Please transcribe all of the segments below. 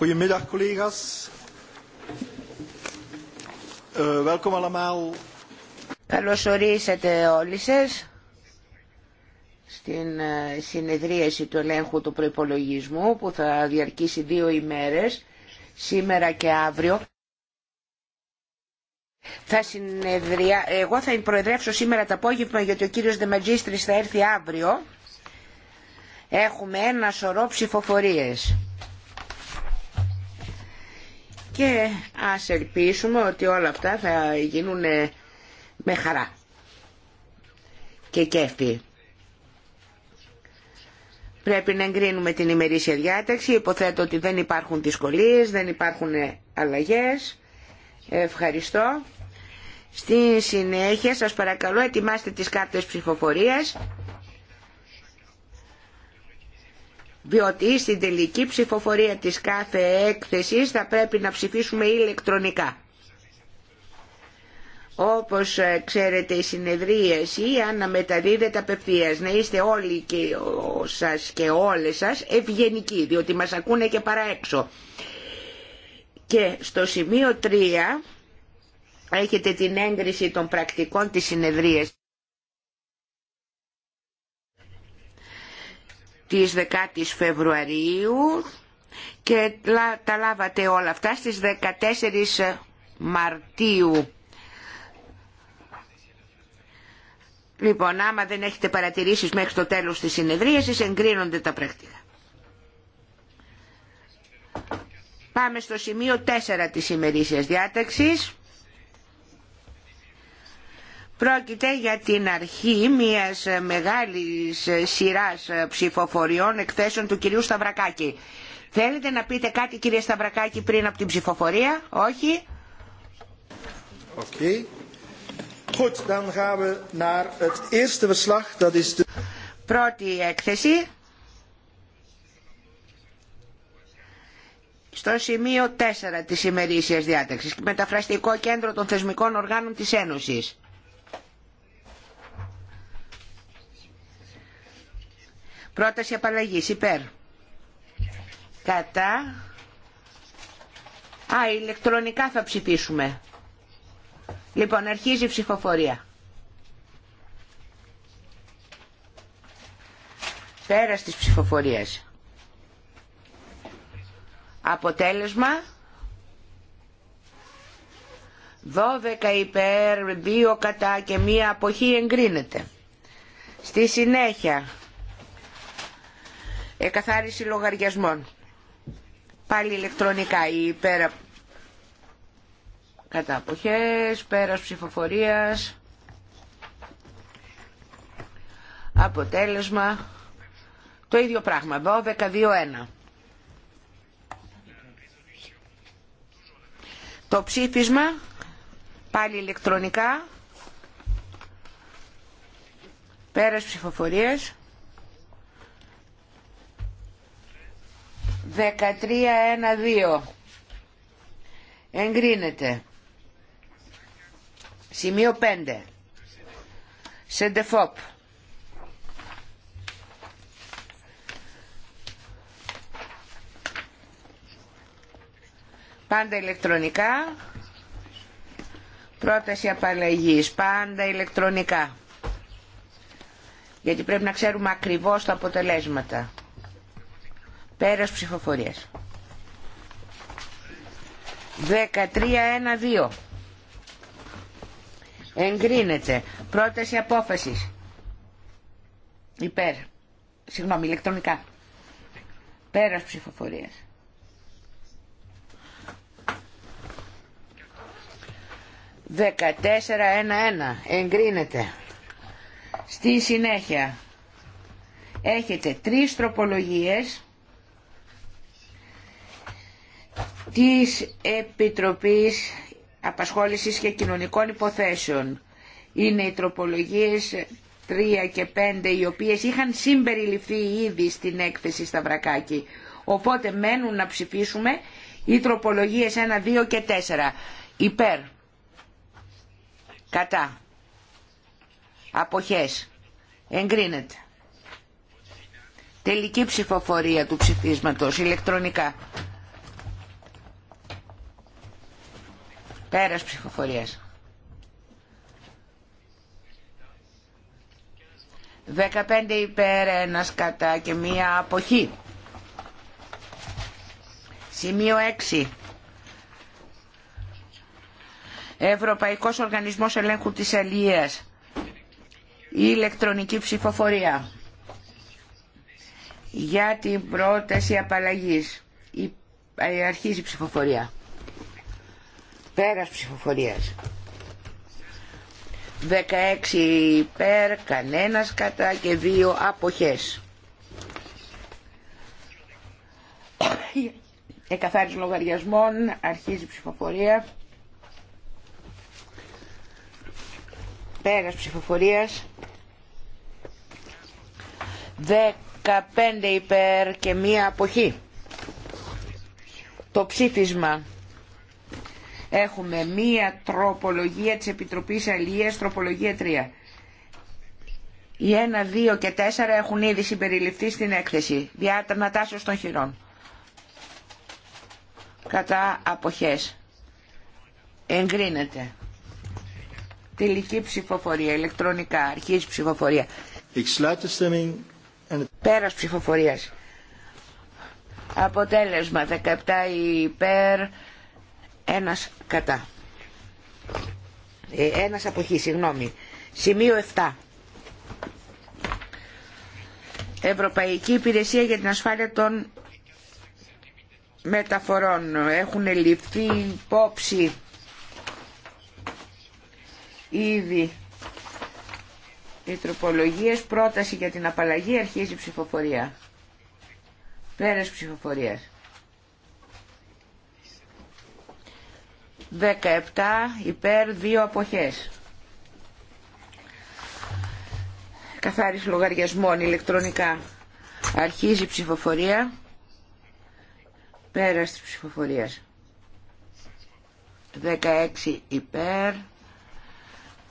Goedemiddag collega's. Eh, welkom allemaal. Καλώς ορίσατε όλοι σα στην ε, συνεδρίαση του ελέγχου του προπολογισμού που θα διαρκήσει δύο ημέρες, σήμερα και αύριο. Θα συνεδρια... Εγώ θα προεδρεύσω σήμερα το απόγευμα γιατί ο κύριος Δεμαντζίστρης θα έρθει αύριο. Έχουμε ένα σωρό ψηφοφορίες και ας ελπίσουμε ότι όλα αυτά θα γίνουν ε, με χαρά και κέφι. Πρέπει να εγκρίνουμε την ημερήσια διάταξη. Υποθέτω ότι δεν υπάρχουν δυσκολίες, δεν υπάρχουν ε, αλλαγές. Ευχαριστώ. Στη συνέχεια σας παρακαλώ ετοιμάστε τις κάρτες ψηφοφορίας. διότι στην τελική ψηφοφορία της κάθε έκθεσης θα πρέπει να ψηφίσουμε ηλεκτρονικά. Όπως ξέρετε η συνεδρίαση αναμεταδίδεται απευθείας. Να είστε όλοι και σας και όλες σας ευγενικοί, διότι μας ακούνε και παρά έξω. Και στο σημείο 3 έχετε την έγκριση των πρακτικών της συνεδρίας. της 10ης Φεβρουαρίου και τα λάβατε όλα αυτά στις 14 Μαρτίου. Λοιπόν, άμα δεν έχετε παρατηρήσεις μέχρι το τέλος της συνεδρίασης, εγκρίνονται τα πρακτικά. Πάμε στο σημείο 4 της ημερήσιας διάταξης. Πρόκειται για την αρχή μιας μεγάλης σειράς ψηφοφοριών εκθέσεων του κυρίου Σταυρακάκη. Θέλετε να πείτε κάτι κύριε Σταυρακάκη πριν από την ψηφοφορία, όχι. Okay. dan gaan we naar het Πρώτη έκθεση. Στο σημείο 4 της ημερήσιας διάταξης. Μεταφραστικό κέντρο των θεσμικών οργάνων της Ένωσης. Πρόταση απαλλαγής υπέρ. Κατά. Α, ηλεκτρονικά θα ψηφίσουμε. Λοιπόν, αρχίζει η ψηφοφορία. Πέρας της ψηφοφορίας. Αποτέλεσμα 12 υπέρ, 2 κατά και μία αποχή εγκρίνεται. Στη συνέχεια Εκαθάριση λογαριασμών. Πάλι ηλεκτρονικά ή πέρα κατά αποχές, πέρας ψηφοφορίας. Αποτέλεσμα το ίδιο πράγμα. 12-2-1. Το ψήφισμα πάλι ηλεκτρονικά πέρας ψηφοφορίας 13.1.2 εγκρίνεται σημείο 5 Σεντεφόπ πάντα ηλεκτρονικά πρόταση απαλλαγής πάντα ηλεκτρονικά γιατί πρέπει να ξέρουμε ακριβώς τα αποτελέσματα Πέρας ψηφοφορίας. 13-1-2. Εγκρίνεται. Πρόταση απόφασης. Υπέρ. Συγγνώμη, ηλεκτρονικά. Πέρας ψηφοφορίας. 14-1-1. Εγκρίνεται. Στη συνέχεια έχετε τρεις τροπολογίες της Επιτροπής Απασχόλησης και Κοινωνικών Υποθέσεων. Είναι οι τροπολογίες 3 και 5 οι οποίες είχαν συμπεριληφθεί ήδη στην έκθεση στα βρακάκι. Οπότε μένουν να ψηφίσουμε οι τροπολογίες 1, 2 και 4. Υπέρ. Κατά. Αποχές. Εγκρίνεται. Τελική ψηφοφορία του ψηφίσματος ηλεκτρονικά. Πέρας ψηφοφορίας. 15 υπέρ, ένας κατά και μία αποχή. Σημείο 6. Ευρωπαϊκός Οργανισμός Ελέγχου της Αλίας. Η ηλεκτρονική ψηφοφορία. Για την πρόταση απαλλαγής. Η, αρχίζει η ψηφοφορία. Πέρας ψηφοφορίας. 16 υπέρ, κανένας κατά και δύο αποχές. Εκαθάριση λογαριασμών, αρχίζει ψηφοφορία. Πέρας ψηφοφορίας. 15 υπέρ και μία αποχή. Το ψήφισμα Έχουμε μία τροπολογία της Επιτροπής Αλίας, τροπολογία 3. Οι 1, 2 και 4 έχουν ήδη συμπεριληφθεί στην έκθεση. Διάτανα των χειρών. Κατά αποχές. Εγκρίνεται. Τελική ψηφοφορία, ηλεκτρονικά, αρχής ψηφοφορία. Πέρας ψηφοφορίας. Αποτέλεσμα 17 υπέρ ένας κατά. Ε, ένας αποχή, συγγνώμη. Σημείο 7. Ευρωπαϊκή Υπηρεσία για την Ασφάλεια των Μεταφορών. Έχουν ληφθεί υπόψη ήδη οι τροπολογίες. Πρόταση για την απαλλαγή αρχίζει ψηφοφορία. Πέρας ψηφοφορίας. 17 υπέρ 2 αποχές. Καθάρις λογαριασμών ηλεκτρονικά. Αρχίζει η ψηφοφορία. Πέρας της ψηφοφορίας. 16 υπέρ.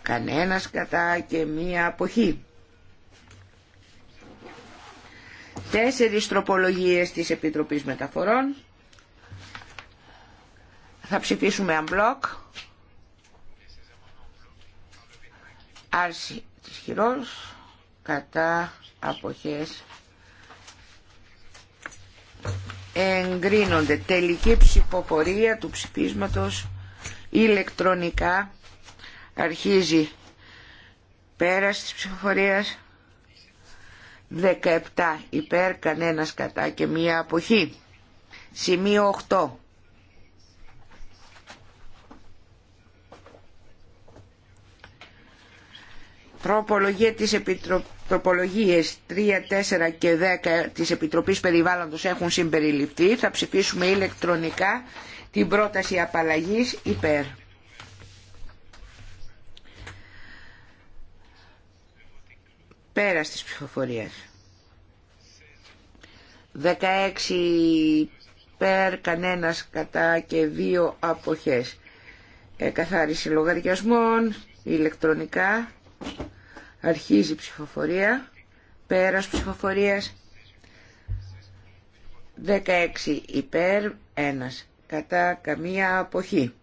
Κανένας κατά και μία αποχή. Τέσσερις τροπολογίες της Επιτροπής Μεταφορών. Θα ψηφίσουμε unblock. Άρση της χειρός κατά αποχές εγκρίνονται τελική ψηφοφορία του ψηφίσματος ηλεκτρονικά αρχίζει πέρας της ψηφοφορίας 17 υπέρ κανένας κατά και μία αποχή σημείο 8 Τροπολογία της 3, 4 και 10 της Επιτροπής Περιβάλλοντος έχουν συμπεριληφθεί. Θα ψηφίσουμε ηλεκτρονικά την πρόταση απαλλαγής υπέρ. Πέρα στις ψηφοφορίες. 16 υπέρ, κανένας κατά και δύο αποχές. Ε, καθάριση λογαριασμών, ηλεκτρονικά. Αρχίζει η ψηφοφορία. Πέρας ψηφοφορίας. 16 υπέρ, 1 κατά καμία αποχή.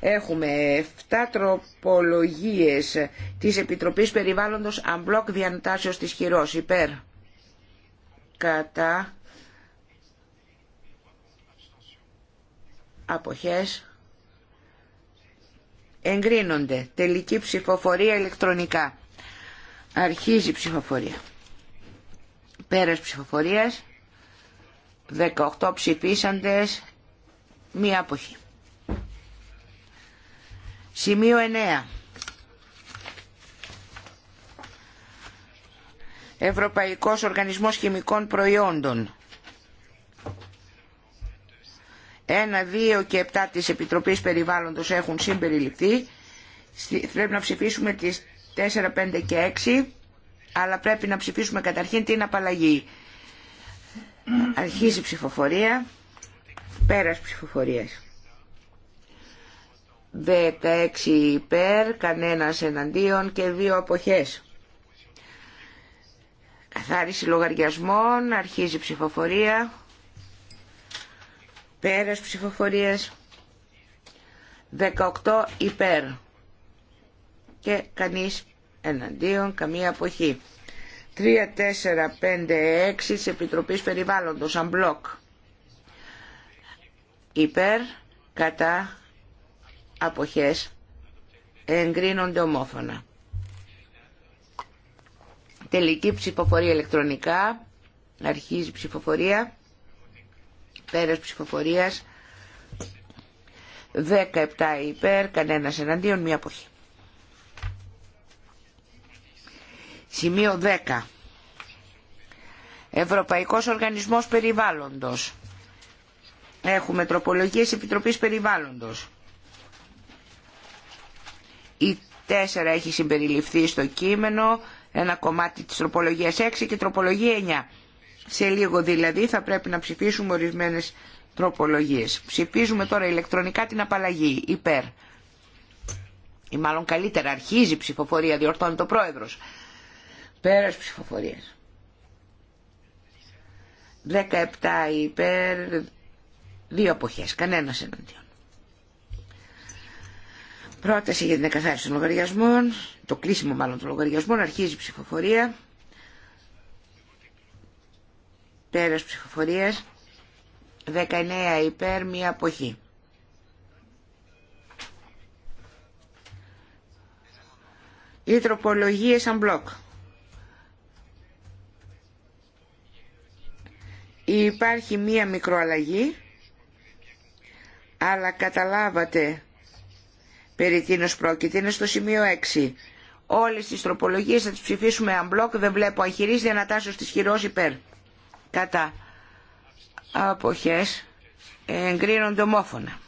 Έχουμε 7 τροπολογίες της Επιτροπής Περιβάλλοντος Αμπλοκ Διαντάσεως της Χειρός. Υπέρ. Κατά. Αποχές εγκρίνονται. Τελική ψηφοφορία ηλεκτρονικά. Αρχίζει η ψηφοφορία. Πέρας ψηφοφορίας, 18 ψηφίσαντες, μία αποχή. Σημείο 9. Ευρωπαϊκός Οργανισμός Χημικών Προϊόντων. 1, 2 και 7 της Επιτροπής Περιβάλλοντος έχουν συμπεριληφθεί. Πρέπει να ψηφίσουμε τις 4, 5 και 6, αλλά πρέπει να ψηφίσουμε καταρχήν την απαλλαγή. Αρχίζει η ψηφοφορία, πέρας ψηφοφορίας. 16 υπέρ, κανένας εναντίον και δύο αποχές. Καθάριση λογαριασμών, αρχίζει η ψηφοφορία. Πέρας ψηφοφορίας 18 υπέρ και κανείς εναντίον καμία αποχή. 3, 4, 5, 6 της Επιτροπής Περιβάλλοντος, αμπλοκ. Υπέρ, κατά, αποχές, εγκρίνονται ομόφωνα. Τελική ψηφοφορία ηλεκτρονικά, αρχίζει ψηφοφορία. Πέρας ψηφοφορίας 17 υπέρ, κανένα εναντίον, μία αποχή. Σημείο 10. Ευρωπαϊκός Οργανισμός Περιβάλλοντος. Έχουμε τροπολογίες Επιτροπής Περιβάλλοντος. Η 4 έχει συμπεριληφθεί στο κείμενο, ένα κομμάτι της τροπολογίας 6 και τροπολογία 9. Σε λίγο δηλαδή θα πρέπει να ψηφίσουμε ορισμένε τροπολογίες. Ψηφίζουμε τώρα ηλεκτρονικά την απαλλαγή υπέρ. Ή μάλλον καλύτερα αρχίζει η ψηφοφορία, διορθώνει το πρόεδρο. Πέρας ψηφοφορίας. 17 υπέρ, δύο αποχές, Κανένα εναντίον. Πρόταση για την εκαθάριση των λογαριασμών, το κλείσιμο μάλλον των λογαριασμών, αρχίζει η ψηφοφορία. Πέρας ψηφοφορίας. 19 υπέρ, μία αποχή. Οι τροπολογίες σαν Υπάρχει μία μικροαλλαγή, αλλά καταλάβατε περί τίνος πρόκειται. Είναι στο σημείο 6. Όλες τις τροπολογίες θα τις ψηφίσουμε αμπλόκ δεν βλέπω αχυρίς διανατάσσω στις χειρός υπέρ κατά αποχές εγκρίνονται ομόφωνα.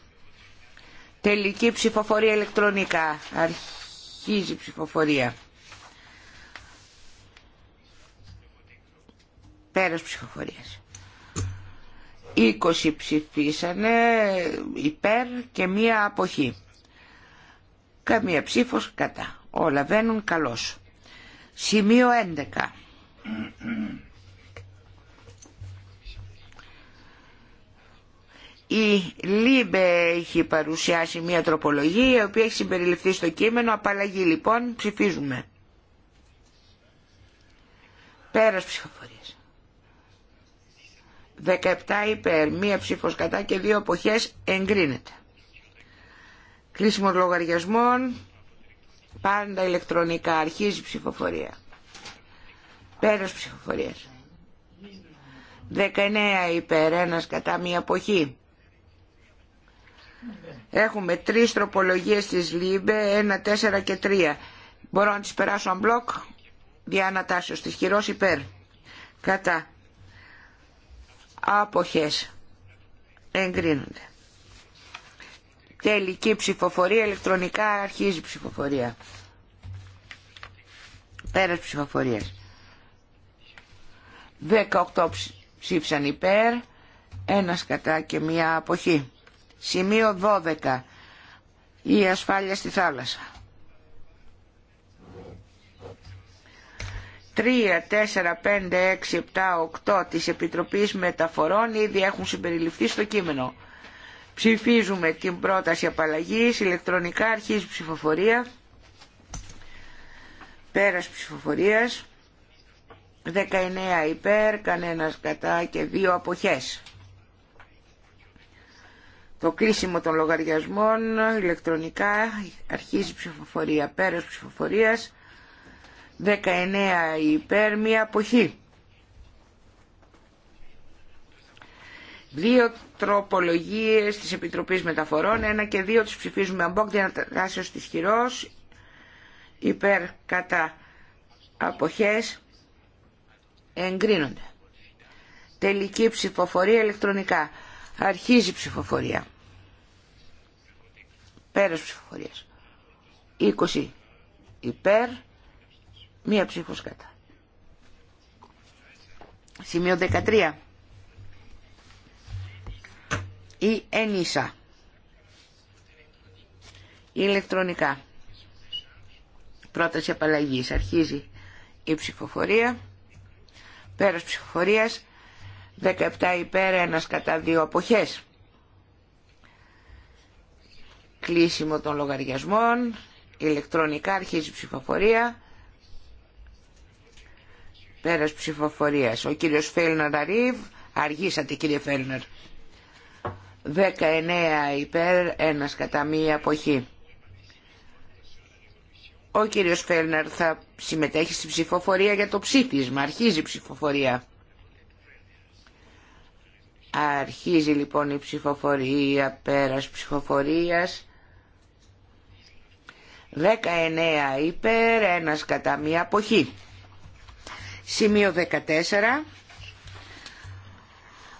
Τελική ψηφοφορία ηλεκτρονικά. Αρχίζει η ψηφοφορία. Πέρας ψηφοφορίας. 20 ψηφίσανε υπέρ και μία αποχή. Καμία ψήφος κατά. Όλα βαίνουν καλώς. Σημείο 11. η Λίμπε έχει παρουσιάσει μια τροπολογία η οποία έχει συμπεριληφθεί στο κείμενο απαλλαγή λοιπόν ψηφίζουμε πέρας ψηφοφορίας 17 υπέρ μία ψήφος κατά και δύο εποχές εγκρίνεται κλείσιμο λογαριασμών πάντα ηλεκτρονικά αρχίζει ψηφοφορία πέρας ψηφοφορίας 19 υπέρ ένας κατά μία εποχή Έχουμε τρεις τροπολογίες της ΛΥΜΠΕ, ένα, τέσσερα και τρία. Μπορώ να τις περάσω αν μπλοκ διανατάσεως της χειρός υπέρ. Κατά. Αποχές. Εγκρίνονται. Τελική ψηφοφορία, ηλεκτρονικά αρχίζει η ψηφοφορία. Πέρας ψηφοφορίας. 18 ψήφισαν υπέρ, ένας κατά και μία αποχή. Σημείο 12. Η ασφάλεια στη θάλασσα. 3, 4, 5, 6, 7, 8 της Επιτροπής Μεταφορών ήδη έχουν συμπεριληφθεί στο κείμενο. Ψηφίζουμε την πρόταση απαλλαγής, ηλεκτρονικά αρχής ψηφοφορία, πέρας ψηφοφορίας, 19 υπέρ, κανένας κατά και δύο αποχές το κλείσιμο των λογαριασμών ηλεκτρονικά αρχίζει ψηφοφορία πέρας ψηφοφορίας 19 υπέρ μία αποχή δύο τροπολογίες της Επιτροπής Μεταφορών ένα και δύο τις ψηφίζουμε αμπόκ διανατάσεως της χειρός υπέρ κατά αποχές εγκρίνονται τελική ψηφοφορία ηλεκτρονικά αρχίζει η ψηφοφορία Πέρας ψηφοφορίας. 20 υπέρ, μία ψήφος κατά. Σημείο 13. Η ενίσα. Ηλεκτρονικά. Πρόταση απαλλαγή. Αρχίζει η ψηφοφορία. Πέρας ψηφοφορία 17 υπέρ, Ένα κατά δύο αποχές κλείσιμο των λογαριασμών, ηλεκτρονικά αρχίζει ψηφοφορία, πέρας ψηφοφορίας. Ο κύριος Φέλνερ Αρίβ, αργήσατε κύριε Φέλνερ. 19 υπέρ, ένας κατά μία αποχή. Ο κύριος Φέλνερ θα συμμετέχει στη ψηφοφορία για το ψήφισμα, αρχίζει η ψηφοφορία. Αρχίζει λοιπόν η ψηφοφορία πέρας ψηφοφορίας. 19 υπέρ, ένας κατά μία αποχή. Σημείο 14.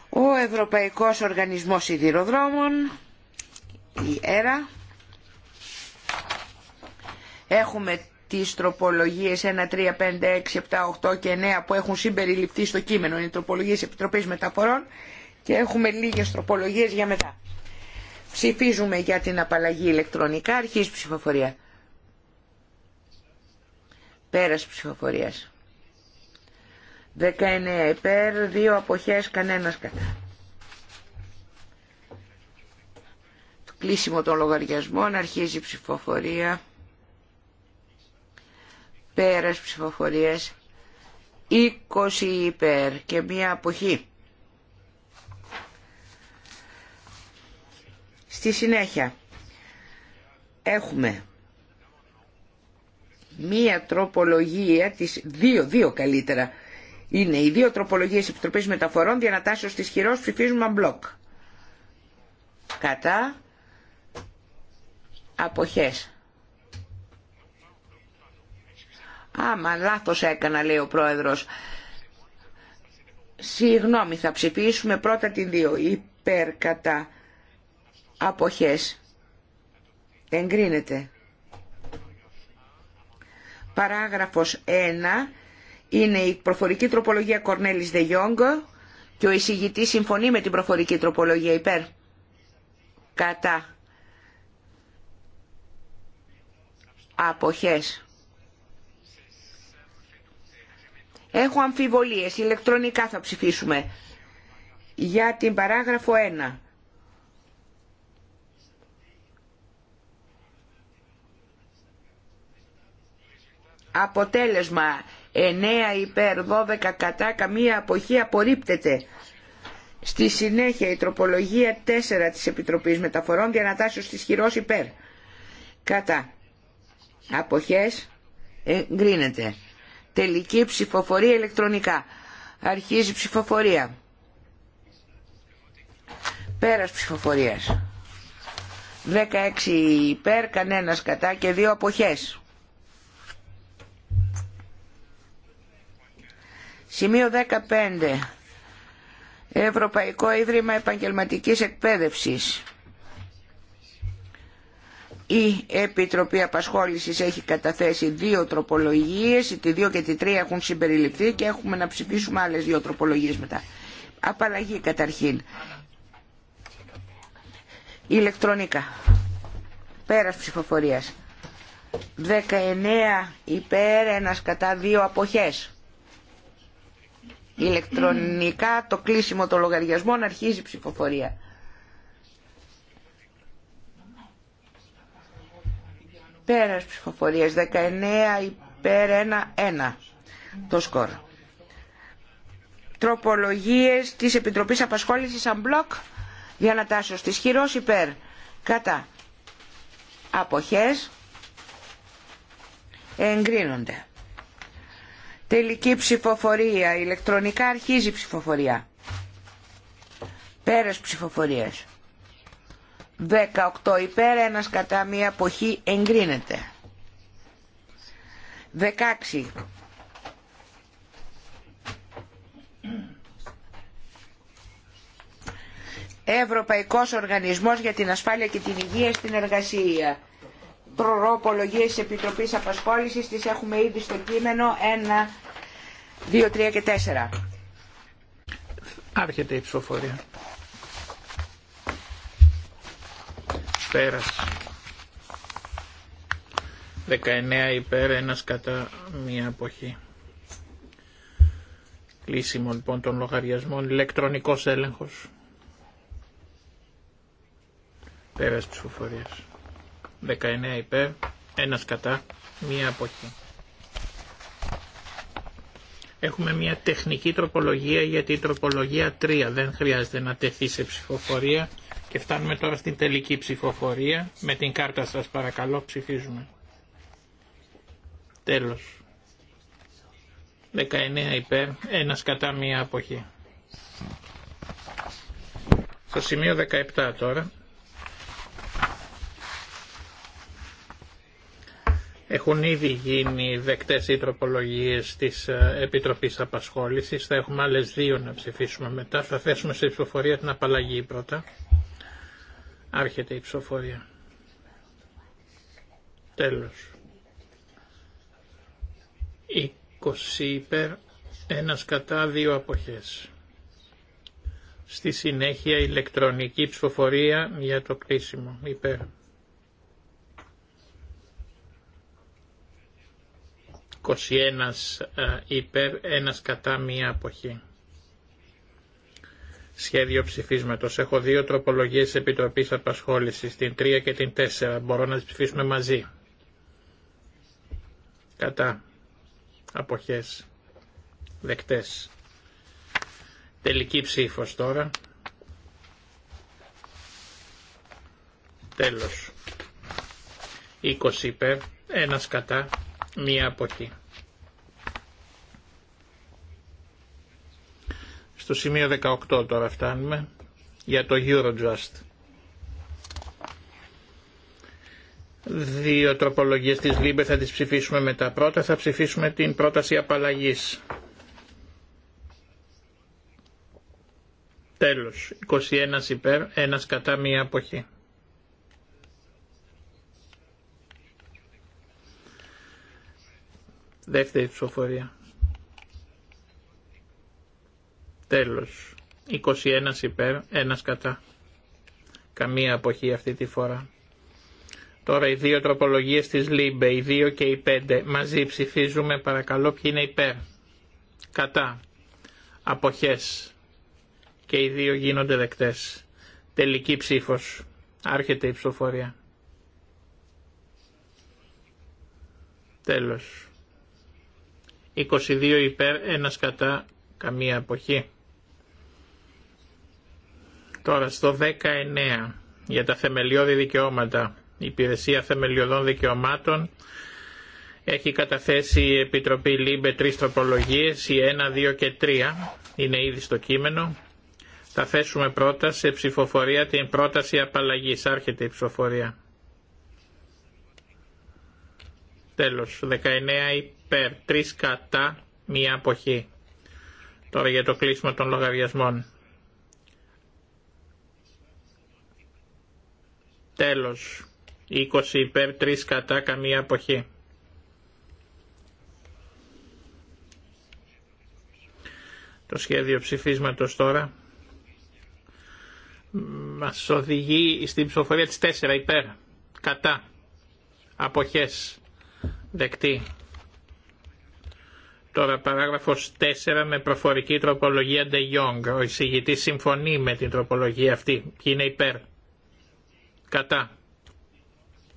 Ο Ευρωπαϊκός Οργανισμός Σιδηροδρόμων, η ΕΡΑ. Έχουμε τις τροπολογίες 1, 3, 5, 6, 7, 8 και 9 που έχουν συμπεριληφθεί στο κείμενο. Είναι τροπολογίες Επιτροπής Μεταφορών και έχουμε λίγες τροπολογίες για μετά. Ψηφίζουμε για την απαλλαγή ηλεκτρονικά, αρχής ψηφοφορία. Πέρας ψηφοφορίας. 19 υπέρ, 2 αποχές, κανένας κατά. Το κλείσιμο των λογαριασμών, αρχίζει η ψηφοφορία. Πέρας ψηφοφορίας. 20 υπέρ και μία αποχή. Στη συνέχεια έχουμε μία τροπολογία, τις δύο, δύο καλύτερα, είναι οι δύο τροπολογίες Επιτροπής Μεταφορών διανατάσσεως της χειρός ψηφίζουμε μπλοκ. Κατά αποχές. Άμα λάθος έκανα λέει ο πρόεδρος. Συγγνώμη θα ψηφίσουμε πρώτα την δύο υπέρ κατά αποχές. Εγκρίνεται. Παράγραφος 1 είναι η προφορική τροπολογία Κορνέλης Δε και ο εισηγητής συμφωνεί με την προφορική τροπολογία υπέρ. Κατά. Αποχές. Έχω αμφιβολίες. Ηλεκτρονικά θα ψηφίσουμε. Για την παράγραφο 1. Αποτέλεσμα 9 υπέρ 12 κατά καμία αποχή απορρίπτεται. Στη συνέχεια η τροπολογία 4 της Επιτροπής Μεταφορών διανατάσσεως της χειρός υπέρ. Κατά. Αποχές εγκρίνεται. Τελική ψηφοφορία ηλεκτρονικά. Αρχίζει ψηφοφορία. Πέρας ψηφοφορίας. 16 υπέρ, κανένας κατά και δύο αποχές. Σημείο 15. Ευρωπαϊκό Ίδρυμα Επαγγελματικής Εκπαίδευσης. Η Επιτροπή Απασχόλησης έχει καταθέσει δύο τροπολογίες, τη δύο και τη τρία έχουν συμπεριληφθεί και έχουμε να ψηφίσουμε άλλες δύο τροπολογίες μετά. Απαλλαγή καταρχήν. Ηλεκτρονικά. Πέρας ψηφοφορίας. 19 υπέρ, ένας κατά δύο αποχές. Ηλεκτρονικά το κλείσιμο των λογαριασμών αρχίζει η ψηφοφορία. Πέρας ψηφοφορίας 19 υπέρ 1-1 το σκορ. Τροπολογίες της Επιτροπής Απασχόλησης Αμπλοκ για να τάσω στις χειρός υπέρ κατά αποχές εγκρίνονται. Τελική ψηφοφορία. Ηλεκτρονικά αρχίζει η ψηφοφορία. Πέρας ψηφοφορίας. 18 υπέρ, ένας κατά μία αποχή εγκρίνεται. 16. Ευρωπαϊκός Οργανισμός για την Ασφάλεια και την Υγεία στην Εργασία τροπολογίες τη Επιτροπής Απασχόλησης, τις έχουμε ήδη στο κείμενο 1, 2, 3 και 4. Άρχεται η ψηφοφορία. Πέρασε. 19 υπέρ, ένας κατά μία αποχή. Κλείσιμο λοιπόν των λογαριασμών, ηλεκτρονικός έλεγχος. ψηφοφορία ψηφοφορίας. 19 υπέρ, 1 κατά, μία αποχή. Έχουμε μια τεχνική τροπολογία γιατί η τροπολογία 3 δεν χρειάζεται να τεθεί σε ψηφοφορία και φτάνουμε τώρα στην τελική ψηφοφορία. Με την κάρτα σας παρακαλώ ψηφίζουμε. Τέλος. 19 υπέρ, 1 κατά μία αποχή. Στο σημείο 17 τώρα. Έχουν ήδη γίνει δεκτές οι τροπολογίες της ε, Επιτροπής Απασχόλησης. Θα έχουμε άλλες δύο να ψηφίσουμε μετά. Θα θέσουμε σε ψηφοφορία την απαλλαγή πρώτα. Άρχεται η ψηφοφορία. Τέλος. 20 υπέρ, ένας κατά, δύο αποχές. Στη συνέχεια ηλεκτρονική ψηφοφορία για το κρίσιμο υπέρ. 21 ε, υπέρ, 1 κατά μία αποχή. Σχέδιο ψηφίσματος. Έχω δύο τροπολογίες Επιτροπής Απασχόλησης, την 3 και την 4. Μπορώ να τις ψηφίσουμε μαζί. Κατά. Αποχές. Δεκτές. Τελική ψήφος τώρα. Τέλος. 20 υπέρ, 1 κατά, μία αποχή. Στο σημείο 18 τώρα φτάνουμε για το Eurojust. Δύο τροπολογίες της ΛΥΜΠΕ θα τις ψηφίσουμε μετά. Πρώτα θα ψηφίσουμε την πρόταση απαλλαγής. Τέλος. 21 υπέρ, 1 κατά μία αποχή. Δεύτερη ψηφοφορία. Τέλος. 21 υπέρ, 1 κατά. Καμία αποχή αυτή τη φορά. Τώρα οι δύο τροπολογίες της ΛΥΜΠΕ, οι 2 και οι 5, μαζί ψηφίζουμε παρακαλώ ποιοι είναι υπέρ. Κατά. Αποχές. Και οι δύο γίνονται δεκτές. Τελική ψήφος. Άρχεται η ψηφοφορία. Τέλος. 22 υπέρ, 1 κατά, καμία εποχή. Τώρα στο 19 για τα θεμελιώδη δικαιώματα. Η Υπηρεσία Θεμελιωδών Δικαιωμάτων έχει καταθέσει η Επιτροπή ΛΥΜΠΕ τρεις τροπολογίες, η 1, 2 και 3 είναι ήδη στο κείμενο. Θα θέσουμε πρώτα σε ψηφοφορία την πρόταση απαλλαγής. Άρχεται η ψηφοφορία. Τέλος, 19 υπέρ, 3 κατά, μία αποχή. Τώρα για το κλείσιμο των λογαριασμών. Τέλος. 20 υπέρ, 3 κατά, καμία αποχή. Το σχέδιο ψηφίσματος τώρα μας οδηγεί στην ψηφοφορία της 4 υπέρ, κατά, αποχές, δεκτή. Τώρα παράγραφος 4 με προφορική τροπολογία De Jong. Ο εισηγητής συμφωνεί με την τροπολογία αυτή. Ποιοι είναι υπέρ. Κατά.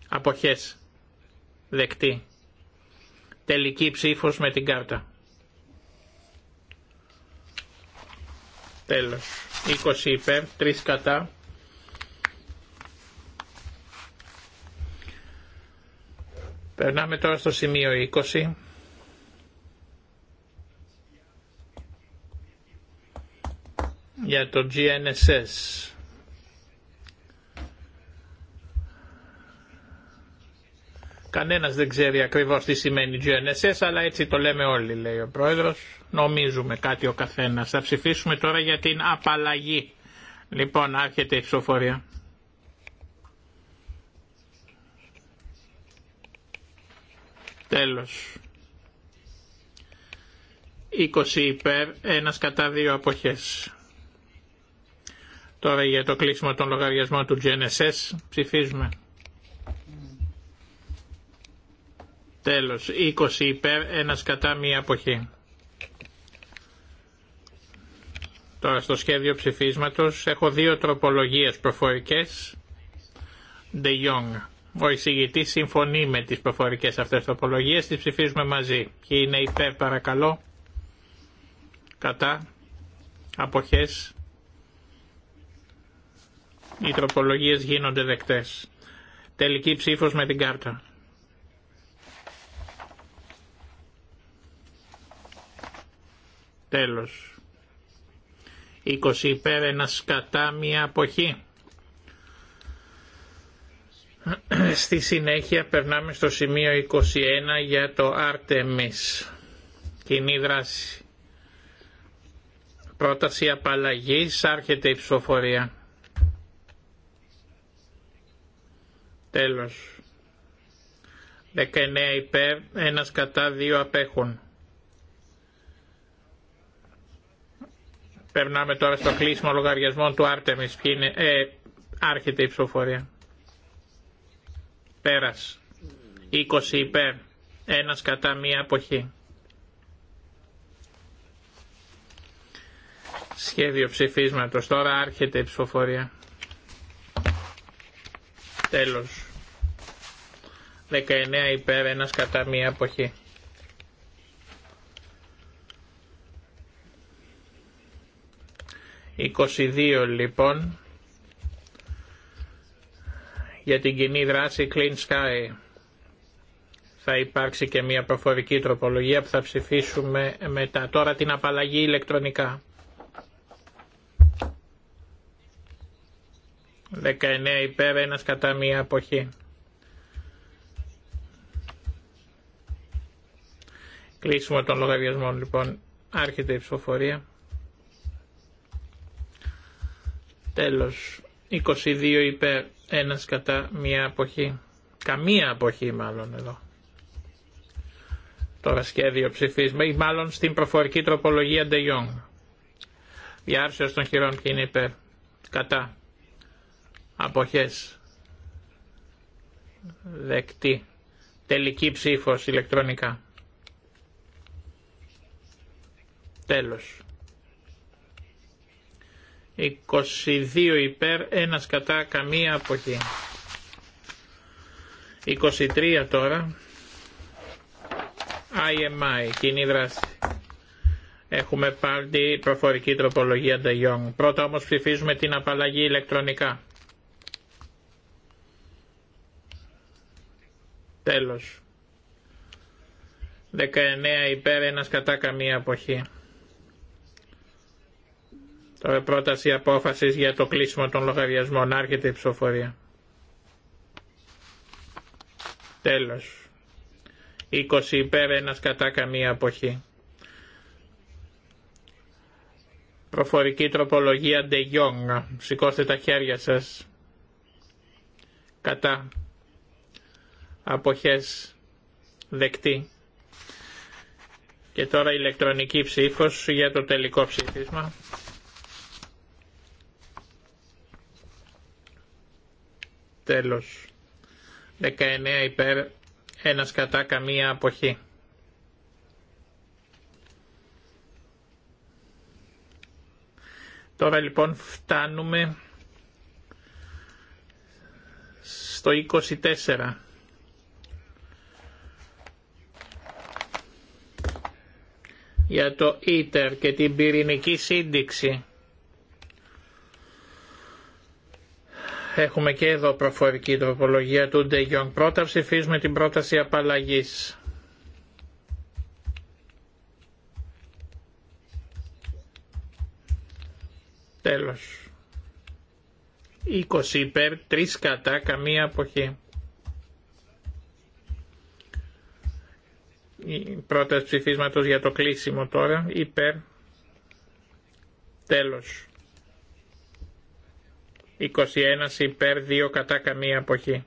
Αποχές. Δεκτή. Τελική ψήφος με την κάρτα. Τέλος. 20 υπέρ, 3 κατά. Περνάμε τώρα στο σημείο 20. για το GNSS. Κανένας δεν ξέρει ακριβώς τι σημαίνει GNSS, αλλά έτσι το λέμε όλοι, λέει ο Πρόεδρος. Νομίζουμε κάτι ο καθένας. Θα ψηφίσουμε τώρα για την απαλλαγή. Λοιπόν, άρχεται η ψηφοφορία. Τέλος. 20 υπέρ, 1 κατά δύο αποχές. Τώρα για το κλείσιμο των λογαριασμών του GNSS ψηφίζουμε. Τέλος, 20 υπέρ, ένας κατά μία αποχή. Τώρα στο σχέδιο ψηφίσματος έχω δύο τροπολογίες προφορικές. De Jong. Ο εισηγητής συμφωνεί με τις προφορικές αυτές τροπολογίες, τις ψηφίζουμε μαζί. Ποιοι είναι υπέρ παρακαλώ, κατά, αποχές, οι τροπολογίες γίνονται δεκτές. Τελική ψήφος με την κάρτα. Τέλος. 20 υπέρ, ένα κατά, μία αποχή. Στη συνέχεια περνάμε στο σημείο 21 για το Artemis. Κοινή δράση. Πρόταση απαλλαγής, άρχεται η ψηφοφορία. Τέλος. 19 υπέρ, ένας κατά, δύο απέχουν. Περνάμε τώρα στο κλείσιμο λογαριασμών του Άρτεμις. Ποιοι είναι, ε, άρχεται η ψηφοφορία. Πέρας. 20 υπέρ, ένας κατά, μία αποχή. Σχέδιο ψηφίσματος. Τώρα άρχεται η ψηφοφορία. Τέλος. 19 υπέρ, ένας κατά μία εποχή. «22 λοιπόν για την κοινή δράση Clean Sky» θα υπάρξει και μια προφορική τροπολογία που θα ψηφίσουμε μετά. Τώρα την απαλλαγή ηλεκτρονικά. 19 υπέρ, ένας κατά μία εποχή. Κλείσιμο των λογαριασμών λοιπόν. Άρχεται η ψηφοφορία. Τέλος. 22 υπέρ, 1 κατά, μία αποχή. Καμία αποχή μάλλον εδώ. Τώρα σχέδιο ψηφίσμα ή μάλλον στην προφορική τροπολογία De Jong. Διάρσεως των χειρών ποιοι είναι υπέρ. Κατά. Αποχές. Δεκτή. Τελική ψήφος ηλεκτρονικά. Τέλος. 22 υπέρ, ένας κατά, καμία αποχή. 23 τώρα. IMI, κοινή δράση. Έχουμε πάλι προφορική τροπολογία Πρώτα όμως ψηφίζουμε την απαλλαγή ηλεκτρονικά. Τέλος. 19 υπέρ, ένας κατά καμία αποχή. Ε, πρόταση απόφαση για το κλείσιμο των λογαριασμών. Άρχεται η ψηφοφορία. Τέλο 20 υπέρ, ένα κατά καμία αποχή. Προφορική τροπολογία De Jong. Σηκώστε τα χέρια σας. Κατά. Αποχές. Δεκτή. Και τώρα ηλεκτρονική ψήφος για το τελικό ψήφισμα. Τέλος. 19 υπέρ, ένας κατά καμία αποχή. Τώρα λοιπόν φτάνουμε στο 24. για το ίτερ και την πυρηνική σύνδεξη. Έχουμε και εδώ προφορική τροπολογία του Ντεγιόν. Πρώτα ψηφίζουμε την πρόταση απαλλαγής. Τέλος. 20 υπέρ, 3 κατά, καμία αποχή. Πρόταση ψηφίσματος για το κλείσιμο τώρα, υπέρ, τέλος. 21 υπέρ 2 κατά καμία αποχή.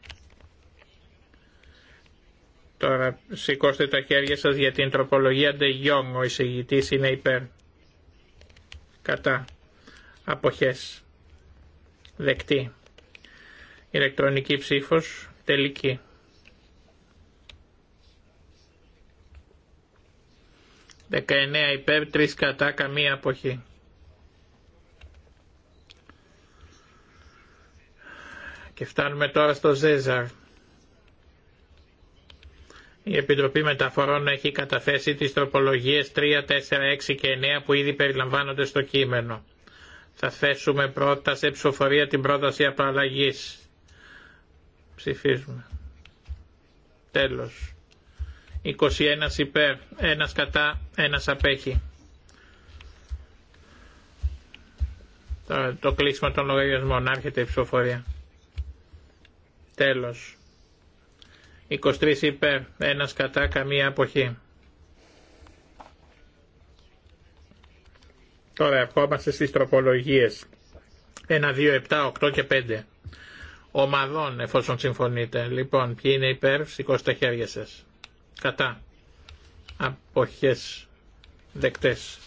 Τώρα σηκώστε τα χέρια σας για την τροπολογία De Jong, ο εισηγητής είναι υπέρ. Κατά. Αποχές. Δεκτή. Ηλεκτρονική ψήφος. Τελική. 19 υπέρ, τρεις κατά, καμία αποχή. Και φτάνουμε τώρα στο Ζέζαρ. Η Επιτροπή Μεταφορών έχει καταθέσει τις τροπολογίες 3, 4, 6 και 9 που ήδη περιλαμβάνονται στο κείμενο. Θα θέσουμε πρώτα σε ψηφοφορία την πρόταση απαλλαγής. Ψηφίζουμε. Τέλος. 21 υπέρ, 1 κατά, 1 απέχει. το κλείσιμο των λογαριασμών. Άρχεται η ψηφοφορία. Τέλος. 23 υπέρ, ένας κατά, καμία αποχή. Τώρα ερχόμαστε στις τροπολογίες. 1, 2, 7, 8 και 5. Ομαδών, εφόσον συμφωνείτε. Λοιπόν, ποιοι είναι υπέρ, σηκώστε τα χέρια σας. Κατά. Αποχές. Δεκτές.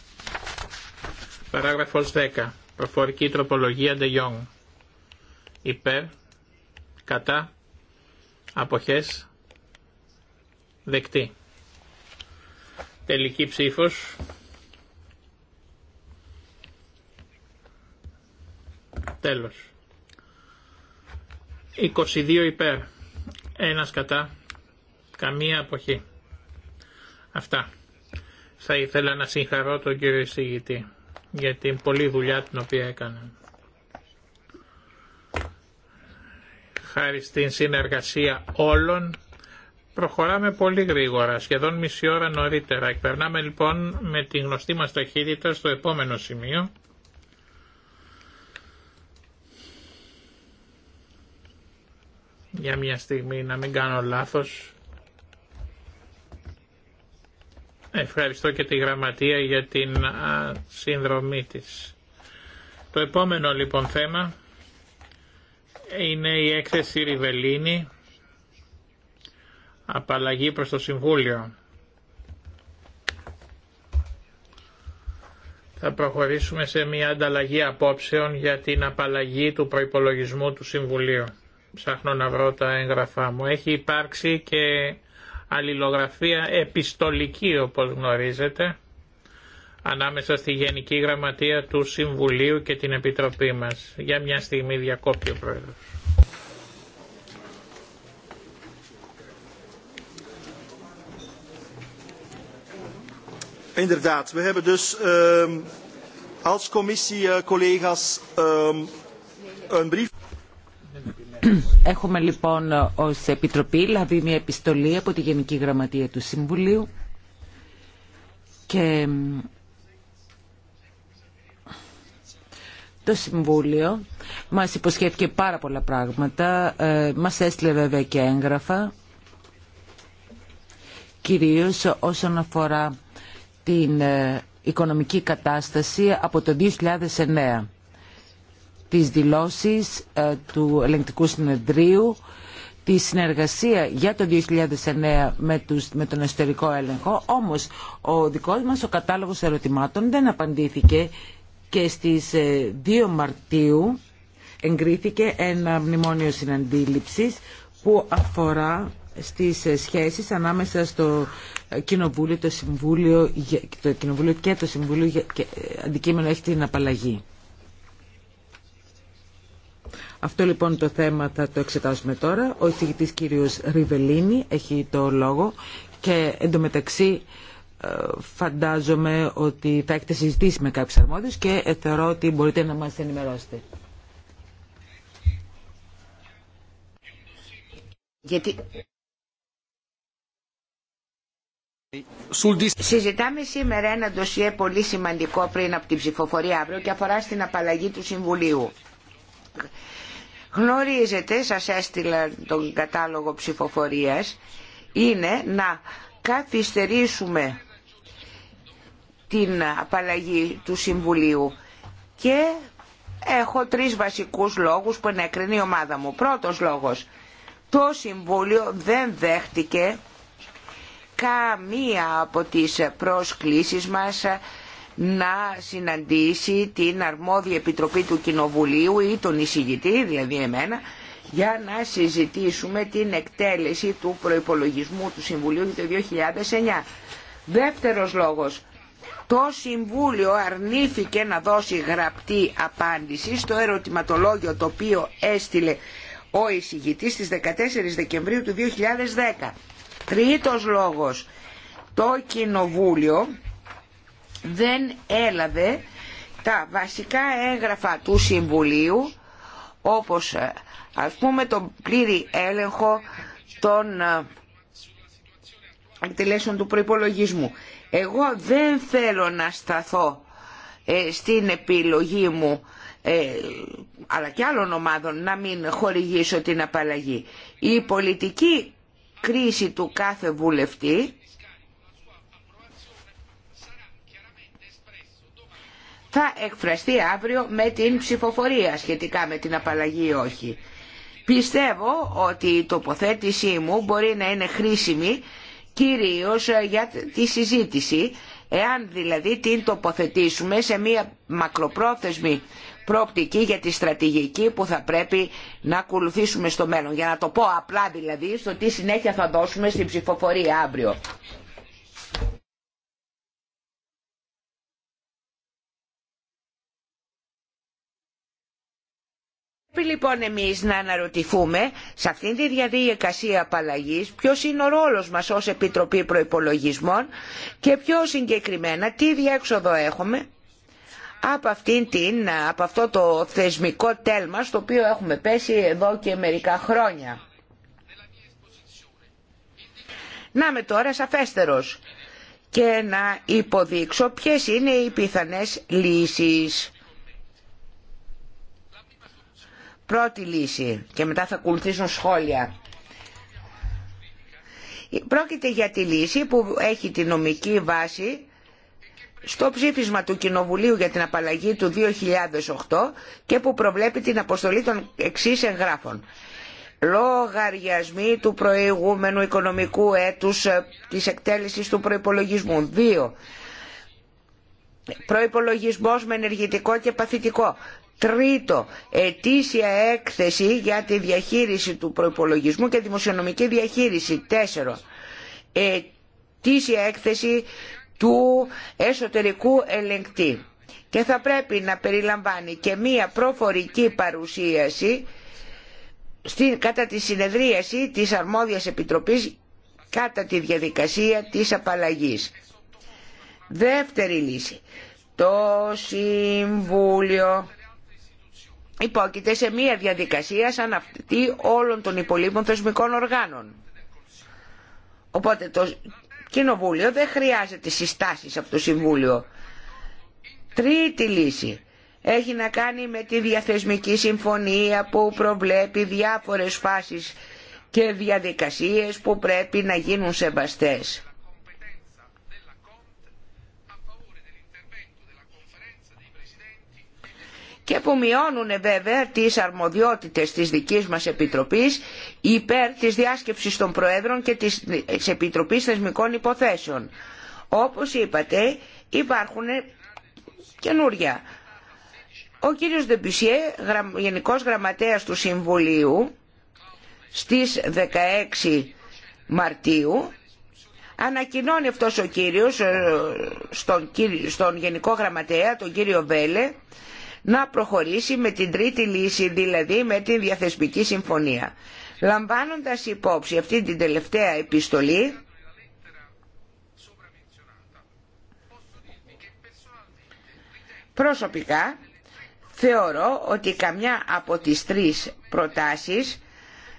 Παράγραφος 10. Προφορική τροπολογία de Jong. Υπέρ, κατά αποχές δεκτή. Τελική ψήφος. Τέλος. 22 υπέρ. Ένας κατά. Καμία αποχή. Αυτά. Θα ήθελα να συγχαρώ τον κύριο εισηγητή για την πολλή δουλειά την οποία έκανε. χάρη στην συνεργασία όλων προχωράμε πολύ γρήγορα, σχεδόν μισή ώρα νωρίτερα. Εκπερνάμε λοιπόν με τη γνωστή μας ταχύτητα στο επόμενο σημείο. Για μια στιγμή να μην κάνω λάθος. Ευχαριστώ και τη γραμματεία για την συνδρομή της. Το επόμενο λοιπόν θέμα είναι η έκθεση Ριβελίνη απαλλαγή προς το Συμβούλιο. Θα προχωρήσουμε σε μια ανταλλαγή απόψεων για την απαλλαγή του προϋπολογισμού του Συμβουλίου. Ψάχνω να βρω τα έγγραφά μου. Έχει υπάρξει και αλληλογραφία επιστολική όπως γνωρίζετε ανάμεσα στη Γενική Γραμματεία του Συμβουλίου και την Επιτροπή μας. Για μια στιγμή διακόπτει ο Πρόεδρος. Inderdaad, we hebben ehm, ehm, Έχουμε λοιπόν ως Επιτροπή λάβει μια επιστολή από τη Γενική Γραμματεία του Συμβουλίου και Το Συμβούλιο μας υποσχέθηκε πάρα πολλά πράγματα, ε, μας έστειλε βέβαια και έγγραφα, κυρίως όσον αφορά την ε, οικονομική κατάσταση από το 2009 τις δηλώσεις ε, του ελεγκτικού συνεδρίου, τη συνεργασία για το 2009 με, τους, με τον εσωτερικό έλεγχο. Όμως ο δικός μας ο κατάλογος ερωτημάτων δεν απαντήθηκε και στις 2 ε, Μαρτίου εγκρίθηκε ένα μνημόνιο συναντήληψης που αφορά στις ε, σχέσεις ανάμεσα στο ε, Κοινοβούλιο, το Συμβούλιο, το Κοινοβούλιο και το Συμβούλιο και αντικείμενο έχει την απαλλαγή. Αυτό λοιπόν το θέμα θα το εξετάσουμε τώρα. Ο εισηγητής κύριος Ριβελίνη έχει το λόγο και εντωμεταξύ ε, φαντάζομαι ότι θα έχετε συζητήσει με κάποιους αρμόδιους και ε, θεωρώ ότι μπορείτε να μας ενημερώσετε. Γιατί... Συζητάμε σήμερα ένα ντοσιέ πολύ σημαντικό πριν από την ψηφοφορία αύριο και αφορά στην απαλλαγή του Συμβουλίου. Γνωρίζετε, σας έστειλα τον κατάλογο ψηφοφορίας, είναι να καθυστερήσουμε την απαλλαγή του Συμβουλίου και έχω τρεις βασικούς λόγους που ενέκρινε η ομάδα μου. Πρώτος λόγος, το Συμβούλιο δεν δέχτηκε καμία από τις προσκλήσεις μας να συναντήσει την αρμόδια επιτροπή του Κοινοβουλίου ή τον εισηγητή, δηλαδή εμένα, για να συζητήσουμε την εκτέλεση του προϋπολογισμού του Συμβουλίου για το 2009. Δεύτερος λόγος, το Συμβούλιο αρνήθηκε να δώσει γραπτή απάντηση στο ερωτηματολόγιο το οποίο έστειλε ο εισηγητής στις 14 Δεκεμβρίου του 2010. Τρίτος λόγος, το Κοινοβούλιο δεν έλαβε τα βασικά έγγραφα του Συμβουλίου όπως ας πούμε τον πλήρη έλεγχο των ε, εκτελέσεων του προϋπολογισμού. Εγώ δεν θέλω να σταθώ ε, στην επιλογή μου ε, αλλά και άλλων ομάδων να μην χορηγήσω την απαλλαγή. Η πολιτική κρίση του κάθε βουλευτή θα εκφραστεί αύριο με την ψηφοφορία σχετικά με την απαλλαγή ή όχι. Πιστεύω ότι η τοποθέτησή μου μπορεί να είναι χρήσιμη κυρίως ε, για τη συζήτηση, εάν δηλαδή την τοποθετήσουμε σε μια μακροπρόθεσμη προοπτική για τη στρατηγική που θα πρέπει να ακολουθήσουμε στο μέλλον. Για να το πω απλά δηλαδή στο τι συνέχεια θα δώσουμε στην ψηφοφορία αύριο. Πρέπει λοιπόν εμείς να αναρωτηθούμε σε αυτήν τη διαδικασία απαλλαγή ποιος είναι ο ρόλος μας ως Επιτροπή Προϋπολογισμών και πιο συγκεκριμένα τι διέξοδο έχουμε από, την, από αυτό το θεσμικό τέλμα στο οποίο έχουμε πέσει εδώ και μερικά χρόνια. Να είμαι τώρα σαφέστερος και να υποδείξω ποιες είναι οι πιθανές λύσεις Πρώτη λύση και μετά θα ακολουθήσουν σχόλια. Πρόκειται για τη λύση που έχει τη νομική βάση στο ψήφισμα του Κοινοβουλίου για την απαλλαγή του 2008 και που προβλέπει την αποστολή των εξής εγγράφων. Λογαριασμοί του προηγούμενου οικονομικού έτους ε, της εκτέλεσης του προϋπολογισμού. 2. Προϋπολογισμός με ενεργητικό και παθητικό. Τρίτο, ετήσια έκθεση για τη διαχείριση του προϋπολογισμού και δημοσιονομική διαχείριση. Τέσσερο, ετήσια έκθεση του εσωτερικού ελεγκτή. Και θα πρέπει να περιλαμβάνει και μία προφορική παρουσίαση κατά τη συνεδρίαση της αρμόδιας επιτροπής κατά τη διαδικασία της απαλλαγής. Δεύτερη λύση. Το Συμβούλιο υπόκειται σε μια διαδικασία σαν αυτή όλων των υπολείπων θεσμικών οργάνων. Οπότε το Κοινοβούλιο δεν χρειάζεται συστάσεις από το Συμβούλιο. Τρίτη λύση έχει να κάνει με τη διαθεσμική συμφωνία που προβλέπει διάφορες φάσεις και διαδικασίες που πρέπει να γίνουν σεβαστές. και που μειώνουν βέβαια τις αρμοδιότητες της δικής μας Επιτροπής υπέρ της διάσκεψης των Προέδρων και της Επιτροπής Θεσμικών Υποθέσεων. Όπως είπατε υπάρχουν καινούρια. Ο κύριος Δεμπισιέ, Γενικός Γραμματέας του Συμβουλίου, στις 16 Μαρτίου, ανακοινώνει αυτός ο κύριος ε, στον, στον Γενικό Γραμματέα, τον κύριο Βέλε, να προχωρήσει με την τρίτη λύση, δηλαδή με τη διαθεσμική συμφωνία. Λαμβάνοντας υπόψη αυτή την τελευταία επιστολή, προσωπικά θεωρώ ότι καμιά από τις τρεις προτάσεις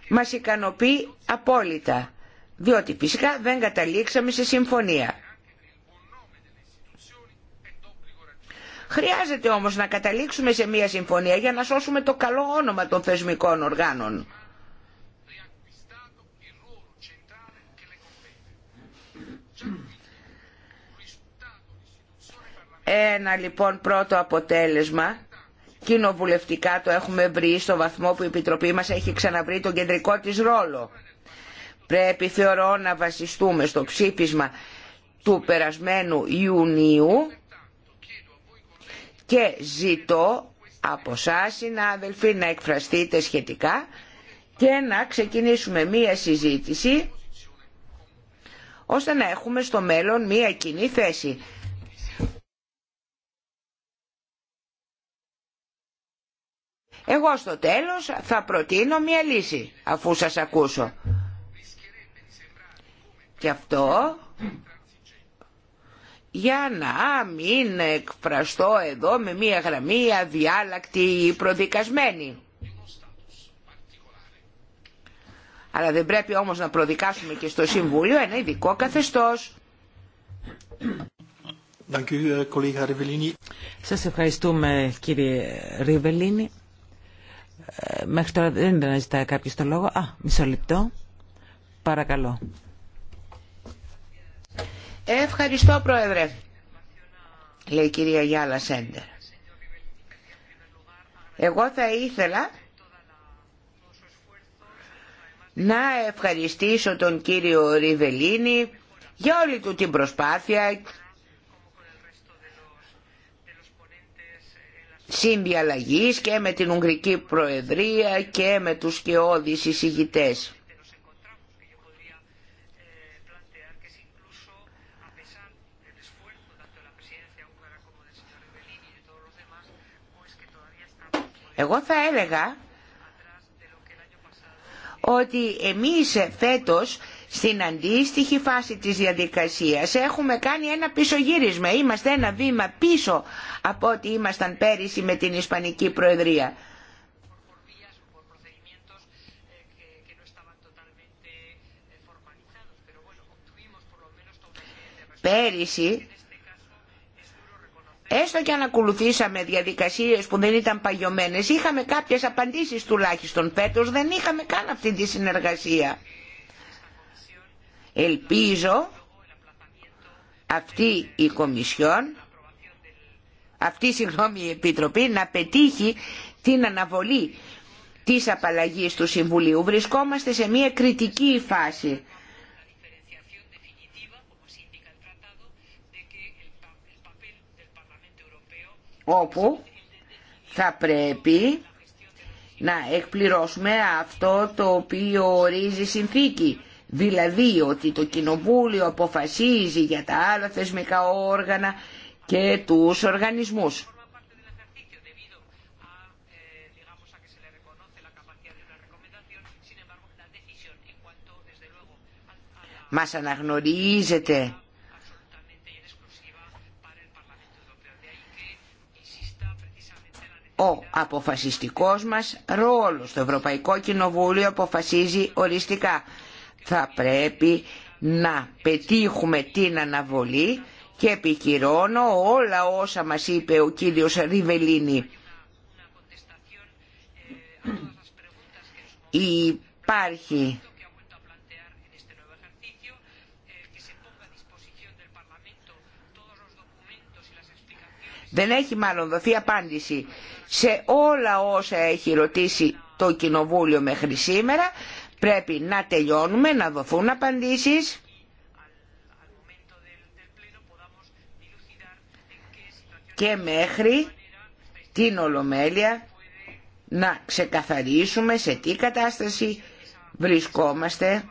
μας ικανοποιεί απόλυτα, διότι φυσικά δεν καταλήξαμε σε συμφωνία. Χρειάζεται όμως να καταλήξουμε σε μια συμφωνία για να σώσουμε το καλό όνομα των θεσμικών οργάνων. Ένα λοιπόν πρώτο αποτέλεσμα κοινοβουλευτικά το έχουμε βρει στο βαθμό που η Επιτροπή μας έχει ξαναβρει τον κεντρικό της ρόλο. Πρέπει θεωρώ να βασιστούμε στο ψήφισμα του περασμένου Ιουνίου και ζητώ από εσά συνάδελφοι να εκφραστείτε σχετικά και να ξεκινήσουμε μία συζήτηση ώστε να έχουμε στο μέλλον μία κοινή θέση. Εγώ στο τέλος θα προτείνω μία λύση αφού σας ακούσω. Και αυτό για να μην εκφραστώ εδώ με μία γραμμή αδιάλακτη ή προδικασμένη. Αλλά δεν πρέπει όμως να προδικάσουμε και στο Συμβούλιο ένα ειδικό καθεστώς. Σας ευχαριστούμε κύριε Ριβελίνη. Μέχρι τώρα δεν ήταν να ζητάει κάποιος το λόγο. Α, μισό λεπτό. Παρακαλώ. Ευχαριστώ Πρόεδρε, λέει η κυρία Γιάλα Σέντερ. Εγώ θα ήθελα να ευχαριστήσω τον κύριο Ριβελίνη για όλη του την προσπάθεια συμπιαλλαγής και με την Ουγγρική Προεδρία και με τους σκεώδεις εισηγητές. Εγώ θα έλεγα ότι εμείς φέτος στην αντίστοιχη φάση της διαδικασίας έχουμε κάνει ένα πίσω γύρισμα. Είμαστε ένα βήμα πίσω από ό,τι ήμασταν πέρυσι με την Ισπανική Προεδρία. Πέρυσι έστω και αν ακολουθήσαμε διαδικασίες που δεν ήταν παγιωμένες, είχαμε κάποιες απαντήσεις τουλάχιστον φέτος, δεν είχαμε καν αυτή τη συνεργασία. Ελπίζω αυτή η Κομισιόν, αυτή συγγνώμη η Επιτροπή να πετύχει την αναβολή της απαλλαγής του Συμβουλίου. Βρισκόμαστε σε μια κριτική φάση. όπου θα πρέπει να εκπληρώσουμε αυτό το οποίο ορίζει συνθήκη. Δηλαδή ότι το Κοινοβούλιο αποφασίζει για τα άλλα θεσμικά όργανα και τους οργανισμούς. Μας αναγνωρίζετε. ο αποφασιστικός μας ρόλος. Το Ευρωπαϊκό Κοινοβούλιο αποφασίζει οριστικά. Θα πρέπει να πετύχουμε την αναβολή και επικυρώνω όλα όσα μας είπε ο κύριος Ριβελίνη. Υπάρχει Δεν έχει μάλλον δοθεί απάντηση σε όλα όσα έχει ρωτήσει το Κοινοβούλιο μέχρι σήμερα. Πρέπει να τελειώνουμε, να δοθούν απαντήσεις. Και μέχρι την Ολομέλεια να ξεκαθαρίσουμε σε τι κατάσταση βρισκόμαστε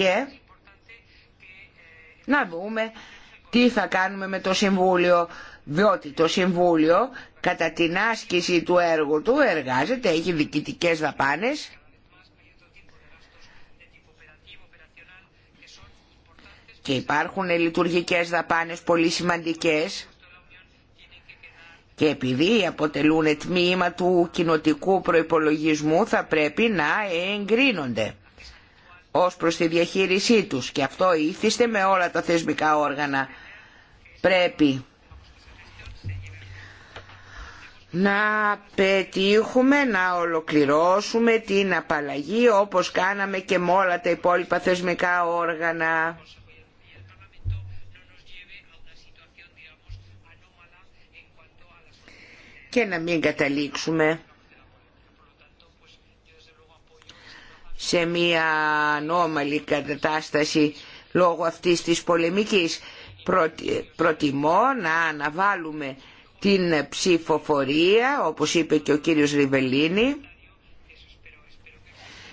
και να δούμε τι θα κάνουμε με το Συμβούλιο, διότι το Συμβούλιο κατά την άσκηση του έργου του εργάζεται, έχει διοικητικές δαπάνες και υπάρχουν λειτουργικές δαπάνες πολύ σημαντικές και επειδή αποτελούν τμήμα του κοινοτικού προϋπολογισμού θα πρέπει να εγκρίνονται ως προς τη διαχείρισή τους και αυτό ήθιστε με όλα τα θεσμικά όργανα. Πρέπει να πετύχουμε να ολοκληρώσουμε την απαλλαγή όπως κάναμε και με όλα τα υπόλοιπα θεσμικά όργανα. Και να μην καταλήξουμε σε μια ανώμαλη κατάσταση λόγω αυτής της πολεμικής. Προτιμώ να αναβάλουμε την ψηφοφορία, όπως είπε και ο κύριος Ριβελίνη,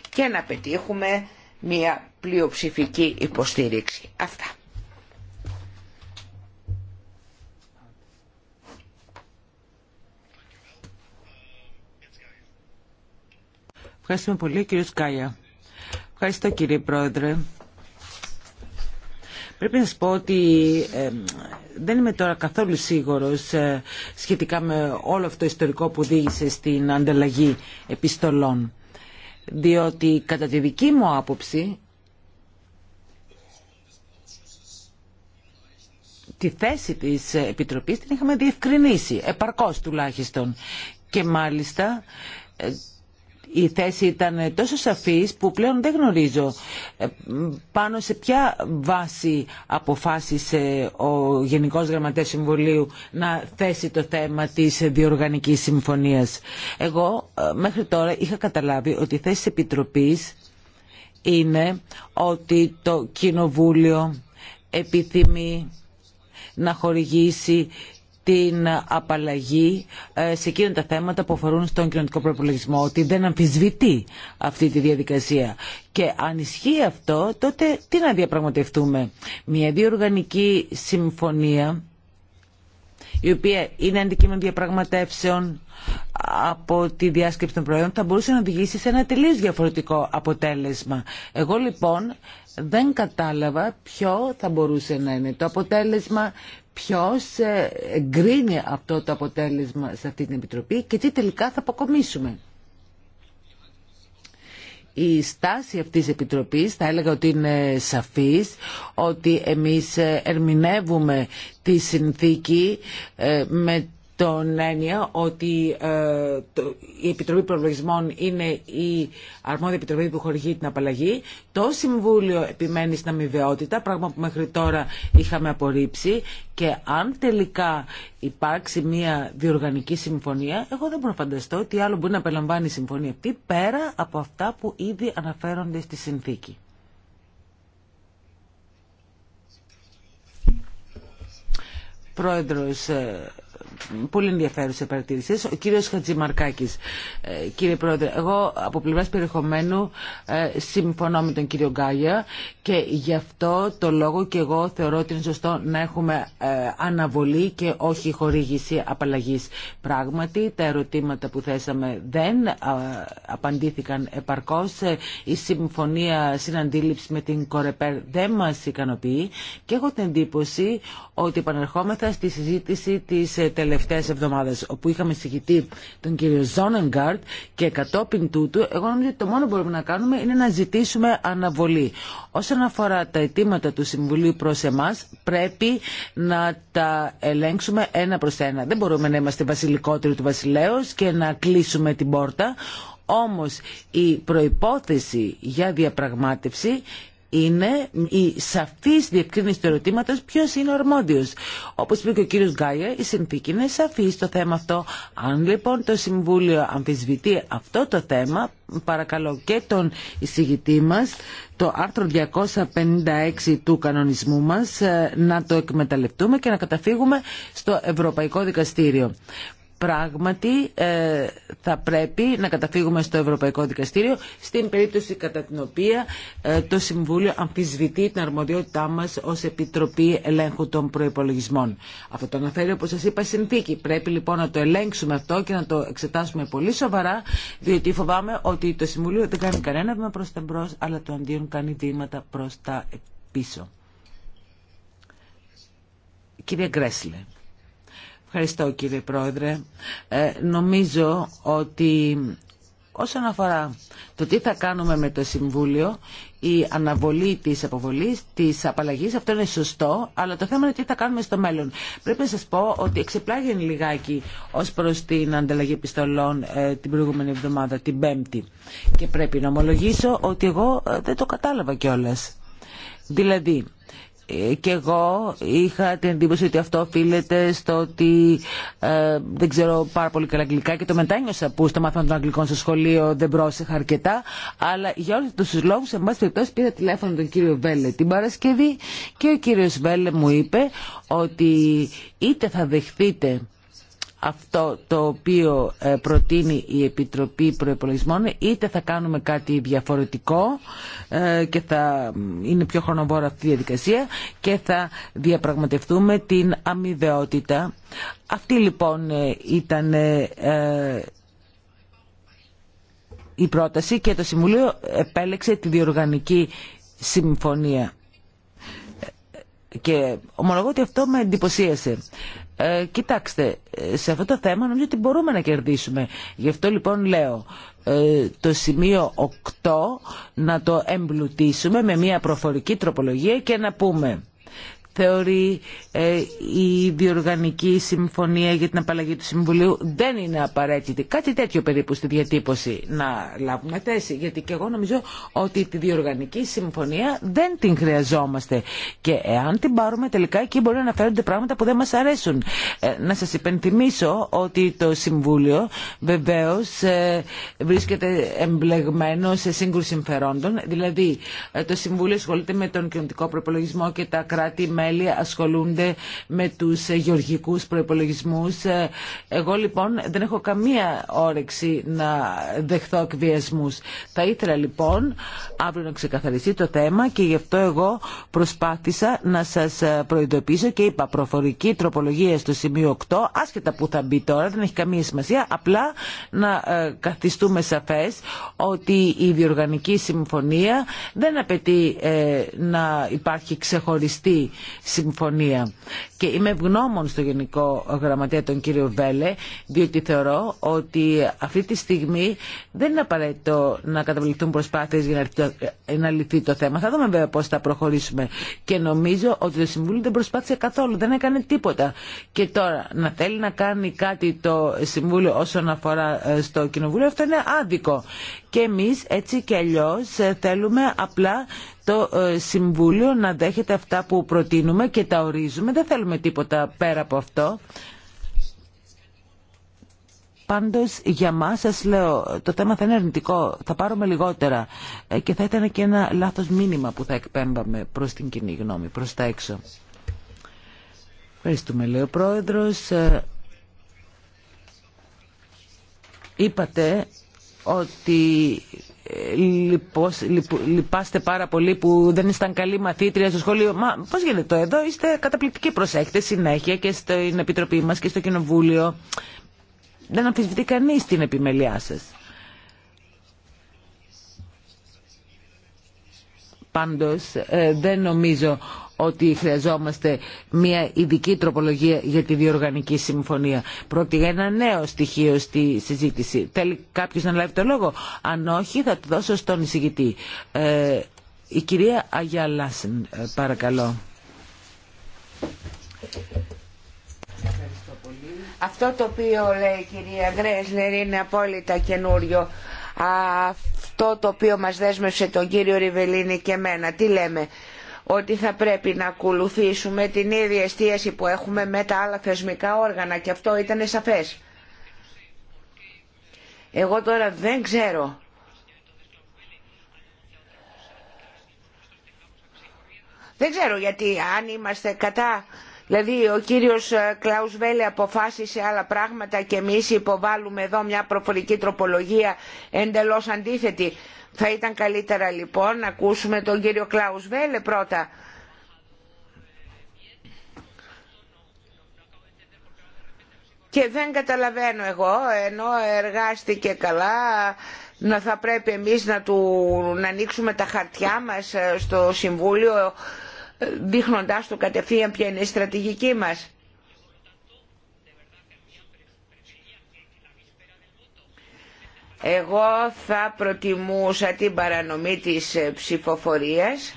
και να πετύχουμε μια πλειοψηφική υποστήριξη. Αυτά. Ευχαριστούμε πολύ, κύριε Σκάια. Ευχαριστώ, κύριε Πρόεδρε. Πρέπει να σας πω ότι δεν είμαι τώρα καθόλου σίγουρος ε, σχετικά με όλο αυτό το ιστορικό που οδήγησε στην ανταλλαγή επιστολών. Διότι κατά τη δική μου άποψη τη θέση της Επιτροπής την είχαμε διευκρινίσει, επαρκώς τουλάχιστον. Και μάλιστα... Ε, η θέση ήταν τόσο σαφής που πλέον δεν γνωρίζω ε, πάνω σε ποια βάση αποφάσισε ο Γενικός Γραμματέας Συμβουλίου να θέσει το θέμα της διοργανικής συμφωνίας. Εγώ ε, μέχρι τώρα είχα καταλάβει ότι η θέση της Επιτροπής είναι ότι το Κοινοβούλιο επιθυμεί να χορηγήσει την απαλλαγή ε, σε εκείνα τα θέματα που αφορούν στον κοινωνικό προπολογισμό, ότι δεν αμφισβητεί αυτή τη διαδικασία. Και αν ισχύει αυτό, τότε τι να διαπραγματευτούμε. Μια διοργανική συμφωνία, η οποία είναι αντικείμενο διαπραγματεύσεων από τη διάσκεψη των προϊόντων, θα μπορούσε να οδηγήσει σε ένα τελείω διαφορετικό αποτέλεσμα. Εγώ λοιπόν δεν κατάλαβα ποιο θα μπορούσε να είναι το αποτέλεσμα, ποιος ε, εγκρίνει αυτό το αποτέλεσμα σε αυτή την Επιτροπή και τι τελικά θα αποκομίσουμε. Η στάση αυτής της Επιτροπής θα έλεγα ότι είναι σαφής, ότι εμείς ε, ερμηνεύουμε τη συνθήκη ε, με τον έννοια ότι ε, η Επιτροπή Προλογισμών είναι η αρμόδια επιτροπή που χορηγεί την απαλλαγή. Το Συμβούλιο επιμένει στην αμοιβαιότητα, πράγμα που μέχρι τώρα είχαμε απορρίψει και αν τελικά υπάρξει μια διοργανική συμφωνία, εγώ δεν μπορώ να φανταστώ τι άλλο μπορεί να περιλαμβάνει η συμφωνία αυτή πέρα από αυτά που ήδη αναφέρονται στη συνθήκη. Πρόεδρος, ε, πολύ ενδιαφέρουσε παρατήρηση. Ο κύριος Χατζημαρκάκης. Ε, κύριε Πρόεδρε, εγώ από πλευρά περιεχομένου ε, συμφωνώ με τον κύριο Γκάγια και γι' αυτό το λόγο και εγώ θεωρώ ότι είναι σωστό να έχουμε ε, αναβολή και όχι χορήγηση απαλλαγή Πράγματι, τα ερωτήματα που θέσαμε δεν απαντήθηκαν επαρκώς. Η συμφωνία συναντήληψη με την Κορεπέρ δεν μα ικανοποιεί και έχω την εντύπωση ότι επανερχόμεθα στη συζήτηση τη τελευταίες εβδομάδες όπου είχαμε συγχυτή τον κύριο Ζόνενγκάρτ και κατόπιν τούτου εγώ νομίζω ότι το μόνο που μπορούμε να κάνουμε είναι να ζητήσουμε αναβολή. Όσον αφορά τα αιτήματα του Συμβουλίου προς εμάς πρέπει να τα ελέγξουμε ένα προς ένα. Δεν μπορούμε να είμαστε βασιλικότεροι του βασιλέως και να κλείσουμε την πόρτα. Όμως η προϋπόθεση για διαπραγμάτευση είναι η σαφή διευκρίνηση του ερωτήματο ποιο είναι ο αρμόδιο. Όπως είπε και ο κύριο Γκάιερ, η συνθήκη είναι σαφή στο θέμα αυτό. Αν λοιπόν το Συμβούλιο αμφισβητεί αυτό το θέμα, παρακαλώ και τον εισηγητή μα, το άρθρο 256 του κανονισμού μα, ε, να το εκμεταλλευτούμε και να καταφύγουμε στο Ευρωπαϊκό Δικαστήριο πράγματι ε, θα πρέπει να καταφύγουμε στο Ευρωπαϊκό Δικαστήριο στην περίπτωση κατά την οποία ε, το Συμβούλιο αμφισβητεί την αρμοδιότητά μας ως Επιτροπή Ελέγχου των Προϋπολογισμών. Αυτό το αναφέρει όπως σας είπα συνθήκη. Πρέπει λοιπόν να το ελέγξουμε αυτό και να το εξετάσουμε πολύ σοβαρά διότι φοβάμαι ότι το Συμβούλιο δεν κάνει κανένα βήμα προς τα μπρος αλλά το αντίον κάνει βήματα προς τα πίσω. Κύριε Γκρέσλε. Ευχαριστώ κύριε Πρόεδρε. Ε, νομίζω ότι όσον αφορά το τι θα κάνουμε με το Συμβούλιο, η αναβολή της αποβολής, της απαλλαγής, αυτό είναι σωστό, αλλά το θέμα είναι τι θα κάνουμε στο μέλλον. Πρέπει να σας πω ότι εξεπλάγει λιγάκι ως προς την ανταλλαγή επιστολών ε, την προηγούμενη εβδομάδα, την Πέμπτη. Και πρέπει να ομολογήσω ότι εγώ ε, δεν το κατάλαβα κιόλας. Δηλαδή, ε, και εγώ είχα την εντύπωση ότι αυτό οφείλεται στο ότι ε, δεν ξέρω πάρα πολύ καλά αγγλικά και το μετάνιωσα που στο μάθημα των αγγλικών στο σχολείο δεν πρόσεχα αρκετά. Αλλά για όλου του λόγου, εμάς πάση περιπτώσει, πήρα τηλέφωνο τον κύριο Βέλε την Παρασκευή και ο κύριο Βέλε μου είπε ότι είτε θα δεχτείτε αυτό το οποίο ε, προτείνει η Επιτροπή Προϋπολογισμών είτε θα κάνουμε κάτι διαφορετικό ε, και θα είναι πιο χρονοβόρα αυτή η διαδικασία και θα διαπραγματευτούμε την αμοιβαιότητα. Αυτή λοιπόν ε, ήταν η πρόταση και το Συμβουλίο επέλεξε τη διοργανική συμφωνία. Και ομολογώ ότι αυτό με εντυπωσίασε. Ε, κοιτάξτε, ε, σε αυτό το θέμα νομίζω ότι μπορούμε να κερδίσουμε. Γι' αυτό λοιπόν λέω ε, το σημείο 8 να το εμπλουτίσουμε με μια προφορική τροπολογία και να πούμε θεωρεί ε, η διοργανική συμφωνία για την απαλλαγή του Συμβουλίου δεν είναι απαραίτητη. Κάτι τέτοιο περίπου στη διατύπωση να λάβουμε θέση. Γιατί και εγώ νομίζω ότι τη διοργανική συμφωνία δεν την χρειαζόμαστε. Και εάν την πάρουμε τελικά εκεί μπορεί να αναφέρονται πράγματα που δεν μας αρέσουν. Ε, να σας υπενθυμίσω ότι το Συμβούλιο βεβαίως ε, βρίσκεται εμπλεγμένο σε σύγκρουση συμφερόντων. Δηλαδή ε, το Συμβούλιο ασχολείται με τον κοινωνικό προπολογισμό και τα κράτη με μελη ασχολούνται με τους γεωργικούς προϋπολογισμούς. Εγώ λοιπόν δεν έχω καμία όρεξη να δεχθώ εκβιασμούς. Θα ήθελα λοιπόν αύριο να ξεκαθαριστεί το θέμα και γι' αυτό εγώ προσπάθησα να σας προειδοποιήσω και είπα προφορική τροπολογία στο σημείο 8, άσχετα που θα μπει τώρα, δεν έχει καμία σημασία, απλά να ε, καθιστούμε σαφές ότι η διοργανική συμφωνία δεν απαιτεί ε, να υπάρχει ξεχωριστή συμφωνία. Και είμαι ευγνώμων στο Γενικό Γραμματέα τον κύριο Βέλε, διότι θεωρώ ότι αυτή τη στιγμή δεν είναι απαραίτητο να καταβληθούν προσπάθειες για ε, να λυθεί το θέμα. Θα δούμε βέβαια πώς θα προχωρήσουμε. Και νομίζω ότι το Συμβούλιο δεν προσπάθησε καθόλου, δεν έκανε τίποτα. Και τώρα να θέλει να κάνει κάτι το Συμβούλιο όσον αφορά ε, στο Κοινοβούλιο, αυτό είναι άδικο και εμείς έτσι και αλλιώς ε, θέλουμε απλά το ε, Συμβούλιο να δέχεται αυτά που προτείνουμε και τα ορίζουμε. Δεν θέλουμε τίποτα πέρα από αυτό. Πάντως για μας σας λέω το θέμα θα είναι αρνητικό, θα πάρουμε λιγότερα ε, και θα ήταν και ένα λάθος μήνυμα που θα εκπέμπαμε προς την κοινή γνώμη, προς τα έξω. Ευχαριστούμε λέει ο Πρόεδρος. Είπατε ότι ε, λυπάστε πάρα πολύ που δεν ήσταν καλή μαθήτρια στο σχολείο. Μα πώς γίνεται το εδώ, είστε καταπληκτικοί προσέχτες συνέχεια και στην Επιτροπή μας και στο Κοινοβούλιο. Δεν αμφισβητεί κανείς την επιμελιά σας. Πάντως ε, δεν νομίζω ότι χρειαζόμαστε μια ειδική τροπολογία για τη διοργανική συμφωνία. Πρόκειται για ένα νέο στοιχείο στη συζήτηση. Θέλει κάποιος να λάβει το λόγο. Αν όχι θα το δώσω στον εισηγητή. Ε, η κυρία Αγιά Λάσεν, ε, παρακαλώ. Αυτό το οποίο λέει η κυρία Γκρέσλερ είναι απόλυτα καινούριο. Αυτό το οποίο μας δέσμευσε τον κύριο Ριβελίνη και εμένα. Τι λέμε, ότι θα πρέπει να ακολουθήσουμε την ίδια εστίαση που έχουμε με τα άλλα θεσμικά όργανα και αυτό ήταν σαφές. Εγώ τώρα δεν ξέρω Δεν ξέρω γιατί αν είμαστε κατά Δηλαδή ο κύριος ε, Κλάους Βέλε αποφάσισε άλλα πράγματα και εμείς υποβάλλουμε εδώ μια προφορική τροπολογία εντελώς αντίθετη. Θα ήταν καλύτερα λοιπόν να ακούσουμε τον κύριο Κλάους Βέλε πρώτα. Και δεν καταλαβαίνω εγώ, ενώ εργάστηκε καλά, να θα πρέπει εμείς να, του, να ανοίξουμε τα χαρτιά μας ε, στο Συμβούλιο δείχνοντάς του κατευθείαν ποια είναι η στρατηγική μας. Εγώ θα προτιμούσα την παρανομή της ψηφοφορίας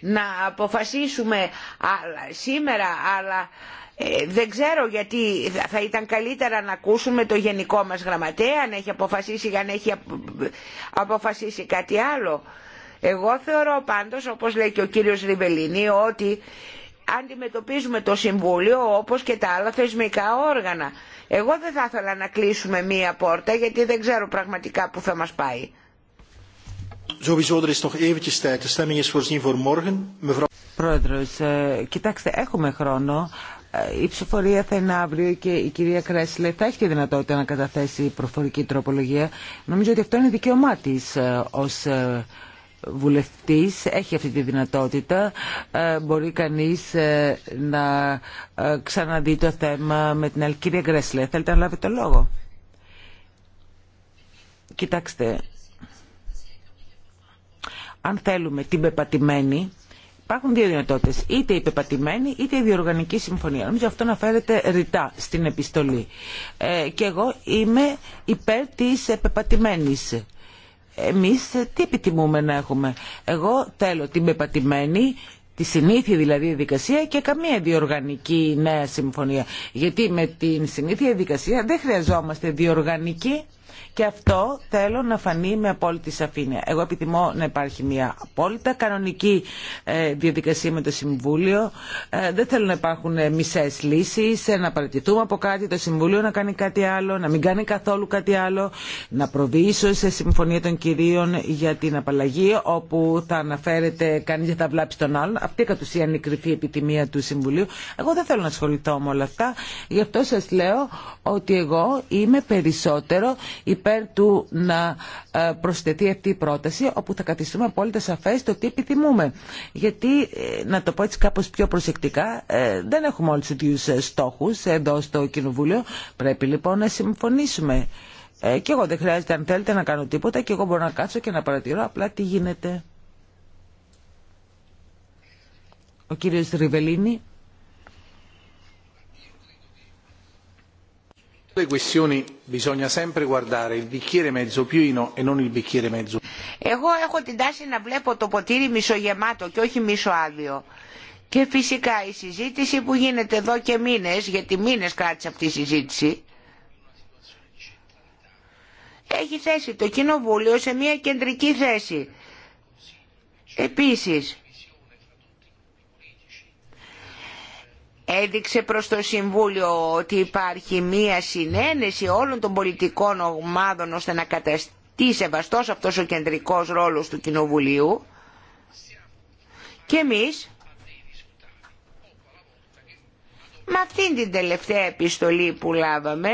να αποφασίσουμε σήμερα αλλά ε, δεν ξέρω γιατί θα ήταν καλύτερα να ακούσουμε το γενικό μας γραμματέα αν έχει αποφασίσει ή αν έχει αποφασίσει κάτι άλλο. Εγώ θεωρώ πάντως, όπως λέει και ο κύριος Ριβελίνη, ότι αντιμετωπίζουμε το Συμβούλιο όπως και τα άλλα θεσμικά όργανα. Εγώ δεν θα ήθελα να κλείσουμε μία πόρτα γιατί δεν ξέρω πραγματικά που θα μας πάει. Πρόεδρος, κοιτάξτε, έχουμε χρόνο. Η ψηφοφορία θα είναι αύριο και η κυρία Κρέσλε θα έχει τη δυνατότητα να καταθέσει προφορική τροπολογία. Νομίζω ότι αυτό είναι δικαίωμά τη ε, ως ε, βουλευτής έχει αυτή τη δυνατότητα ε, μπορεί κανείς να ξαναδεί το θέμα με την άλλη κυρία Κρέσλε. θέλετε να λάβετε το λόγο κοιτάξτε αν θέλουμε την πεπατημένη Υπάρχουν δύο δυνατότητε. είτε η πεπατημένη είτε η διοργανική συμφωνία. Νομίζω αυτό αναφέρεται ρητά στην επιστολή. Ε, και εγώ είμαι υπέρ τη πεπατημένη. Εμεί ε, τι επιτιμούμε να έχουμε. Εγώ θέλω την πεπατημένη, τη συνήθεια δηλαδή δικασία και καμία διοργανική νέα συμφωνία. Γιατί με την συνήθεια δικασία δεν χρειαζόμαστε διοργανική και αυτό θέλω να φανεί με απόλυτη σαφήνεια. Εγώ επιθυμώ να υπάρχει μια απόλυτα κανονική ε, διαδικασία με το Συμβούλιο. Ε, δεν θέλω να υπάρχουν ε, μισέ λύσει, να παρατηθούμε από κάτι, το Συμβούλιο να κάνει κάτι άλλο, να μην κάνει καθόλου κάτι άλλο, να προβεί ίσω σε συμφωνία των κυρίων για την απαλλαγή, όπου θα αναφέρεται κανεί για θα βλάψει τον άλλον. Αυτή κατ' ουσίαν είναι η κρυφή επιτιμία του Συμβουλίου. Εγώ δεν θέλω να ασχοληθώ με όλα αυτά. Γι' αυτό σα λέω ότι εγώ είμαι περισσότερο υπέρ του να ε, προσθεθεί αυτή η πρόταση όπου θα καθιστούμε απόλυτα σαφές το τι επιθυμούμε. Γιατί, ε, να το πω έτσι κάπως πιο προσεκτικά, ε, δεν έχουμε όλους τους ίδιους στόχους εδώ στο Κοινοβούλιο. Πρέπει λοιπόν να συμφωνήσουμε. Και εγώ δεν χρειάζεται αν θέλετε να κάνω τίποτα και εγώ μπορώ να κάτσω και να παρατηρώ απλά τι γίνεται. Ο κύριος Ριβελίνη. Εγώ έχω την τάση να βλέπω το ποτήρι μισογεμάτο και όχι μισοάδιο. Και φυσικά η συζήτηση που γίνεται εδώ και μήνες, γιατί μήνες κράτησε αυτή η συζήτηση, έχει θέσει το Κοινοβούλιο σε μια κεντρική θέση. Επίσης, έδειξε προς το Συμβούλιο ότι υπάρχει μία συνένεση όλων των πολιτικών ομάδων ώστε να καταστεί σεβαστός αυτός ο κεντρικός ρόλος του Κοινοβουλίου και εμείς με αυτήν την τελευταία επιστολή που λάβαμε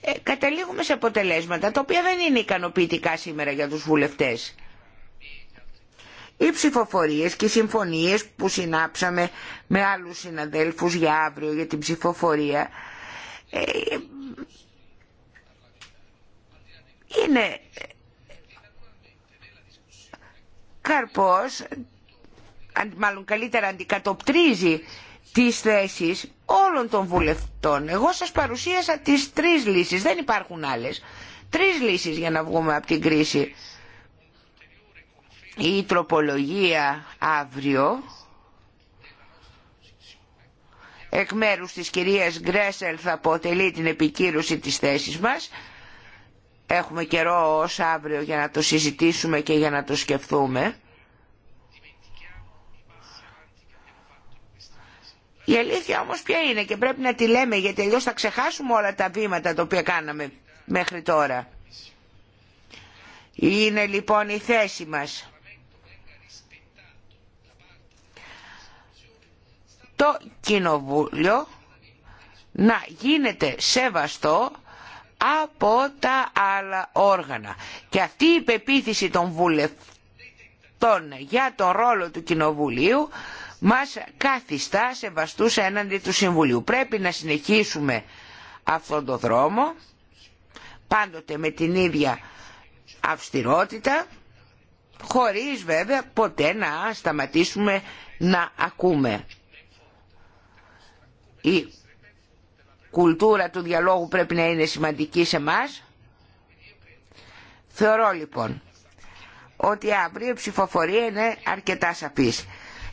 ε, καταλήγουμε σε αποτελέσματα τα οποία δεν είναι ικανοποιητικά σήμερα για τους βουλευτές οι ψηφοφορίες και οι συμφωνίες που συνάψαμε με άλλους συναδέλφους για αύριο για την ψηφοφορία ε, είναι καρπός, μάλλον καλύτερα αντικατοπτρίζει τις θέσεις όλων των βουλευτών. Εγώ σας παρουσίασα τις τρεις λύσεις, δεν υπάρχουν άλλες. Τρεις λύσεις για να βγούμε από την κρίση η τροπολογία αύριο εκ μέρους της κυρίας Γκρέσελ θα αποτελεί την επικύρωση της θέσης μας. Έχουμε καιρό ως αύριο για να το συζητήσουμε και για να το σκεφτούμε. Η αλήθεια όμως ποια είναι και πρέπει να τη λέμε γιατί αλλιώ θα ξεχάσουμε όλα τα βήματα τα οποία κάναμε μέχρι τώρα. Είναι λοιπόν η θέση μας. το Κοινοβούλιο να γίνεται σεβαστό από τα άλλα όργανα. Και αυτή η πεποίθηση των βουλευτών για τον ρόλο του Κοινοβουλίου μας καθιστά σεβαστούς έναντι του Συμβουλίου. Πρέπει να συνεχίσουμε αυτόν τον δρόμο, πάντοτε με την ίδια αυστηρότητα, χωρίς βέβαια ποτέ να σταματήσουμε να ακούμε η κουλτούρα του διαλόγου πρέπει να είναι σημαντική σε μας. Θεωρώ λοιπόν ότι αύριο η ψηφοφορία είναι αρκετά σαφής.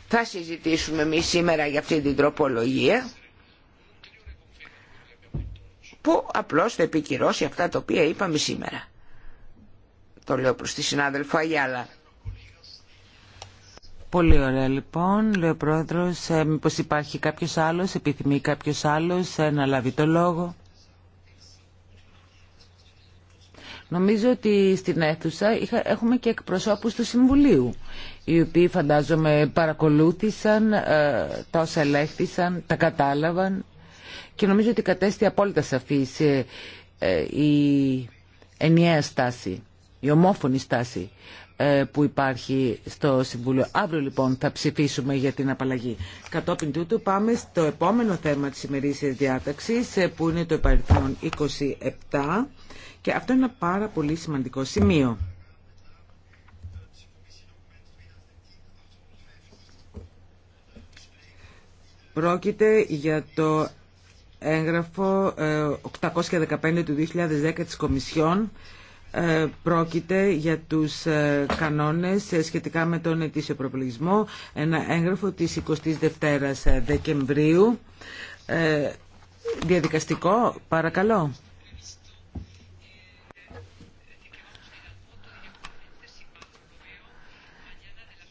Θα συζητήσουμε εμεί σήμερα για αυτή την τροπολογία που απλώς θα επικυρώσει αυτά τα οποία είπαμε σήμερα. Το λέω προς τη συνάδελφα Αγιάλα. Πολύ ωραία λοιπόν, λέει ο πρόεδρος, ε, μήπως υπάρχει κάποιος άλλος, επιθυμεί κάποιος άλλος ε, να λάβει το λόγο. Νομίζω ότι στην αίθουσα είχα, έχουμε και εκπροσώπους του Συμβουλίου, οι οποίοι φαντάζομαι παρακολούθησαν, ε, τα όσα ελέγχθησαν, τα κατάλαβαν και νομίζω ότι κατέστη απόλυτα σαφής ε, ε, η ενιαία στάση, η ομόφωνη στάση ε, που υπάρχει στο Συμβούλιο. Αύριο λοιπόν θα ψηφίσουμε για την απαλλαγή. Κατόπιν τούτου πάμε στο επόμενο θέμα της ημερήσιας διάταξης ε, που είναι το επαριθμόν 27 και αυτό είναι ένα πάρα πολύ σημαντικό σημείο. Πρόκειται για το έγγραφο 815 ε, του 2010 της Κομισιόν ε, πρόκειται για τους ε, κανόνες ε, σχετικά με τον ετήσιο προπολογισμό, ένα έγγραφο της 22ης Δεκεμβρίου. Διαδικαστικό, παρακαλώ.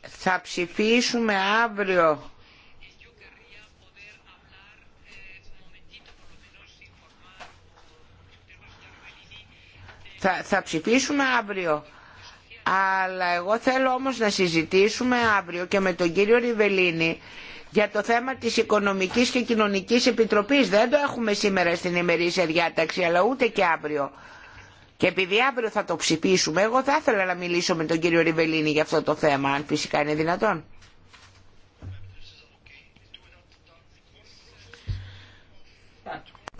Θα ψηφίσουμε αύριο θα, ψηφίσουμε αύριο. Αλλά εγώ θέλω όμως να συζητήσουμε αύριο και με τον κύριο Ριβελίνη για το θέμα της Οικονομικής και Κοινωνικής Επιτροπής. Δεν το έχουμε σήμερα στην ημερήσια διάταξη, αλλά ούτε και αύριο. Και επειδή αύριο θα το ψηφίσουμε, εγώ θα ήθελα να μιλήσω με τον κύριο Ριβελίνη για αυτό το θέμα, αν φυσικά είναι δυνατόν.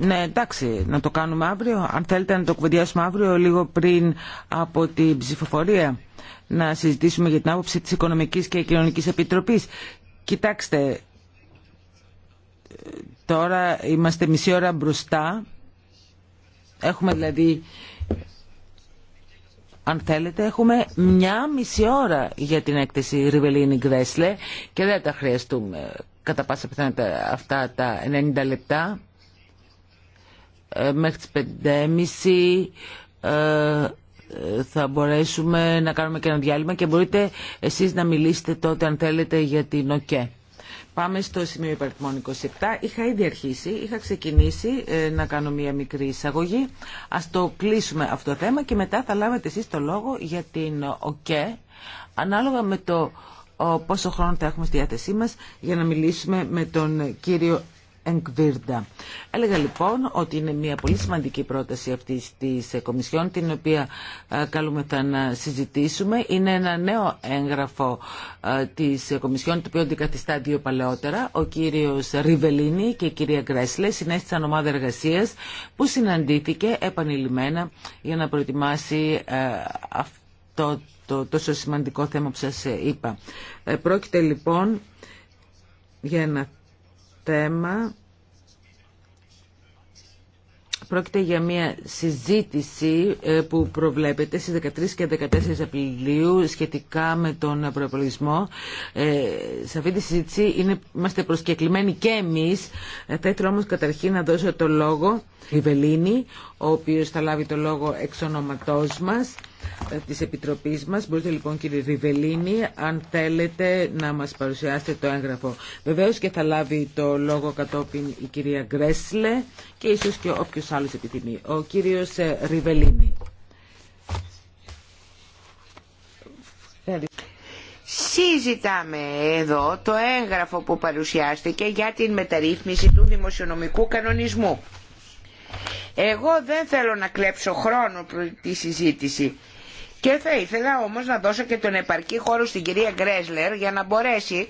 Ναι, εντάξει, να το κάνουμε αύριο. Αν θέλετε να το κουβεντιάσουμε αύριο, λίγο πριν από την ψηφοφορία, να συζητήσουμε για την άποψη της Οικονομικής και Κοινωνικής Επιτροπής. Κοιτάξτε, τώρα είμαστε μισή ώρα μπροστά. Έχουμε δηλαδή, αν θέλετε, έχουμε μια μισή ώρα για την έκθεση Ριβελίνη Γκρέσλε και δεν τα χρειαστούμε κατά πάσα πιθανότητα αυτά τα 90 λεπτά. Ε, μέχρι τις 5.30 ε, θα μπορέσουμε να κάνουμε και ένα διάλειμμα και μπορείτε εσείς να μιλήσετε τότε αν θέλετε για την ΟΚΕ. Πάμε στο σημείο υπαριθμών 27. Είχα ήδη αρχίσει, είχα ξεκινήσει ε, να κάνω μία μικρή εισαγωγή. Ας το κλείσουμε αυτό το θέμα και μετά θα λάβετε εσείς το λόγο για την ΟΚΕ ανάλογα με το πόσο χρόνο θα έχουμε στη διάθεσή μας για να μιλήσουμε με τον κύριο Εγκβίρντα. Έλεγα λοιπόν ότι είναι μια πολύ σημαντική πρόταση αυτή τη ε, Κομισιόν, την οποία ε, καλούμεθα να συζητήσουμε. Είναι ένα νέο έγγραφο ε, τη Κομισιόν, το οποίο αντικαθιστά δύο παλαιότερα. Ο κύριο Ριβελίνη και η κυρία Γκρέσλε συνέστησαν ομάδα εργασία που συναντήθηκε επανειλημμένα για να προετοιμάσει αυτό το τόσο σημαντικό θέμα που σας είπα. Πρόκειται λοιπόν για ένα θέμα πρόκειται για μια συζήτηση ε, που προβλέπεται στις 13 και 14 Απριλίου σχετικά με τον προπολογισμό. Ε, σε αυτή τη συζήτηση είναι, είμαστε προσκεκλημένοι και εμείς. Ε, θα ήθελα όμως καταρχήν να δώσω το λόγο Βελίνη, ο οποίος θα λάβει το λόγο εξ ονόματός μας. Ε, της Επιτροπής μας. Μπορείτε λοιπόν κύριε Ριβελίνη αν θέλετε να μας παρουσιάσετε το έγγραφο. Βεβαίως και θα λάβει το λόγο κατόπιν η κυρία Γκρέσλε και ίσως και όποιος άλλος επιθυμεί. Ο κύριος ε, Ριβελίνη. Συζητάμε εδώ το έγγραφο που παρουσιάστηκε για την μεταρρύθμιση του δημοσιονομικού κανονισμού. Εγώ δεν θέλω να κλέψω χρόνο τη συζήτηση. Και θα ήθελα όμως να δώσω και τον επαρκή χώρο στην κυρία Γκρέσλερ για να μπορέσει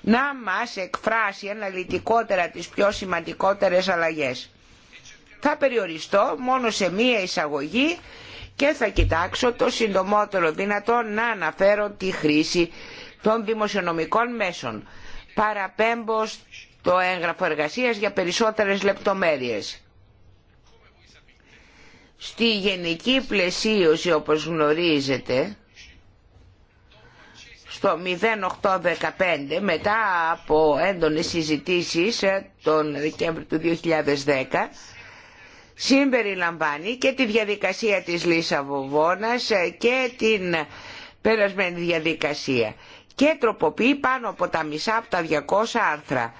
να μας εκφράσει αναλυτικότερα τις πιο σημαντικότερες αλλαγές. Θα περιοριστώ μόνο σε μία εισαγωγή και θα κοιτάξω το συντομότερο δυνατό να αναφέρω τη χρήση των δημοσιονομικών μέσων. Παραπέμπω στο έγγραφο εργασίας για περισσότερες λεπτομέρειες. Στη γενική πλαισίωση όπως γνωρίζετε στο 0815 μετά από έντονες συζητήσεις ε, τον Δεκέμβρη του 2010 συμπεριλαμβάνει και τη διαδικασία της Λισαβονα ε, και την περασμένη διαδικασία και τροποποιεί πάνω από τα μισά από τα 200 άρθρα.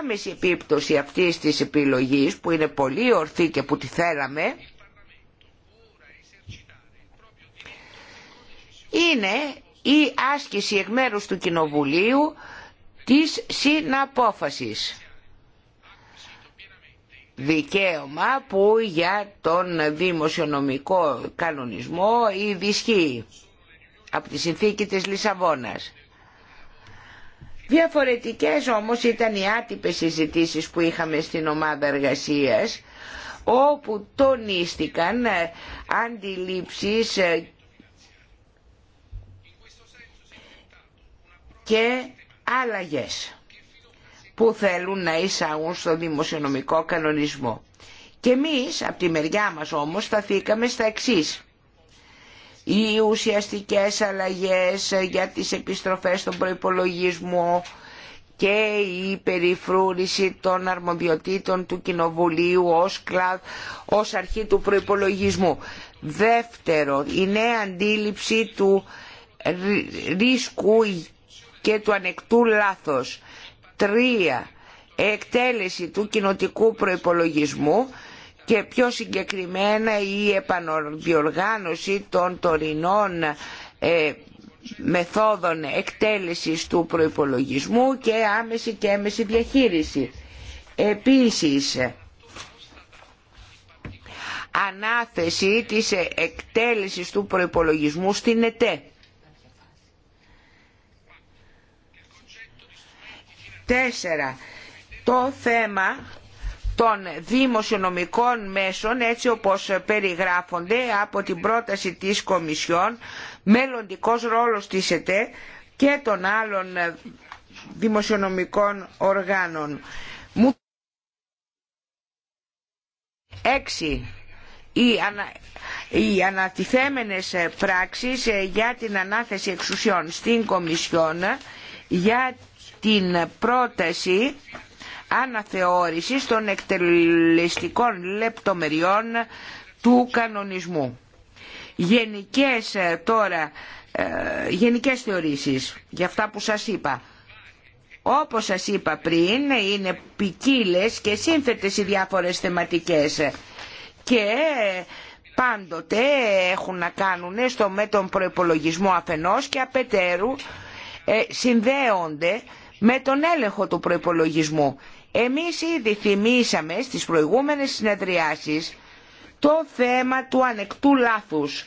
Άμεση επίπτωση αυτής της επιλογής που είναι πολύ ορθή και που τη θέλαμε είναι η άσκηση εκ μέρους του Κοινοβουλίου της συναπόφασης. Δικαίωμα που για τον δημοσιονομικό κανονισμό ήδη ισχύει από τη συνθήκη της Λισαβόνας. Διαφορετικές όμως ήταν οι άτυπες συζητήσει που είχαμε στην ομάδα εργασίας όπου τονίστηκαν ε, αντιλήψεις ε, και άλλαγες που θέλουν να εισάγουν στο δημοσιονομικό κανονισμό. Και εμείς από τη μεριά μας όμως σταθήκαμε στα εξής. Οι ουσιαστικές αλλαγές για τις επιστροφές στον προϋπολογισμό και η περιφρούρηση των αρμοδιοτήτων του Κοινοβουλίου ως, κλαδ, ως αρχή του προϋπολογισμού. Δεύτερο, η νέα αντίληψη του ρίσκου και του ανεκτού λάθος. 3. Εκτέλεση του κοινοτικού προϋπολογισμού και πιο συγκεκριμένα η επανοδιοργάνωση των τωρινών ε, μεθόδων εκτέλεσης του προϋπολογισμού και άμεση και έμεση διαχείριση. Επίσης, ανάθεση της εκτέλεσης του προϋπολογισμού στην ΕΤΕ. Τέσσερα, το θέμα των δημοσιονομικών μέσων έτσι όπως περιγράφονται από την πρόταση της Κομισιόν, μελλοντικός ρόλος της ΕΤΕ και των άλλων δημοσιονομικών οργάνων. Έξι, οι, ανα, οι ανατιθέμενες πράξεις για την ανάθεση εξουσιών στην Κομισιόν για την πρόταση αναθεώρησης των εκτελεστικών λεπτομεριών του κανονισμού. Γενικές ε, τώρα, ε, γενικές θεωρήσεις για αυτά που σας είπα. Όπως σας είπα πριν, είναι ποικίλε και σύνθετες οι διάφορες θεματικές και πάντοτε έχουν να κάνουν στο με τον προπολογισμό αφενός και απετέρου ε, συνδέονται με τον έλεγχο του προϋπολογισμού. Εμείς ήδη θυμήσαμε στις προηγούμενες συνεδριάσεις το θέμα του ανεκτού λάθους.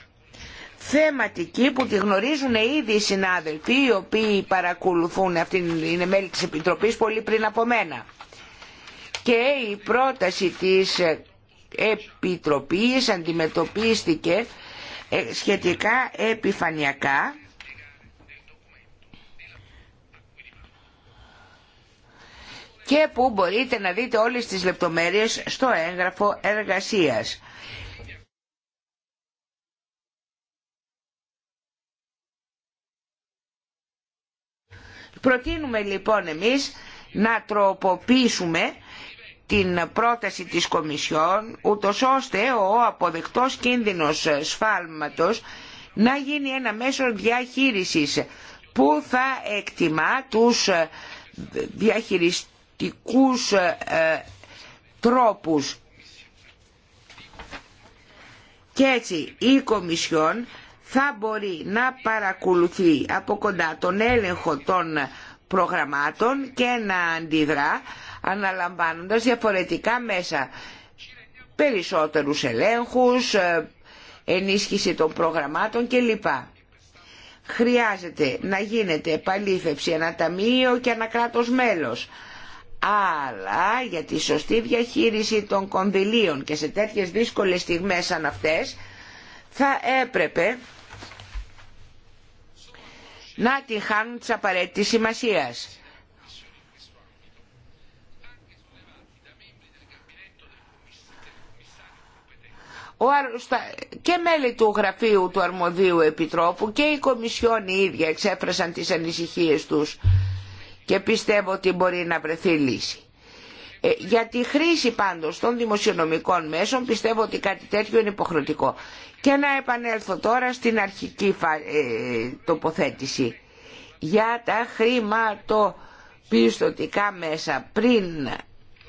Θεματική που τη γνωρίζουν ήδη οι συνάδελφοι οι οποίοι παρακολουθούν αυτήν είναι μέλη της Επιτροπής πολύ πριν από μένα. Και η πρόταση της Επιτροπής αντιμετωπίστηκε ε, σχετικά επιφανειακά και που μπορείτε να δείτε όλες τις λεπτομέρειες στο έγγραφο εργασίας. Προτείνουμε λοιπόν εμείς να τροποποιήσουμε την πρόταση της Κομισιόν, ούτως ώστε ο αποδεκτός κίνδυνος σφάλματος να γίνει ένα μέσο διαχείρισης που θα εκτιμά τους διαχειριστές πολιτικούς ε, ε, τρόπους. Και έτσι η Κομισιόν θα μπορεί να παρακολουθεί από κοντά τον έλεγχο των προγραμμάτων και να αντιδρά αναλαμβάνοντας διαφορετικά μέσα περισσότερους ελέγχους, ε, ενίσχυση των προγραμμάτων κλπ. Χρειάζεται να γίνεται επαλήθευση ένα ταμείο και ένα κράτος μέλος αλλά για τη σωστή διαχείριση των κονδυλίων και σε τέτοιες δύσκολες στιγμές σαν αυτές θα έπρεπε να τη χάνουν της απαραίτητης σημασίας. και μέλη του γραφείου του αρμοδίου επιτρόπου και η Κομισιόν η ίδια εξέφρασαν τις ανησυχίες τους και πιστεύω ότι μπορεί να βρεθεί λύση. Ε, για τη χρήση πάντως των δημοσιονομικών μέσων πιστεύω ότι κάτι τέτοιο είναι υποχρεωτικό. Και να επανέλθω τώρα στην αρχική ε, τοποθέτηση. Για τα χρηματοπιστωτικά μέσα πριν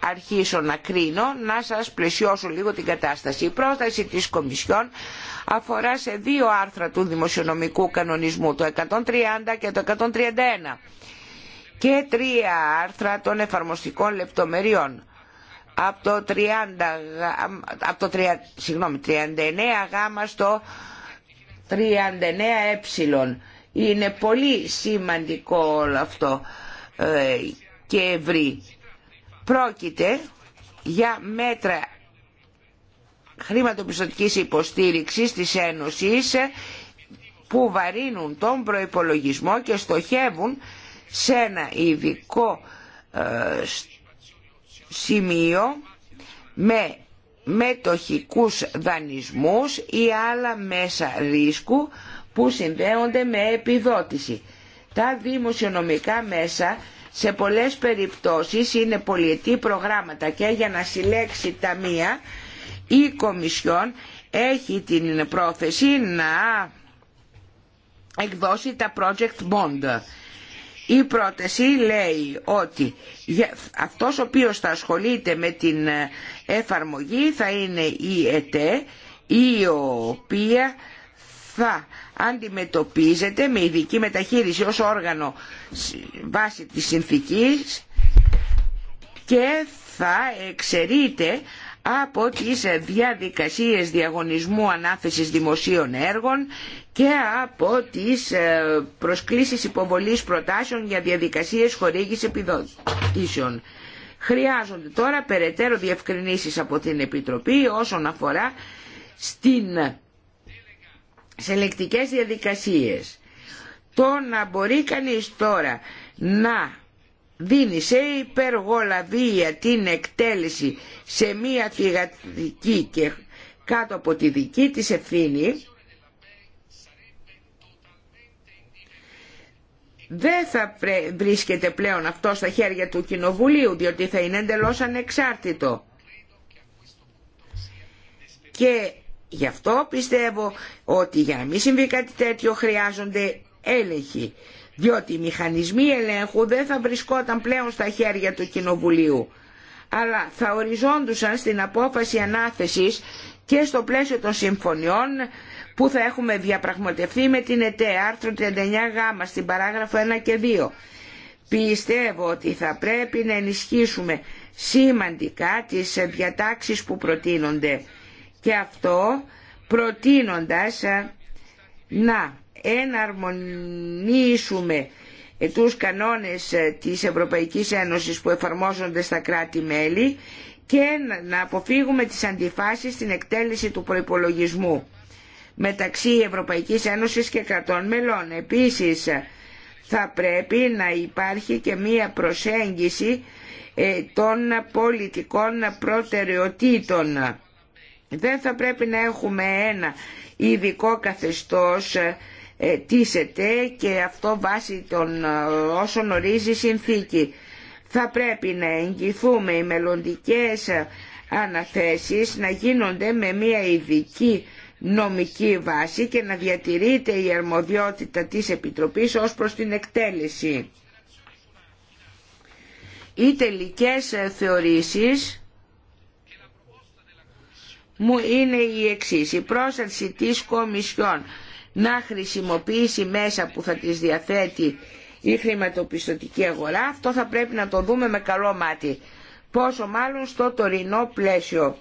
αρχίσω να κρίνω να σας πλαισιώσω λίγο την κατάσταση. Η πρόταση της Κομισιόν αφορά σε δύο άρθρα του δημοσιονομικού κανονισμού, το 130 και το 131 και τρία άρθρα των εφαρμοστικών λεπτομεριών. Από το, από το συγγνώμη, 39 γάμα στο 39 ε. Είναι πολύ σημαντικό όλο αυτό ε, και ευρύ. Πρόκειται για μέτρα χρηματοπιστωτικής υποστήριξης της Ένωσης που βαρύνουν τον προϋπολογισμό και στοχεύουν σε ένα ειδικό ε, σημείο με μετοχικούς δανισμούς ή άλλα μέσα ρίσκου που συνδέονται με επιδότηση. Τα δημοσιονομικά μέσα σε πολλές περιπτώσεις είναι πολιετή προγράμματα και για να συλλέξει ταμεία η Κομισιόν έχει την πρόθεση να εκδώσει τα project bond η πρόταση λέει ότι αυτός ο οποίος θα ασχολείται με την εφαρμογή θα είναι η ΕΤΕ η οποία θα αντιμετωπίζεται με ειδική μεταχείριση ως όργανο βάση της συνθήκης και θα εξαιρείται από τις διαδικασίες διαγωνισμού ανάθεσης δημοσίων έργων και από τις ε, προσκλήσεις υποβολής προτάσεων για διαδικασίες χορήγηση επιδοτήσεων. Χρειάζονται τώρα περαιτέρω διευκρινήσεις από την Επιτροπή όσον αφορά στην σελεκτικές διαδικασίες. Το να μπορεί κανείς τώρα να δίνει σε υπεργολαβία την εκτέλεση σε μία θηγατική και κάτω από τη δική της ευθύνη δεν θα βρίσκεται πλέον αυτό στα χέρια του Κοινοβουλίου διότι θα είναι εντελώς ανεξάρτητο. Και γι' αυτό πιστεύω ότι για να μην συμβεί κάτι τέτοιο χρειάζονται έλεγχοι διότι οι μηχανισμοί ελέγχου δεν θα βρισκόταν πλέον στα χέρια του Κοινοβουλίου αλλά θα οριζόντουσαν στην απόφαση ανάθεσης και στο πλαίσιο των συμφωνιών που θα έχουμε διαπραγματευτεί με την ΕΤΕ, άρθρο 39 39Γ, στην παράγραφο 1 και 2. Πιστεύω ότι θα πρέπει να ενισχύσουμε σημαντικά τις διατάξεις που προτείνονται και αυτό προτείνοντας να εναρμονίσουμε ε, τους κανόνες ε, της Ευρωπαϊκής Ένωσης που εφαρμόζονται στα κράτη-μέλη και να αποφύγουμε τις αντιφάσεις στην εκτέλεση του προϋπολογισμού μεταξύ Ευρωπαϊκής Ένωσης και κρατών μελών. Επίσης, θα πρέπει να υπάρχει και μία προσέγγιση ε, των πολιτικών προτεραιοτήτων. Δεν θα πρέπει να έχουμε ένα ειδικό καθεστώς ε, και αυτό βάσει των ε, όσων ορίζει η συνθήκη. Θα πρέπει να εγγυθούμε οι μελλοντικές αναθέσεις να γίνονται με μια ειδική νομική βάση και να διατηρείται η αρμοδιότητα της Επιτροπής ως προς την εκτέλεση. Οι τελικές ε, θεωρήσεις μου είναι η εξής. Η πρόσταση της Κομισιόν να χρησιμοποιήσει μέσα που θα τις διαθέτει η χρηματοπιστωτική αγορά, αυτό θα πρέπει να το δούμε με καλό μάτι. Πόσο μάλλον στο τωρινό πλαίσιο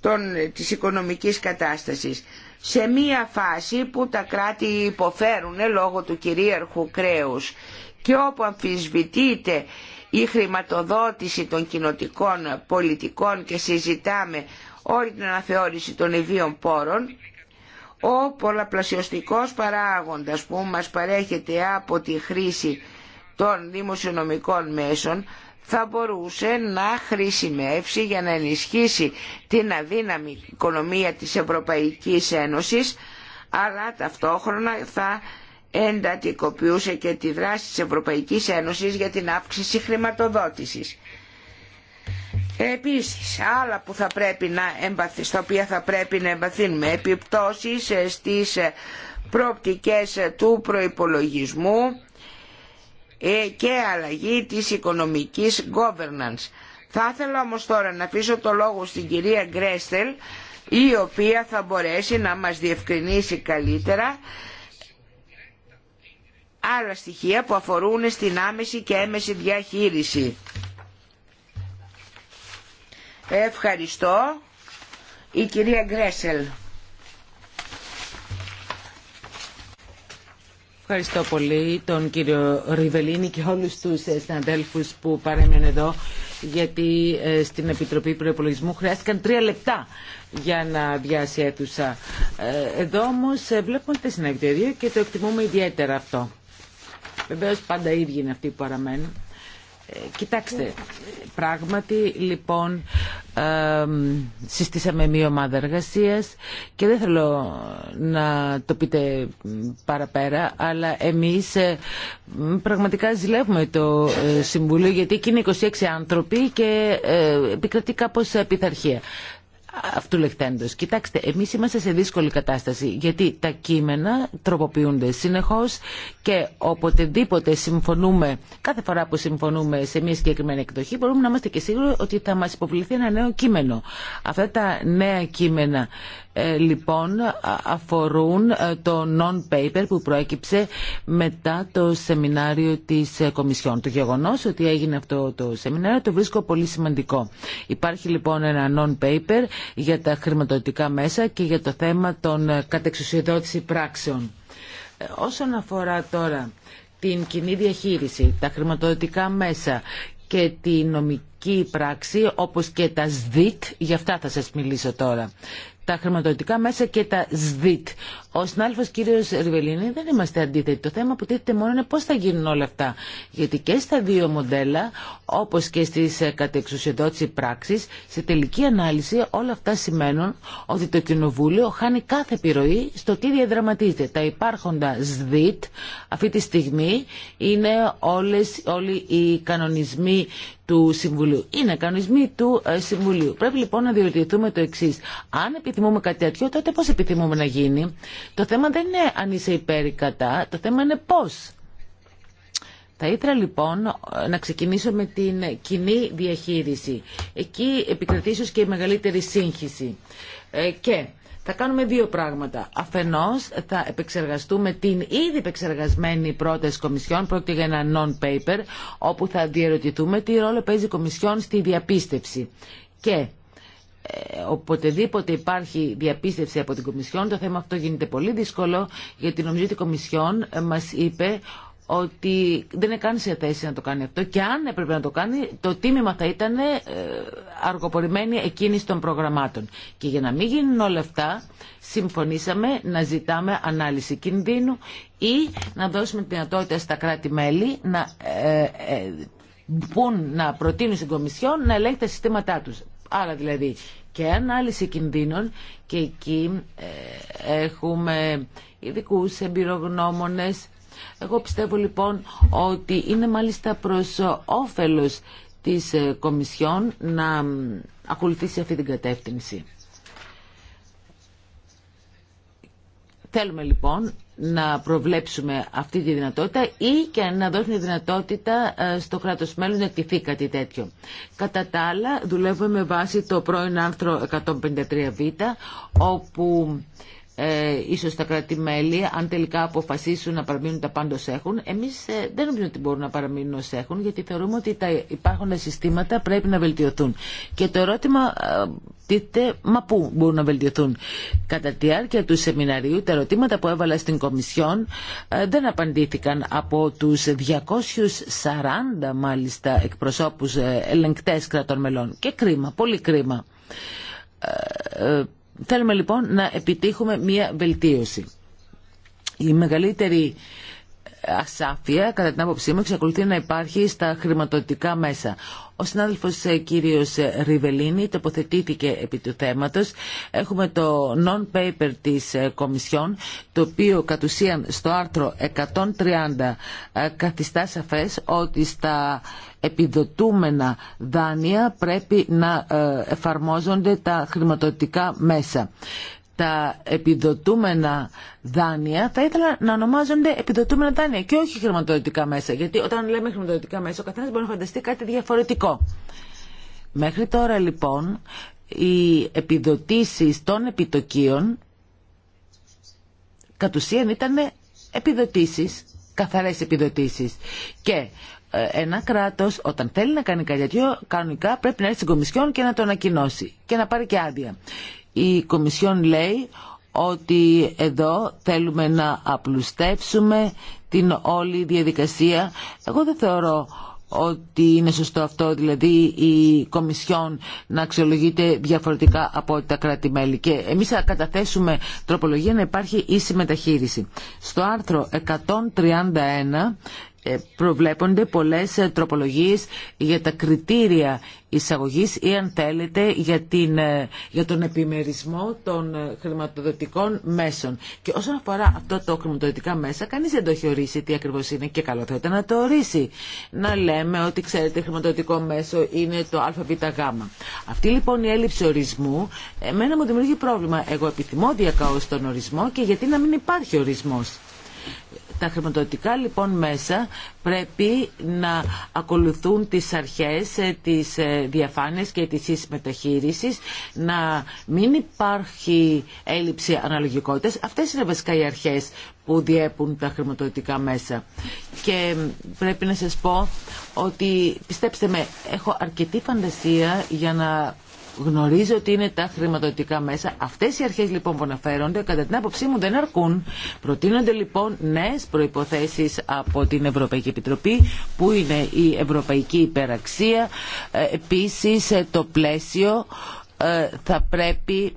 των, της οικονομικής κατάστασης. Σε μία φάση που τα κράτη υποφέρουν ε, λόγω του κυρίαρχου κρέους και όπου αμφισβητείται η χρηματοδότηση των κοινοτικών πολιτικών και συζητάμε όλη την αναθεώρηση των ιδίων πόρων, ο πολλαπλασιωστικός παράγοντας που μας παρέχεται από τη χρήση των δημοσιονομικών μέσων θα μπορούσε να χρησιμεύσει για να ενισχύσει την αδύναμη οικονομία της Ευρωπαϊκής Ένωσης αλλά ταυτόχρονα θα εντατικοποιούσε και τη δράση της Ευρωπαϊκής Ένωσης για την αύξηση χρηματοδότησης. Επίσης, άλλα που θα πρέπει να στα θα πρέπει να εμπαθύνουμε επιπτώσεις ε, στις ε, προοπτικές ε, του προϋπολογισμού και αλλαγή της οικονομικής governance. Θα ήθελα όμως τώρα να αφήσω το λόγο στην κυρία Γκρέστελ η οποία θα μπορέσει να μας διευκρινίσει καλύτερα άλλα στοιχεία που αφορούν στην άμεση και έμεση διαχείριση. Ευχαριστώ. Η κυρία Γκρέσελ. Ευχαριστώ πολύ τον κύριο Ριβελίνη και όλους τους ε, συναδέλφους που παρέμειναν εδώ γιατί ε, στην Επιτροπή Προπολογισμού χρειάστηκαν τρία λεπτά για να διάσει αίθουσα. Ε, εδώ όμως βλέπουμε το ίδιο και το εκτιμούμε ιδιαίτερα αυτό. Βεβαίως πάντα ίδιοι είναι αυτοί που παραμένουν. Κοιτάξτε, πράγματι λοιπόν συστήσαμε μία ομάδα εργασία και δεν θέλω να το πείτε παραπέρα, αλλά εμείς ε, πραγματικά ζηλεύουμε το ε, Συμβουλίο γιατί εκεί είναι 26 άνθρωποι και ε, επικρατεί κάπως πειθαρχία αυτού λεχθέντος. Κοιτάξτε, εμείς είμαστε σε δύσκολη κατάσταση γιατί τα κείμενα τροποποιούνται συνεχώς και οποτεδήποτε συμφωνούμε, κάθε φορά που συμφωνούμε σε μια συγκεκριμένη εκδοχή μπορούμε να είμαστε και σίγουροι ότι θα μας υποβληθεί ένα νέο κείμενο. Αυτά τα νέα κείμενα ε, λοιπόν αφορούν ε, το non-paper που προέκυψε μετά το σεμινάριο της ε, Κομισιόν. Το γεγονός ότι έγινε αυτό το σεμινάριο το βρίσκω πολύ σημαντικό. Υπάρχει λοιπόν ένα non-paper για τα χρηματοδοτικά μέσα και για το θέμα των κατεξουσιοδότηση πράξεων. Όσον αφορά τώρα την κοινή διαχείριση, τα χρηματοδοτικά μέσα και τη νομική πράξη όπως και τα ΣΔΙΤ, για αυτά θα σας μιλήσω τώρα τα χρηματοδοτικά μέσα και τα ΣΔΙΤ ο συνάδελφο κύριο Ριβελίνη δεν είμαστε αντίθετοι. Το θέμα που τίθεται μόνο είναι πώ θα γίνουν όλα αυτά. Γιατί και στα δύο μοντέλα, όπω και στι ε, κατεξουσιοδότηση πράξη, σε τελική ανάλυση όλα αυτά σημαίνουν ότι το Κοινοβούλιο χάνει κάθε επιρροή στο τι διαδραματίζεται. Τα υπάρχοντα ΣΔΙΤ αυτή τη στιγμή είναι όλες, όλοι οι κανονισμοί του Συμβουλίου. Είναι κανονισμοί του ε, Συμβουλίου. Πρέπει λοιπόν να διορτηθούμε το εξή. Αν επιθυμούμε κάτι τέτοιο, τότε πώ επιθυμούμε να γίνει. Το θέμα δεν είναι αν είσαι υπέρ ή κατά, το θέμα είναι πώς. Θα ήθελα λοιπόν να ξεκινήσω με την κοινή διαχείριση. Εκεί επικρατεί και η μεγαλύτερη σύγχυση. Ε, και θα κάνουμε δύο πράγματα. Αφενός θα επεξεργαστούμε την ήδη επεξεργασμένη πρόταση Κομισιόν, πρόκειται για ένα non-paper, όπου θα διερωτηθούμε τι ρόλο παίζει η Κομισιόν στη διαπίστευση. Και οποτεδήποτε υπάρχει διαπίστευση από την Κομισιόν, το θέμα αυτό γίνεται πολύ δύσκολο, γιατί νομίζω ότι η Κομισιόν ε, μας είπε ότι δεν είναι καν σε θέση να το κάνει αυτό και αν έπρεπε να το κάνει το τίμημα θα ήταν ε, αργοπορημένη εκείνη των προγραμμάτων. Και για να μην γίνουν όλα αυτά συμφωνήσαμε να ζητάμε ανάλυση κινδύνου ή να δώσουμε τη δυνατότητα στα κράτη-μέλη να ε, να προτείνουν στην Κομισιόν να ελέγχει τα συστήματά τους. Άρα δηλαδή και ανάλυση κινδύνων και εκεί ε, έχουμε ειδικού εμπειρογνώμονες. Εγώ πιστεύω λοιπόν ότι είναι μάλιστα προς όφελος της ε, Κομισιόν να ακολουθήσει αυτή την κατεύθυνση. Θέλουμε λοιπόν να προβλέψουμε αυτή τη δυνατότητα ή και να δώσουμε δυνατότητα ε, στο κράτος μέλου να εκτιθεί κάτι τέτοιο. Κατά τα άλλα, δουλεύουμε με βάση το πρώην άρθρο 153β, όπου ε, ίσως τα κράτη-μέλη, αν τελικά αποφασίσουν να παραμείνουν τα πάντα έχουν, εμείς ε, δεν νομίζουμε ότι μπορούν να παραμείνουν ως έχουν, γιατί θεωρούμε ότι τα υπάρχοντα συστήματα πρέπει να βελτιωθούν. Και το ερώτημα ε, μα πού μπορούν να βελτιωθούν. Κατά τη διάρκεια του σεμιναρίου, τα ερωτήματα που έβαλα στην Κομισιόν ε, δεν απαντήθηκαν από τους 240 μάλιστα εκπροσώπους ε, ελεγκτές κρατών μελών. Και κρίμα, πολύ κρίμα. Ε, θέλουμε λοιπόν να επιτύχουμε μία βελτίωση. Η μεγαλύτερη ασάφεια, κατά την άποψή μου, εξακολουθεί να υπάρχει στα χρηματοδοτικά μέσα. Ο συνάδελφος ε, κύριος ε, Ριβελίνη τοποθετήθηκε επί του θέματος. Έχουμε το non-paper της ε, Κομισιόν, το οποίο κατ' ουσίαν στο άρθρο 130 καθιστά σαφές ότι στα επιδοτούμενα δάνεια πρέπει να εφαρμόζονται τα χρηματοδοτικά μέσα τα επιδοτούμενα δάνεια θα ήθελα να ονομάζονται επιδοτούμενα δάνεια και όχι χρηματοδοτικά μέσα. Γιατί όταν λέμε χρηματοδοτικά μέσα, ο καθένα μπορεί να φανταστεί κάτι διαφορετικό. Μέχρι τώρα λοιπόν οι επιδοτήσεις των επιτοκίων κατ' ουσίαν ήταν επιδοτήσεις, καθαρές επιδοτήσεις. Και ε, ένα κράτος όταν θέλει να κάνει κάτι τέτοιο κανονικά πρέπει να έρθει στην Κομισιόν και να το ανακοινώσει και να πάρει και άδεια. Η Κομισιόν λέει ότι εδώ θέλουμε να απλουστεύσουμε την όλη διαδικασία. Εγώ δεν θεωρώ ότι είναι σωστό αυτό, δηλαδή η Κομισιόν να αξιολογείται διαφορετικά από τα κράτη-μέλη. Και εμείς θα καταθέσουμε τροπολογία να υπάρχει ίση μεταχείριση. Στο άρθρο 131 ε, προβλέπονται πολλές ε, τροπολογίες για τα κριτήρια εισαγωγής ή αν θέλετε για, την, ε, για τον επιμερισμό των χρηματοδοτικών μέσων. Και όσον αφορά αυτό το χρηματοδοτικά μέσα, κανείς δεν το έχει ορίσει τι ακριβώς είναι και καλό θα ήταν να το ορίσει. Να λέμε ότι ξέρετε χρηματοδοτικό μέσο είναι το ΑΒΓ. Αυτή λοιπόν η έλλειψη ορισμού εμένα μου δημιουργεί πρόβλημα. Εγώ επιθυμώ διακαώ τον ορισμό και γιατί να μην υπάρχει ορισμός. Τα χρηματοδοτικά λοιπόν μέσα πρέπει να ακολουθούν τις αρχές ε, της ε, διαφάνειας και της να μην υπάρχει έλλειψη αναλογικότητας. Αυτές είναι βασικά οι αρχές που διέπουν τα χρηματοδοτικά μέσα. Και πρέπει να σας πω ότι, πιστέψτε με, έχω αρκετή φαντασία για να Γνωρίζω ότι είναι τα χρηματοδοτικά μέσα. Αυτέ οι αρχέ λοιπόν που αναφέρονται, κατά την άποψή μου, δεν αρκούν. Προτείνονται λοιπόν νέε προποθέσει από την Ευρωπαϊκή Επιτροπή, που είναι η Ευρωπαϊκή Υπεραξία. Ε, Επίση, ε, το πλαίσιο ε, θα πρέπει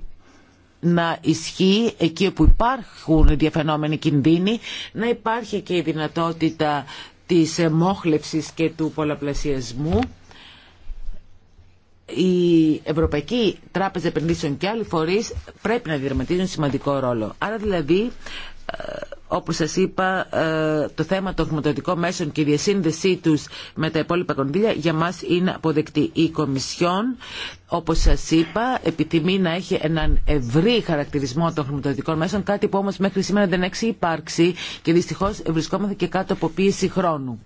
να ισχύει εκεί όπου υπάρχουν διαφαινόμενοι κινδύνοι, να υπάρχει και η δυνατότητα της μόχλευσης και του πολλαπλασιασμού η Ευρωπαϊκή Τράπεζα Επενδύσεων και άλλοι φορεί πρέπει να διαδραματίζουν σημαντικό ρόλο. Άρα δηλαδή, ε, όπως σας είπα, ε, το θέμα των χρηματοδοτικών μέσων και η διασύνδεσή τους με τα υπόλοιπα κονδύλια για μας είναι αποδεκτή. Η Κομισιόν, όπως σας είπα, επιθυμεί να έχει έναν ευρύ χαρακτηρισμό των χρηματοδοτικών μέσων, κάτι που όμως μέχρι σήμερα δεν έχει υπάρξει και δυστυχώς βρισκόμαστε και κάτω από πίεση χρόνου.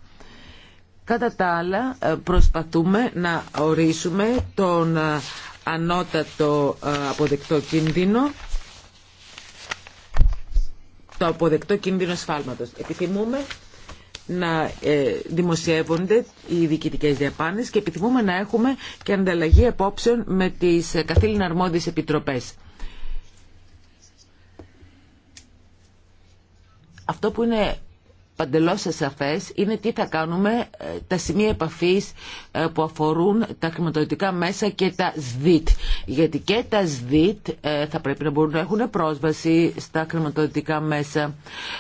Κατά τα άλλα ε, προσπαθούμε να ορίσουμε τον ε, ανώτατο ε, αποδεκτό κίνδυνο το αποδεκτό κίνδυνο σφάλματος. Επιθυμούμε να δημοσιεύονται οι διοικητικές διαπάνες και επιθυμούμε να έχουμε και ανταλλαγή απόψεων με τις καθήλυνα αρμόδιες επιτροπές. Αυτό που είναι Παντελώ ασαφέ είναι τι θα κάνουμε ε, τα σημεία επαφής ε, που αφορούν τα χρηματοδοτικά μέσα και τα ΣΔΙΤ. Γιατί και τα ΣΔΙΤ ε, θα πρέπει να μπορούν να έχουν πρόσβαση στα χρηματοδοτικά μέσα.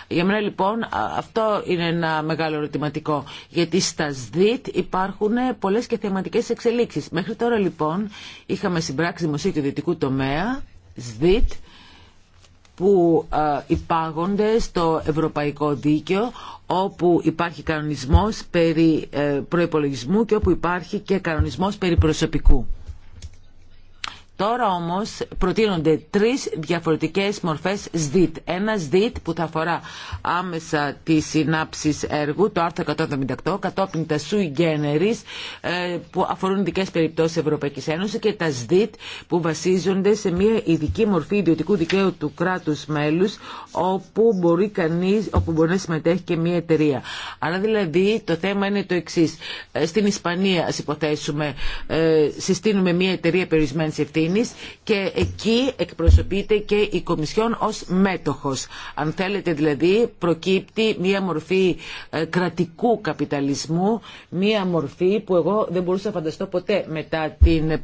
Για μένα λοιπόν αυτό είναι ένα μεγάλο ερωτηματικό. Γιατί στα ΣΔΙΤ υπάρχουν πολλές και θεματικές εξελίξεις. Μέχρι τώρα λοιπόν είχαμε συμπράξει δημοσίου και δυτικού τομέα, ΣΔΙΤ, που ε, υπάγονται στο ευρωπαϊκό δίκαιο όπου υπάρχει κανονισμός περί ε, προϋπολογισμού και όπου υπάρχει και κανονισμός περί προσωπικού. Τώρα όμως προτείνονται τρεις διαφορετικές μορφές ΣΔΙΤ. Ένα ΣΔΙΤ που θα αφορά άμεσα τι συνάψει έργου, το άρθρο 178, κατόπιν τα sui generis ε, που αφορούν ειδικέ περιπτώσεις Ευρωπαϊκής Ένωσης και τα ΣΔΙΤ που βασίζονται σε μια ειδική μορφή ιδιωτικού δικαίου του κράτους μέλους όπου μπορεί, κανείς, όπου μπορεί να συμμετέχει και μια εταιρεία. Άρα δηλαδή το θέμα είναι το εξή. Ε, στην Ισπανία, ας υποθέσουμε, ε, συστήνουμε μια εταιρεία περιορισμένη ευθύνη και εκεί εκπροσωπείται και η Κομισιόν ως μέτοχος. Αν θέλετε δηλαδή προκύπτει μία μορφή ε, κρατικού καπιταλισμού, μία μορφή που εγώ δεν μπορούσα να φανταστώ ποτέ μετά την ε,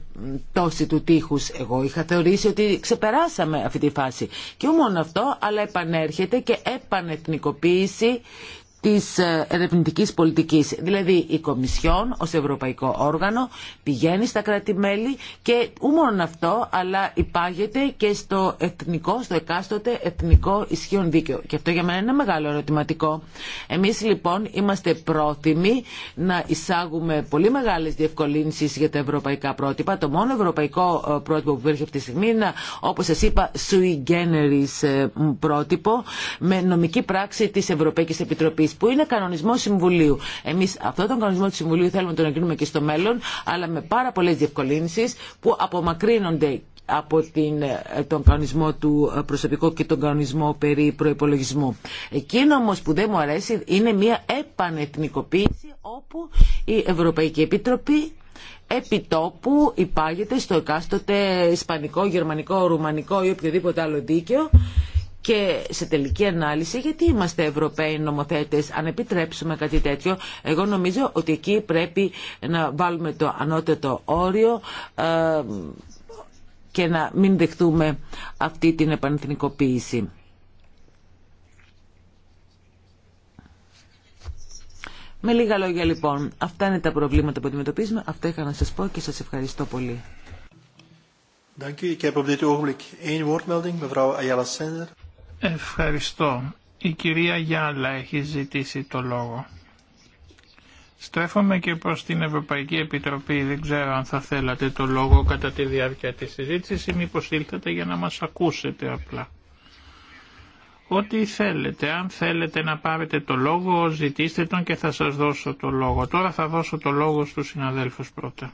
τόση του τείχους. Εγώ είχα θεωρήσει ότι ξεπεράσαμε αυτή τη φάση. Και μόνο αυτό, αλλά επανέρχεται και επανεθνικοποίηση της ε, ερευνητικής πολιτικής. Δηλαδή η Κομισιόν ως ευρωπαϊκό όργανο πηγαίνει στα κράτη-μέλη και μόνο αυτό αλλά υπάγεται και στο εθνικό, στο εκάστοτε εθνικό ισχύον δίκαιο. Και αυτό για μένα είναι ένα μεγάλο ερωτηματικό. Εμείς λοιπόν είμαστε πρόθυμοι να εισάγουμε πολύ μεγάλες διευκολύνσεις για τα ευρωπαϊκά πρότυπα. Το μόνο ευρωπαϊκό ε, πρότυπο που βρίσκεται αυτή τη στιγμή είναι όπως σας είπα sui generis ε, πρότυπο με νομική πράξη της Ευρωπαϊκής Επιτροπής που είναι κανονισμό Συμβουλίου. Εμεί αυτόν τον κανονισμό του Συμβουλίου θέλουμε να τον εγκρίνουμε και στο μέλλον, αλλά με πάρα πολλέ διευκολύνσει που απομακρύνονται από την, ε, τον κανονισμό του ε, προσωπικού και τον κανονισμό περί προϋπολογισμού. Εκείνο όμως που δεν μου αρέσει είναι μια επανεθνικοποίηση όπου η Ευρωπαϊκή Επιτροπή επιτόπου υπάγεται στο εκάστοτε ισπανικό, γερμανικό, ρουμανικό ή οποιοδήποτε άλλο δίκαιο και σε τελική ανάλυση, γιατί είμαστε Ευρωπαίοι νομοθέτες, αν επιτρέψουμε κάτι τέτοιο, εγώ νομίζω ότι εκεί πρέπει να βάλουμε το ανώτερο όριο ε, και να μην δεχτούμε αυτή την επανεθνικοποίηση. Με λίγα λόγια λοιπόν, αυτά είναι τα προβλήματα που αντιμετωπίζουμε. Αυτά είχα να σας πω και σας ευχαριστώ πολύ. Ευχαριστώ. Η κυρία Γιάλα έχει ζητήσει το λόγο. Στρέφομαι και προς την Ευρωπαϊκή Επιτροπή. Δεν ξέρω αν θα θέλατε το λόγο κατά τη διάρκεια της συζήτησης ή μήπως ήλθατε για να μας ακούσετε απλά. Ό,τι θέλετε. Αν θέλετε να πάρετε το λόγο, ζητήστε τον και θα σας δώσω το λόγο. Τώρα θα δώσω το λόγο στους συναδέλφους πρώτα.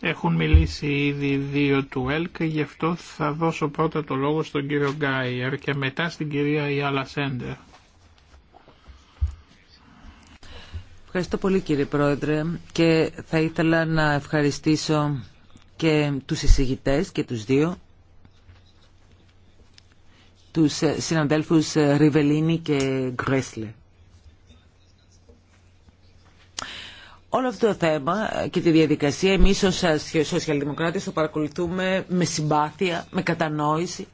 Έχουν μιλήσει ήδη δύο του ΕΛΚ, γι' αυτό θα δώσω πρώτα το λόγο στον κύριο Γκάιερ και μετά στην κυρία Ιάλα Σέντερ. Ευχαριστώ πολύ κύριε Πρόεδρε και θα ήθελα να ευχαριστήσω και τους εισηγητές και τους δύο τους συναντέλφους Ριβελίνη και Γκρέσλε. Όλο αυτό το θέμα και τη διαδικασία εμείς ως σοσιαλδημοκράτες το παρακολουθούμε με συμπάθεια, με κατανόηση.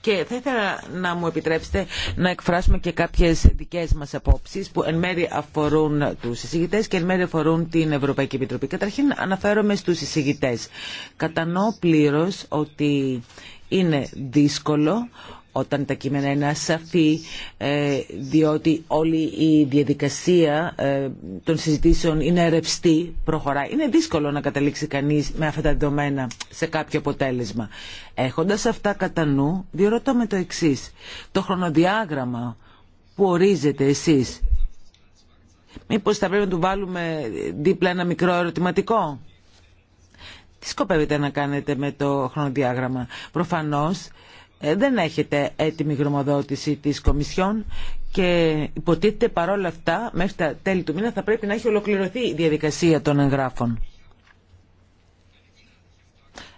Και θα ήθελα να μου επιτρέψετε να εκφράσουμε και κάποιες δικές μας απόψεις που εν μέρει αφορούν τους εισηγητές και εν μέρει αφορούν την Ευρωπαϊκή Επιτροπή. Καταρχήν αναφέρομαι στους εισηγητές. Κατανοώ πλήρως ότι είναι δύσκολο όταν τα κείμενα είναι ασαφή, ε, διότι όλη η διαδικασία ε, των συζητήσεων είναι ρευστή, προχωρά Είναι δύσκολο να καταλήξει κανείς με αυτά τα δεδομένα σε κάποιο αποτέλεσμα. Έχοντας αυτά κατά νου, με το εξής. Το χρονοδιάγραμμα που ορίζετε εσείς, μήπως θα πρέπει να του βάλουμε δίπλα ένα μικρό ερωτηματικό. Τι σκοπεύετε να κάνετε με το χρονοδιάγραμμα. Προφανώς ε, δεν έχετε έτοιμη γνωμοδότηση της Κομισιόν και υποτίθεται παρόλα αυτά μέχρι τα τέλη του μήνα θα πρέπει να έχει ολοκληρωθεί η διαδικασία των εγγράφων.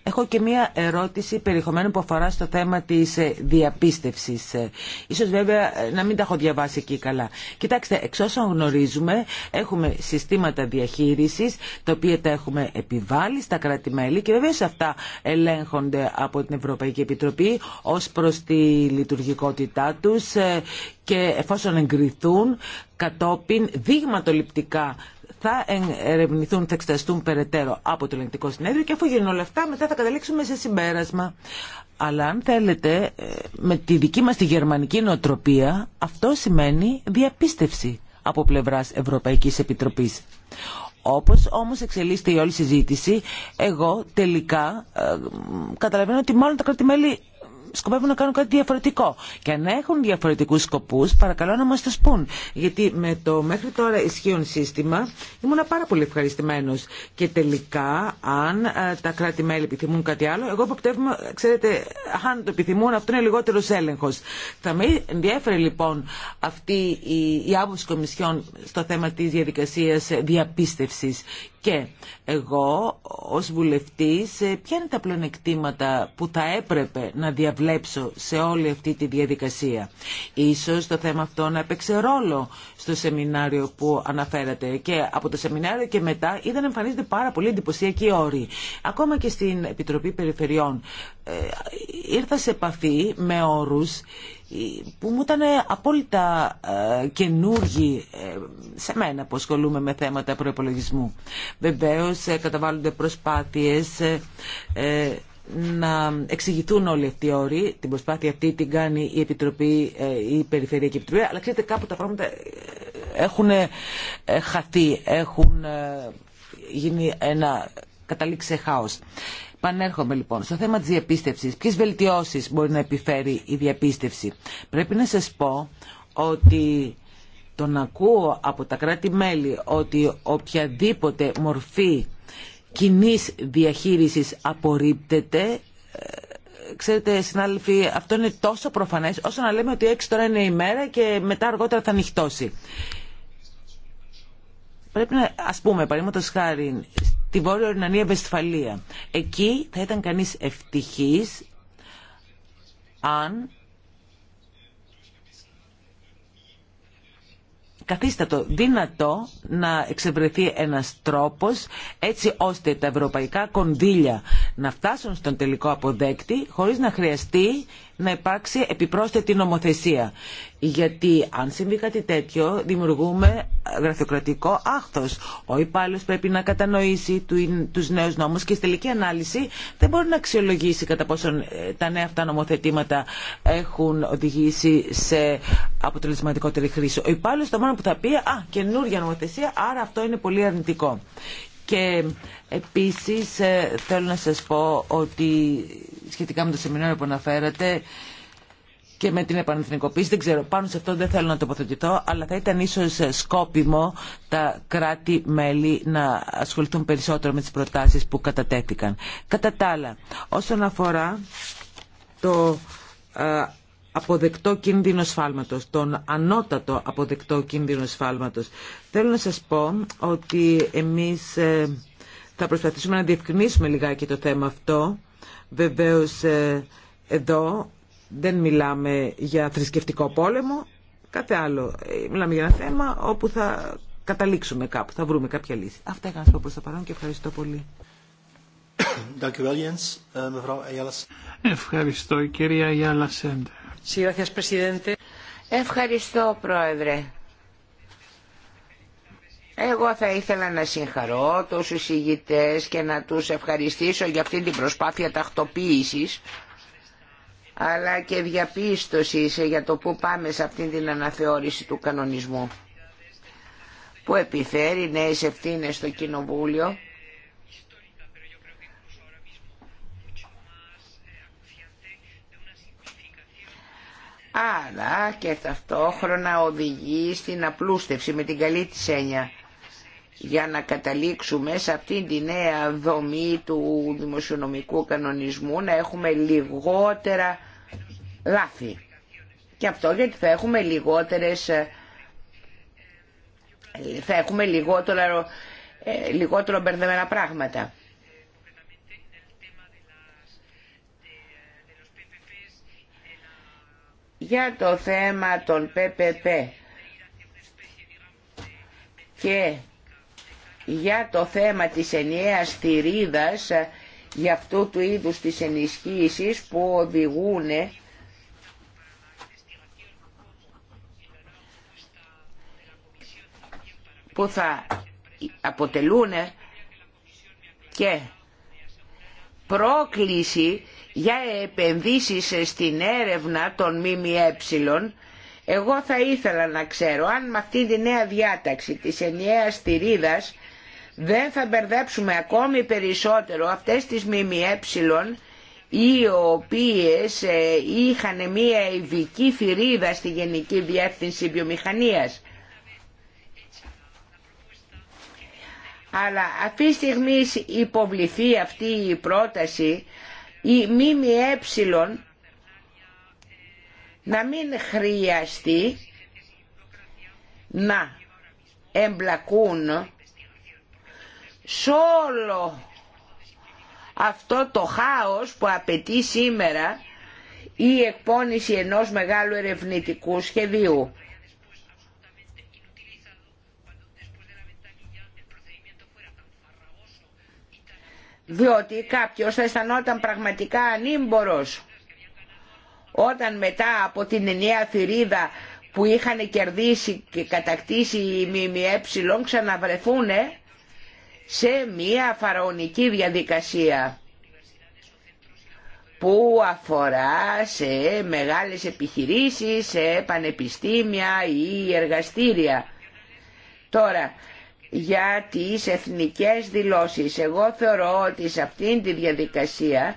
Έχω και μία ερώτηση περιεχομένου που αφορά στο θέμα της ε, διαπίστευσης. Ε, ίσως βέβαια ε, να μην τα έχω διαβάσει εκεί καλά. Κοιτάξτε, εξ όσων γνωρίζουμε έχουμε συστήματα διαχείρισης τα οποία τα έχουμε επιβάλει στα κράτη-μέλη και βέβαια αυτά ελέγχονται από την Ευρωπαϊκή Επιτροπή ως προς τη λειτουργικότητά τους και εφόσον εγκριθούν κατόπιν δείγματοληπτικά θα ερευνηθούν, θα εξεταστούν περαιτέρω από το ελεγκτικό συνέδριο και αφού γίνουν όλα αυτά μετά θα καταλήξουμε σε συμπέρασμα. Αλλά αν θέλετε, ε, με τη δική μας τη γερμανική νοοτροπία αυτό σημαίνει διαπίστευση από πλευράς Ευρωπαϊκής Επιτροπής. Όπως όμως εξελίσσεται η όλη συζήτηση, εγώ τελικά ε, καταλαβαίνω ότι μάλλον τα κρατη σκοπεύουν να κάνουν κάτι διαφορετικό. Και αν έχουν διαφορετικούς σκοπούς, παρακαλώ να μας τους πούν. Γιατί με το μέχρι τώρα ισχύον σύστημα ήμουν πάρα πολύ ευχαριστημένο. Και τελικά, αν ε, τα κράτη-μέλη επιθυμούν κάτι άλλο, εγώ υποπτεύομαι, ξέρετε, αν το επιθυμούν, αυτό είναι λιγότερο έλεγχο. Θα με ενδιαφέρει, λοιπόν αυτή η, η άποψη Κομισιόν στο θέμα τη διαδικασία διαπίστευση. Και εγώ ως βουλευτής ε, ποια είναι τα πλεονεκτήματα που θα έπρεπε να διαβλέψω σε όλη αυτή τη διαδικασία. Ίσως το θέμα αυτό να έπαιξε ρόλο στο σεμινάριο που αναφέρατε και από το σεμινάριο και μετά είδα να εμφανίζονται πάρα πολύ εντυπωσιακοί όροι. Ακόμα και στην Επιτροπή Περιφερειών ε, ήρθα σε επαφή με όρους ε, που μου ήταν απόλυτα ε, καινούργοι ε, σε μένα που ασχολούμαι με θέματα προϋπολογισμού. Βεβαίως καταβάλλονται προσπάθειες να εξηγηθούν όλοι αυτοί οι όροι. Την προσπάθεια αυτή την κάνει η Επιτροπή, η Περιφερειακή Επιτροπή, αλλά ξέρετε κάπου τα πράγματα έχουν χαθεί, έχουν γίνει ένα καταλήξει σε χάος. Πανέρχομαι λοιπόν στο θέμα της διαπίστευσης. Ποιες βελτιώσεις μπορεί να επιφέρει η διαπίστευση. Πρέπει να σας πω ότι τον ακούω από τα κράτη-μέλη ότι οποιαδήποτε μορφή κοινή διαχείρισης απορρίπτεται ε, ξέρετε συνάδελφοι, αυτό είναι τόσο προφανές όσο να λέμε ότι έξι τώρα είναι η μέρα και μετά αργότερα θα ανοιχτώσει. Πρέπει να, ας πούμε, παραδείγματος χάρη τη Βόρεια Ορνανία Βεσφαλία. Εκεί θα ήταν κανείς ευτυχής αν καθίστατο δυνατό να εξευρεθεί ένας τρόπος έτσι ώστε τα ευρωπαϊκά κονδύλια να φτάσουν στον τελικό αποδέκτη χωρίς να χρειαστεί να υπάρξει επιπρόσθετη νομοθεσία. Γιατί αν συμβεί κάτι τέτοιο, δημιουργούμε γραφειοκρατικό άχθος. Ο υπάλληλο πρέπει να κατανοήσει τους νέους νόμους και στη τελική ανάλυση δεν μπορεί να αξιολογήσει κατά πόσον ε, τα νέα αυτά νομοθετήματα έχουν οδηγήσει σε αποτελεσματικότερη χρήση. Ο υπάλληλο το μόνο που θα πει, α, καινούργια νομοθεσία, άρα αυτό είναι πολύ αρνητικό. Και επίσης ε, θέλω να σας πω ότι σχετικά με το σεμινάριο που αναφέρατε και με την επανεθνικοποίηση. Δεν ξέρω, πάνω σε αυτό δεν θέλω να τοποθετηθώ, αλλά θα ήταν ίσως σκόπιμο τα κράτη-μέλη να ασχοληθούν περισσότερο με τις προτάσεις που κατατέθηκαν. Κατά τα άλλα, όσον αφορά το ε, αποδεκτό κίνδυνο σφάλματος, τον ανώτατο αποδεκτό κίνδυνο σφάλματος, θέλω να σας πω ότι εμείς ε, θα προσπαθήσουμε να διευκρινίσουμε λιγάκι το θέμα αυτό Βεβαίως ε, εδώ δεν μιλάμε για θρησκευτικό πόλεμο, κάτι άλλο. Ε, μιλάμε για ένα θέμα όπου θα καταλήξουμε κάπου, θα βρούμε κάποια λύση. Αυτά είχα να πω το παρόν και ευχαριστώ πολύ. Ε, ευχαριστώ κυρία Γιάλα Σέντερ. Ευχαριστώ πρόεδρε. Εγώ θα ήθελα να συγχαρώ τους εισηγητές και να τους ευχαριστήσω για αυτή την προσπάθεια τακτοποίησης αλλά και διαπίστωση για το που πάμε σε αυτή την αναθεώρηση του κανονισμού που επιφέρει νέες ευθύνες στο Κοινοβούλιο αλλά και ταυτόχρονα οδηγεί στην απλούστευση με την καλή της έννοια για να καταλήξουμε σε αυτήν τη νέα δομή του δημοσιονομικού κανονισμού να έχουμε λιγότερα λάθη. Και αυτό γιατί θα έχουμε λιγότερες ε, θα έχουμε λιγότερο, ε, λιγότερο μπερδεμένα πράγματα. Για το θέμα των ΠΠΠ και για το θέμα της ενιαίας θηρίδας ε, για αυτού του είδους της ενισχύσεις που οδηγούν ε, που θα αποτελούν ε, και πρόκληση για επενδύσεις στην έρευνα των ΜΜΕ, εγώ θα ήθελα να ξέρω αν με αυτή τη νέα διάταξη της ενιαίας θηρίδας δεν θα μπερδέψουμε ακόμη περισσότερο αυτές τις ΜΜΕ οι οποίες ε, είχαν μία ειδική θηρίδα στη Γενική Διεύθυνση Βιομηχανίας. Αλλά αυτή τη στιγμή υποβληθεί αυτή η πρόταση η ΜΜΕ να μην χρειαστεί να εμπλακούν σε όλο αυτό το χάος που απαιτεί σήμερα η εκπόνηση ενός μεγάλου ερευνητικού σχεδίου. διότι κάποιος θα αισθανόταν πραγματικά ανήμπορος όταν μετά από την ενιαία θηρίδα που είχαν κερδίσει και κατακτήσει οι ΜΜΕ ξαναβρεθούνε σε μία φαραωνική διαδικασία που αφορά σε μεγάλες επιχειρήσεις, σε πανεπιστήμια ή εργαστήρια. Τώρα, για τις εθνικές δηλώσεις. Εγώ θεωρώ ότι σε αυτήν τη διαδικασία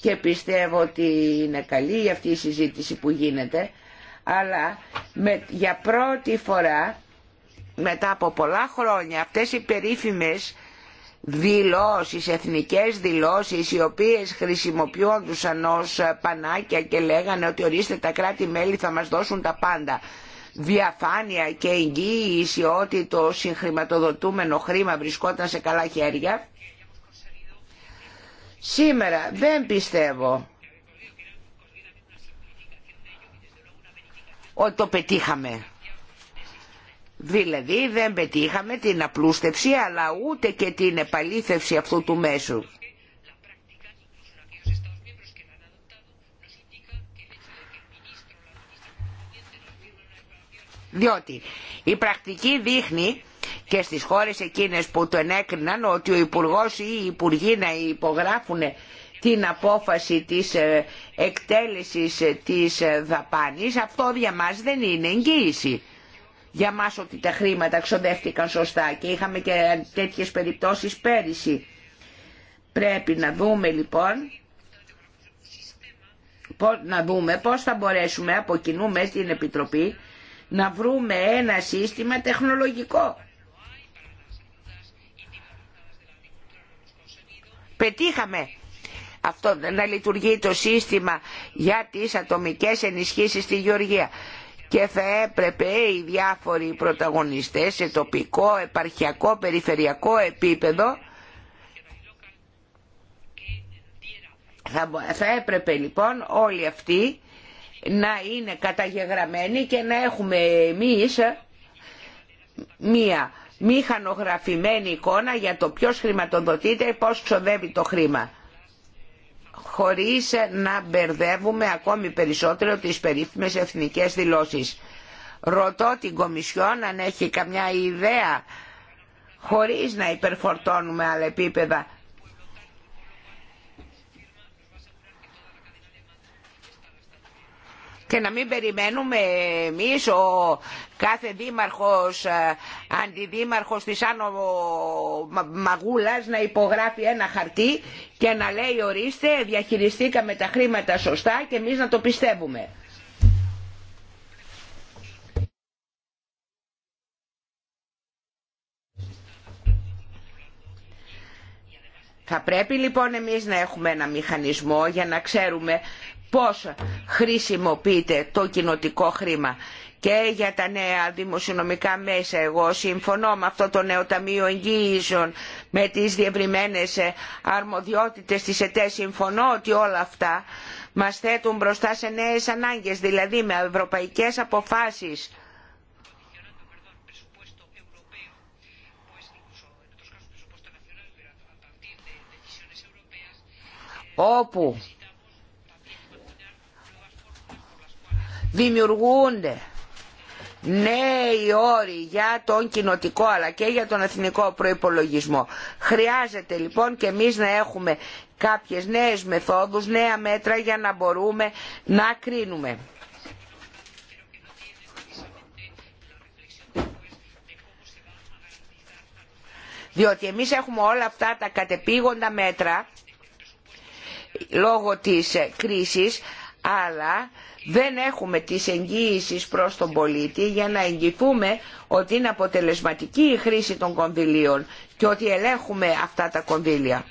και πιστεύω ότι είναι καλή αυτή η συζήτηση που γίνεται, αλλά με, για πρώτη φορά μετά από πολλά χρόνια αυτές οι περίφημες δηλώσεις, εθνικές δηλώσεις οι οποίες χρησιμοποιούντουσαν ως πανάκια και λέγανε ότι ορίστε τα κράτη-μέλη θα μας δώσουν τα πάντα. Διαφάνεια και εγγύηση ότι το συγχρηματοδοτούμενο χρήμα βρισκόταν σε καλά χέρια. Σήμερα δεν πιστεύω ότι το πετύχαμε. Δηλαδή δεν πετύχαμε την απλούστευση αλλά ούτε και την επαλήθευση αυτού του μέσου. Διότι η πρακτική δείχνει και στις χώρες εκείνες που το ενέκριναν ότι ο Υπουργός ή οι Υπουργοί να υπογράφουν την απόφαση της ε, εκτέλεσης ε, της ε, δαπάνης, αυτό για μας δεν είναι εγγύηση για μας ότι τα χρήματα ξοδεύτηκαν σωστά και είχαμε και τέτοιες περιπτώσεις πέρυσι. Πρέπει να δούμε λοιπόν να δούμε πώς θα μπορέσουμε από κοινού με την Επιτροπή να βρούμε ένα σύστημα τεχνολογικό. Πετύχαμε αυτό να λειτουργεί το σύστημα για τις ατομικές ενισχύσεις στη Γεωργία και θα έπρεπε οι διάφοροι πρωταγωνιστές σε τοπικό, επαρχιακό, περιφερειακό επίπεδο θα έπρεπε λοιπόν όλοι αυτοί να είναι καταγεγραμμένοι και να έχουμε εμείς μία μηχανογραφημένη εικόνα για το ποιος χρηματοδοτείται, πώς ξοδεύει το χρήμα χωρίς να μπερδεύουμε ακόμη περισσότερο τις περίφημες εθνικές δηλώσεις. Ρωτώ την Κομισιόν αν έχει καμιά ιδέα χωρίς να υπερφορτώνουμε άλλα επίπεδα και να μην περιμένουμε εμείς ο κάθε δήμαρχος, ε, αντιδήμαρχος της Άνω Μαγούλας να υπογράφει ένα χαρτί και να λέει ορίστε διαχειριστήκαμε τα χρήματα σωστά και εμείς να το πιστεύουμε. Θα πρέπει λοιπόν εμείς να έχουμε ένα μηχανισμό για να ξέρουμε πώς χρησιμοποιείται το κοινοτικό χρήμα. Και για τα νέα δημοσιονομικά μέσα εγώ συμφωνώ με αυτό το νέο Ταμείο Εγγύησεων, με τις διευρυμένες ε, αρμοδιότητες της ΕΤΕ. Συμφωνώ ότι όλα αυτά μας θέτουν μπροστά σε νέες ανάγκες, δηλαδή με ευρωπαϊκές αποφάσεις. όπου δημιουργούνται νέοι όροι για τον κοινοτικό αλλά και για τον εθνικό προϋπολογισμό. Χρειάζεται λοιπόν και εμείς να έχουμε κάποιες νέες μεθόδους, νέα μέτρα για να μπορούμε να κρίνουμε. Διότι εμείς έχουμε όλα αυτά τα κατεπήγοντα μέτρα λόγω της κρίσης αλλά δεν έχουμε τις εγγύησεις προς τον πολίτη για να εγγυθούμε ότι είναι αποτελεσματική η χρήση των κονδυλίων και ότι ελέγχουμε αυτά τα κονδύλια.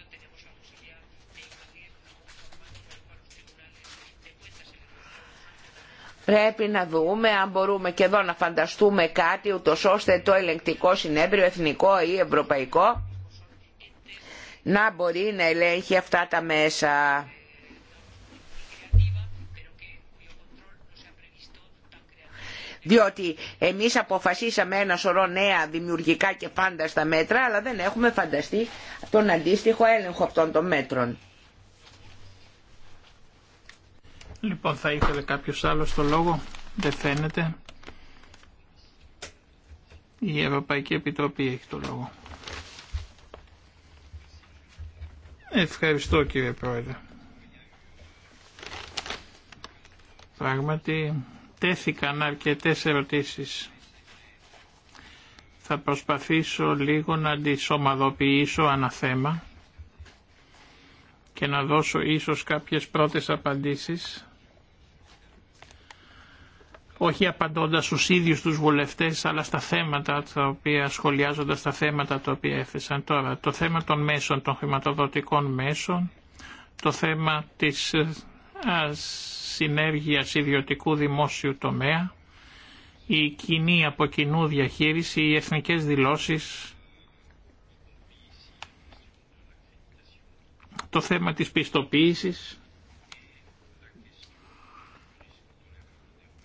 Πρέπει να δούμε αν μπορούμε και εδώ να φανταστούμε κάτι ούτω ώστε το ελεγκτικό συνέδριο, εθνικό ή ευρωπαϊκό, να μπορεί να ελέγχει αυτά τα μέσα. διότι εμείς αποφασίσαμε ένα σωρό νέα δημιουργικά και φάνταστα μέτρα αλλά δεν έχουμε φανταστεί τον αντίστοιχο έλεγχο αυτών των μέτρων. Λοιπόν, θα ήθελε κάποιος άλλος το λόγο. Δεν φαίνεται. Η Ευρωπαϊκή Επιτροπή έχει το λόγο. Ευχαριστώ κύριε Πρόεδρε. Πράγματι, τέθηκαν αρκετές ερωτήσεις. Θα προσπαθήσω λίγο να αντισωμαδοποιήσω ομαδοποιήσω θέμα και να δώσω ίσως κάποιες πρώτες απαντήσεις όχι απαντώντας στους ίδιους τους βουλευτές, αλλά στα θέματα τα οποία, σχολιάζοντας τα θέματα τα οποία έθεσαν τώρα. Το θέμα των μέσων, των χρηματοδοτικών μέσων, το θέμα της συνέργειας ιδιωτικού δημόσιου τομέα, η κοινή από κοινού διαχείριση, οι εθνικές δηλώσεις, το θέμα της πιστοποίησης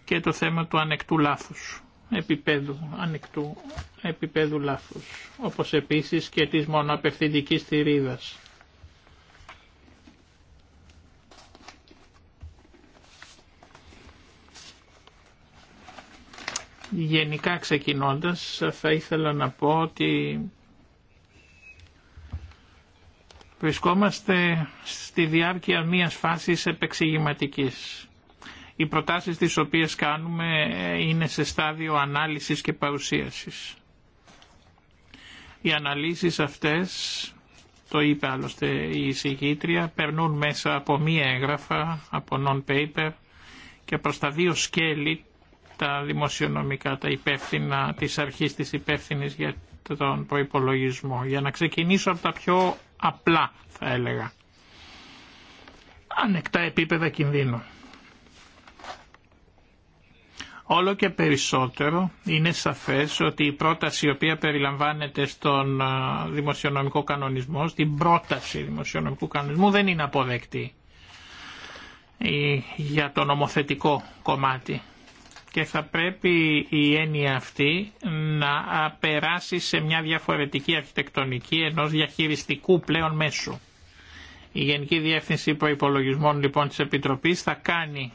και το θέμα του ανεκτού λάθους, επίπεδου, ανεκτού επίπεδου λάθους, όπως επίσης και της μονοαπευθυντικής θηρίδας. Γενικά ξεκινώντας θα ήθελα να πω ότι βρισκόμαστε στη διάρκεια μιας φάσης επεξηγηματικής. Οι προτάσεις τις οποίες κάνουμε είναι σε στάδιο ανάλυσης και παρουσίασης. Οι αναλύσεις αυτές, το είπε άλλωστε η εισηγήτρια, περνούν μέσα από μία έγγραφα, από non-paper και προς τα δύο σκέλη τα δημοσιονομικά, τα υπεύθυνα της αρχής της υπεύθυνη για τον προϋπολογισμό. Για να ξεκινήσω από τα πιο απλά θα έλεγα. Ανεκτά επίπεδα κινδύνου. Όλο και περισσότερο είναι σαφές ότι η πρόταση η οποία περιλαμβάνεται στον δημοσιονομικό κανονισμό, στην πρόταση δημοσιονομικού κανονισμού δεν είναι αποδεκτή για το νομοθετικό κομμάτι και θα πρέπει η έννοια αυτή να περάσει σε μια διαφορετική αρχιτεκτονική ενός διαχειριστικού πλέον μέσου. Η Γενική Διεύθυνση Προϋπολογισμών λοιπόν της Επιτροπής θα κάνει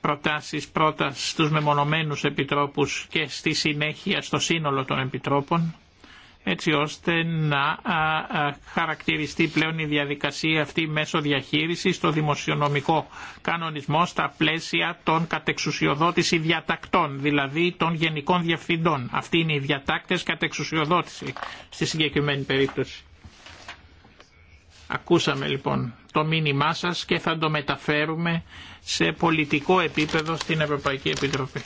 προτάσεις πρώτα στους μεμονωμένους επιτρόπους και στη συνέχεια στο σύνολο των επιτρόπων έτσι ώστε να χαρακτηριστεί πλέον η διαδικασία αυτή μέσω διαχείριση στο δημοσιονομικό κανονισμό στα πλαίσια των κατεξουσιοδότηση διατακτών, δηλαδή των γενικών διευθυντών. Αυτοί είναι οι διατάκτες κατεξουσιοδότηση στη συγκεκριμένη περίπτωση. Ακούσαμε λοιπόν το μήνυμά σας και θα το μεταφέρουμε σε πολιτικό επίπεδο στην Ευρωπαϊκή Επιτροπή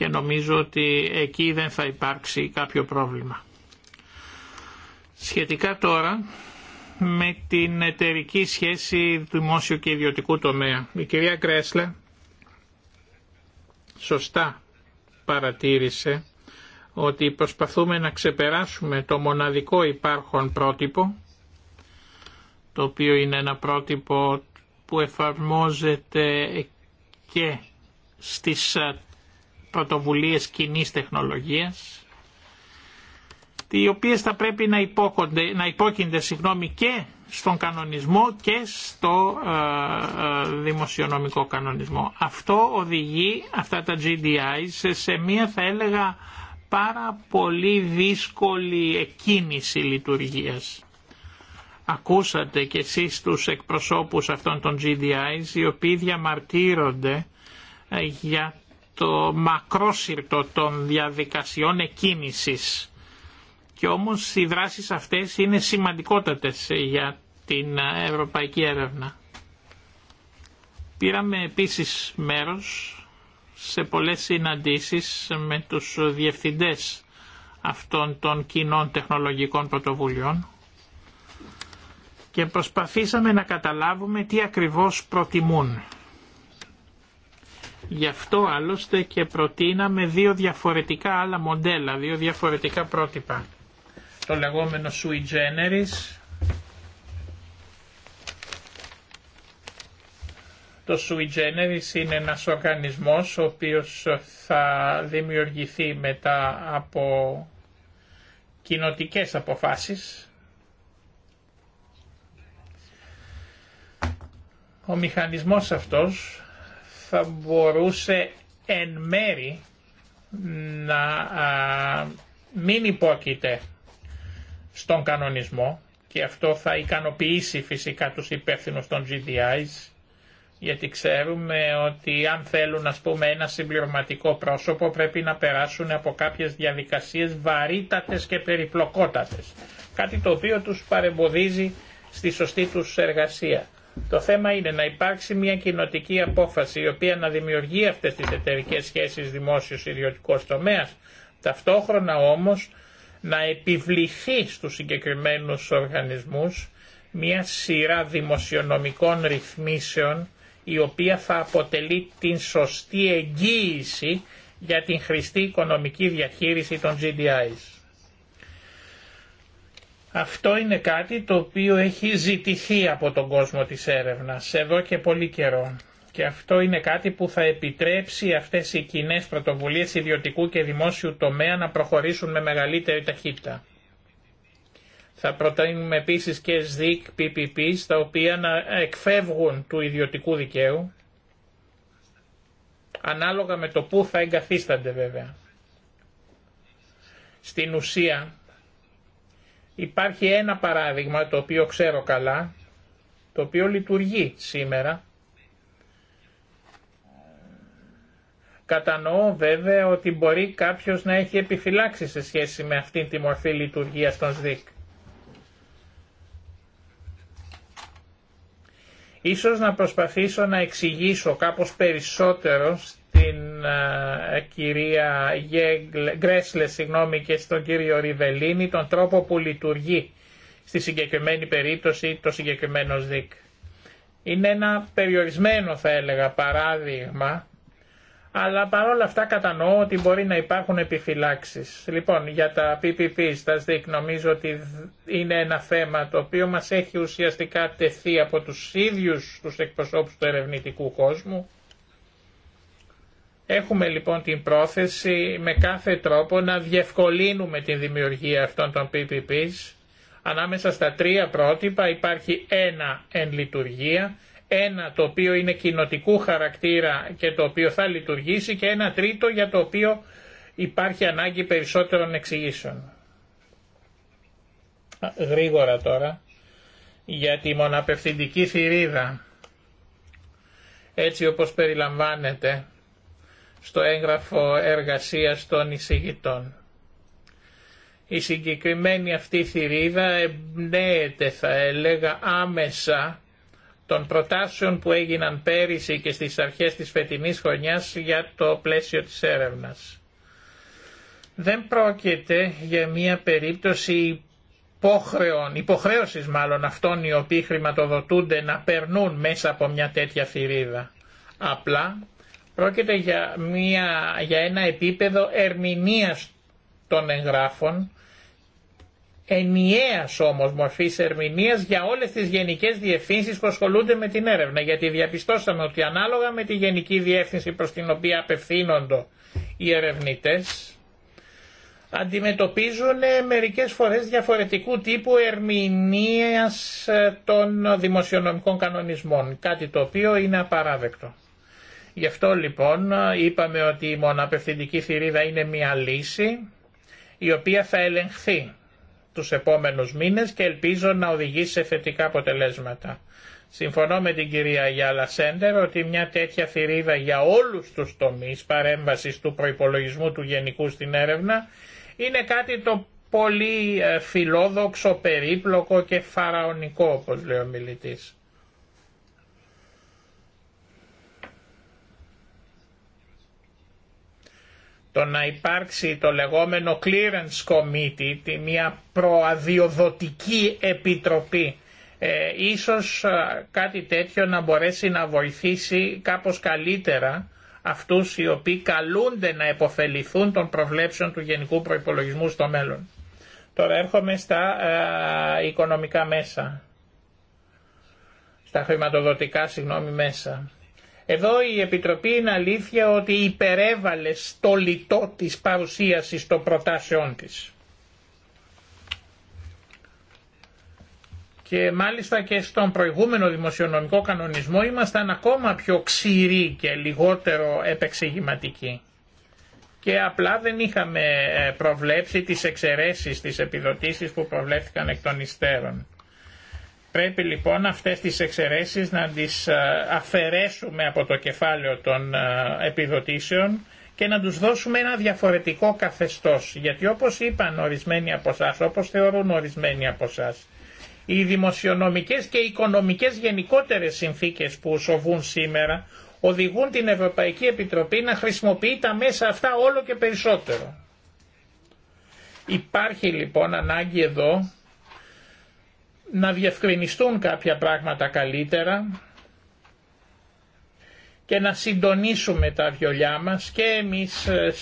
και νομίζω ότι εκεί δεν θα υπάρξει κάποιο πρόβλημα. Σχετικά τώρα με την εταιρική σχέση δημόσιου και ιδιωτικού τομέα. Η κυρία Κρέσλα σωστά παρατήρησε ότι προσπαθούμε να ξεπεράσουμε το μοναδικό υπάρχον πρότυπο, το οποίο είναι ένα πρότυπο που εφαρμόζεται και στις πρωτοβουλίες κοινή τεχνολογίας, οι οποίες θα πρέπει να, υπόκονται, να υπόκεινται συγγνώμη, και στον κανονισμό και στο ε, ε, δημοσιονομικό κανονισμό. Αυτό οδηγεί αυτά τα GDI σε, μία θα έλεγα πάρα πολύ δύσκολη εκκίνηση λειτουργίας. Ακούσατε και εσείς τους εκπροσώπους αυτών των GDIs οι οποίοι διαμαρτύρονται ε, για το μακρόσυρτο των διαδικασιών εκκίνησης. Και όμως οι δράσεις αυτές είναι σημαντικότατες για την ευρωπαϊκή έρευνα. Πήραμε επίσης μέρος σε πολλές συναντήσεις με τους διευθυντές αυτών των κοινών τεχνολογικών πρωτοβουλειών και προσπαθήσαμε να καταλάβουμε τι ακριβώς προτιμούν Γι' αυτό άλλωστε και προτείναμε δύο διαφορετικά άλλα μοντέλα, δύο διαφορετικά πρότυπα. Το λεγόμενο sui generis, Το sui generis είναι ένας οργανισμός ο οποίος θα δημιουργηθεί μετά από κοινοτικέ αποφάσεις. Ο μηχανισμός αυτός θα μπορούσε εν μέρη να μην υπόκειται στον κανονισμό και αυτό θα ικανοποιήσει φυσικά τους υπεύθυνους των GDIs γιατί ξέρουμε ότι αν θέλουν ας πούμε ένα συμπληρωματικό πρόσωπο πρέπει να περάσουν από κάποιες διαδικασίες βαρύτατες και περιπλοκότατες. Κάτι το οποίο τους παρεμποδίζει στη σωστή τους εργασία. Το θέμα είναι να υπάρξει μια κοινοτική απόφαση η οποία να δημιουργεί αυτές τις εταιρικές σχέσεις δημόσιος ιδιωτικός τομέας. Ταυτόχρονα όμως να επιβληθεί στους συγκεκριμένους οργανισμούς μια σειρά δημοσιονομικών ρυθμίσεων η οποία θα αποτελεί την σωστή εγγύηση για την χρηστή οικονομική διαχείριση των GDIs. Αυτό είναι κάτι το οποίο έχει ζητηθεί από τον κόσμο της έρευνας εδώ και πολύ καιρό. Και αυτό είναι κάτι που θα επιτρέψει αυτές οι κοινέ πρωτοβουλίες ιδιωτικού και δημόσιου τομέα να προχωρήσουν με μεγαλύτερη ταχύτητα. Θα προτείνουμε επίσης και SDIC, PPP, στα οποία να εκφεύγουν του ιδιωτικού δικαίου, ανάλογα με το πού θα εγκαθίστανται βέβαια. Στην ουσία, Υπάρχει ένα παράδειγμα το οποίο ξέρω καλά, το οποίο λειτουργεί σήμερα. Κατανοώ βέβαια ότι μπορεί κάποιος να έχει επιφυλάξει σε σχέση με αυτή τη μορφή λειτουργίας των ΣΔΙΚ. Ίσως να προσπαθήσω να εξηγήσω κάπως περισσότερο στην ε, κυρία Γκρέσλε συγγνώμη, και στον κύριο Ριβελίνη τον τρόπο που λειτουργεί στη συγκεκριμένη περίπτωση το συγκεκριμένο ΣΔΙΚ. Είναι ένα περιορισμένο θα έλεγα παράδειγμα αλλά παρόλα αυτά κατανοώ ότι μπορεί να υπάρχουν επιφυλάξεις. Λοιπόν, για τα PPP, στα ΣΔΙΚ, νομίζω ότι είναι ένα θέμα το οποίο μας έχει ουσιαστικά τεθεί από τους ίδιους τους εκπροσώπους του ερευνητικού κόσμου Έχουμε λοιπόν την πρόθεση με κάθε τρόπο να διευκολύνουμε τη δημιουργία αυτών των PPPs. Ανάμεσα στα τρία πρότυπα υπάρχει ένα εν λειτουργία, ένα το οποίο είναι κοινοτικού χαρακτήρα και το οποίο θα λειτουργήσει και ένα τρίτο για το οποίο υπάρχει ανάγκη περισσότερων εξηγήσεων. Γρήγορα τώρα για τη μοναπευθυντική θηρίδα έτσι όπως περιλαμβάνεται στο έγγραφο εργασίας των εισηγητών. Η συγκεκριμένη αυτή θηρίδα εμπνέεται θα έλεγα άμεσα των προτάσεων που έγιναν πέρυσι και στις αρχές της φετινής χρονιάς για το πλαίσιο της έρευνας. Δεν πρόκειται για μια περίπτωση υποχρεών, υποχρέωσης μάλλον αυτών οι οποίοι χρηματοδοτούνται να περνούν μέσα από μια τέτοια θηρίδα. Απλά Πρόκειται για, μια, για ένα επίπεδο ερμηνείας των εγγράφων, ενιαίας όμως μορφής ερμηνείας για όλες τις γενικές διευθύνσεις που ασχολούνται με την έρευνα, γιατί διαπιστώσαμε ότι ανάλογα με τη γενική διεύθυνση προς την οποία απευθύνονται οι ερευνητές, αντιμετωπίζουν μερικές φορές διαφορετικού τύπου ερμηνείας των δημοσιονομικών κανονισμών, κάτι το οποίο είναι απαράδεκτο. Γι' αυτό λοιπόν είπαμε ότι η μοναπευθυντική θηρίδα είναι μια λύση η οποία θα ελεγχθεί τους επόμενους μήνες και ελπίζω να οδηγήσει σε θετικά αποτελέσματα. Συμφωνώ με την κυρία Γιάλα Σέντερ ότι μια τέτοια θηρίδα για όλους τους τομείς παρέμβασης του προϋπολογισμού του γενικού στην έρευνα είναι κάτι το πολύ ε, φιλόδοξο, περίπλοκο και φαραωνικό όπως λέει ο μιλητής. το να υπάρξει το λεγόμενο clearance committee, τη μια προαδιοδοτική επιτροπή, ε, ίσως ε, κάτι τέτοιο να μπορέσει να βοηθήσει κάπως καλύτερα αυτούς οι οποίοι καλούνται να επωφεληθούν των προβλέψεων του Γενικού Προϋπολογισμού στο μέλλον. Τώρα έρχομαι στα ε, οικονομικά μέσα, στα χρηματοδοτικά συγγνώμη μέσα. Εδώ η Επιτροπή είναι αλήθεια ότι υπερέβαλε στο λιτό της παρουσίασης των προτάσεών της. Και μάλιστα και στον προηγούμενο δημοσιονομικό κανονισμό ήμασταν ακόμα πιο ξηροί και λιγότερο επεξηγηματικοί. Και απλά δεν είχαμε ε, προβλέψει τις εξαιρέσεις, τις επιδοτήσεις που προβλέφθηκαν εκ των υστέρων. Πρέπει λοιπόν αυτές τις εξαιρέσεις να τις ε, αφαιρέσουμε από το κεφάλαιο των ε, επιδοτήσεων και να τους δώσουμε ένα διαφορετικό καθεστώς. Γιατί όπως είπαν ορισμένοι από εσά, όπως θεωρούν ορισμένοι από εσά, οι δημοσιονομικές και οι οικονομικές γενικότερες συνθήκες που σοβούν σήμερα οδηγούν την Ευρωπαϊκή Επιτροπή να χρησιμοποιεί τα μέσα αυτά όλο και περισσότερο. Υπάρχει λοιπόν ανάγκη εδώ να διευκρινιστούν κάποια πράγματα καλύτερα και να συντονίσουμε τα βιολιά μας και εμείς ε,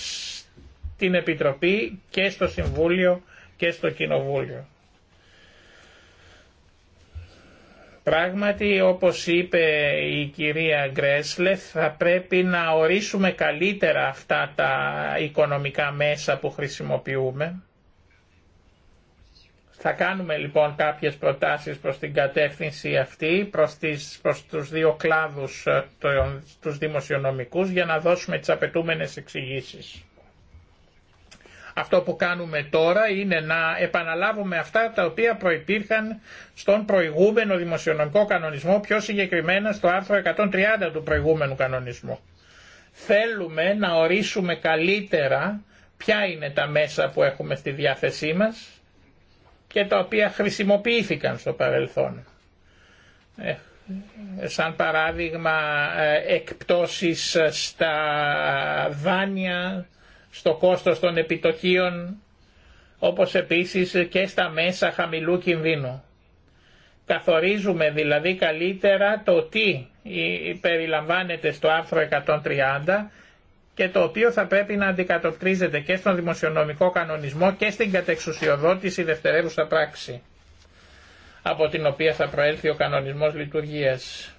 στην Επιτροπή και στο Συμβούλιο και στο Κοινοβούλιο. Πράγματι, όπως είπε η κυρία Γκρέσλε, θα πρέπει να ορίσουμε καλύτερα αυτά τα οικονομικά μέσα που χρησιμοποιούμε θα κάνουμε λοιπόν κάποιες προτάσεις προς την κατεύθυνση αυτή, προς, τις, τους δύο κλάδους, ε, το, τους δημοσιονομικούς, για να δώσουμε τις απαιτούμενες εξηγήσει. Αυτό που κάνουμε τώρα είναι να επαναλάβουμε αυτά τα οποία προϋπήρχαν στον προηγούμενο δημοσιονομικό κανονισμό, πιο συγκεκριμένα στο άρθρο 130 του προηγούμενου κανονισμού. Θέλουμε να ορίσουμε καλύτερα ποια είναι τα μέσα που έχουμε στη διάθεσή μας, και τα οποία χρησιμοποιήθηκαν στο παρελθόν. Ε, σαν παράδειγμα ε, εκπτώσεις στα δάνεια, στο κόστος των επιτοκίων, όπως επίσης και στα μέσα χαμηλού κινδύνου. Καθορίζουμε δηλαδή καλύτερα το τι ε, περιλαμβάνεται στο άρθρο 130 και το οποίο θα πρέπει να αντικατοπτρίζεται και στον δημοσιονομικό κανονισμό και στην κατεξουσιοδότηση δευτερεύουσα πράξη από την οποία θα προέλθει ο κανονισμός λειτουργίας.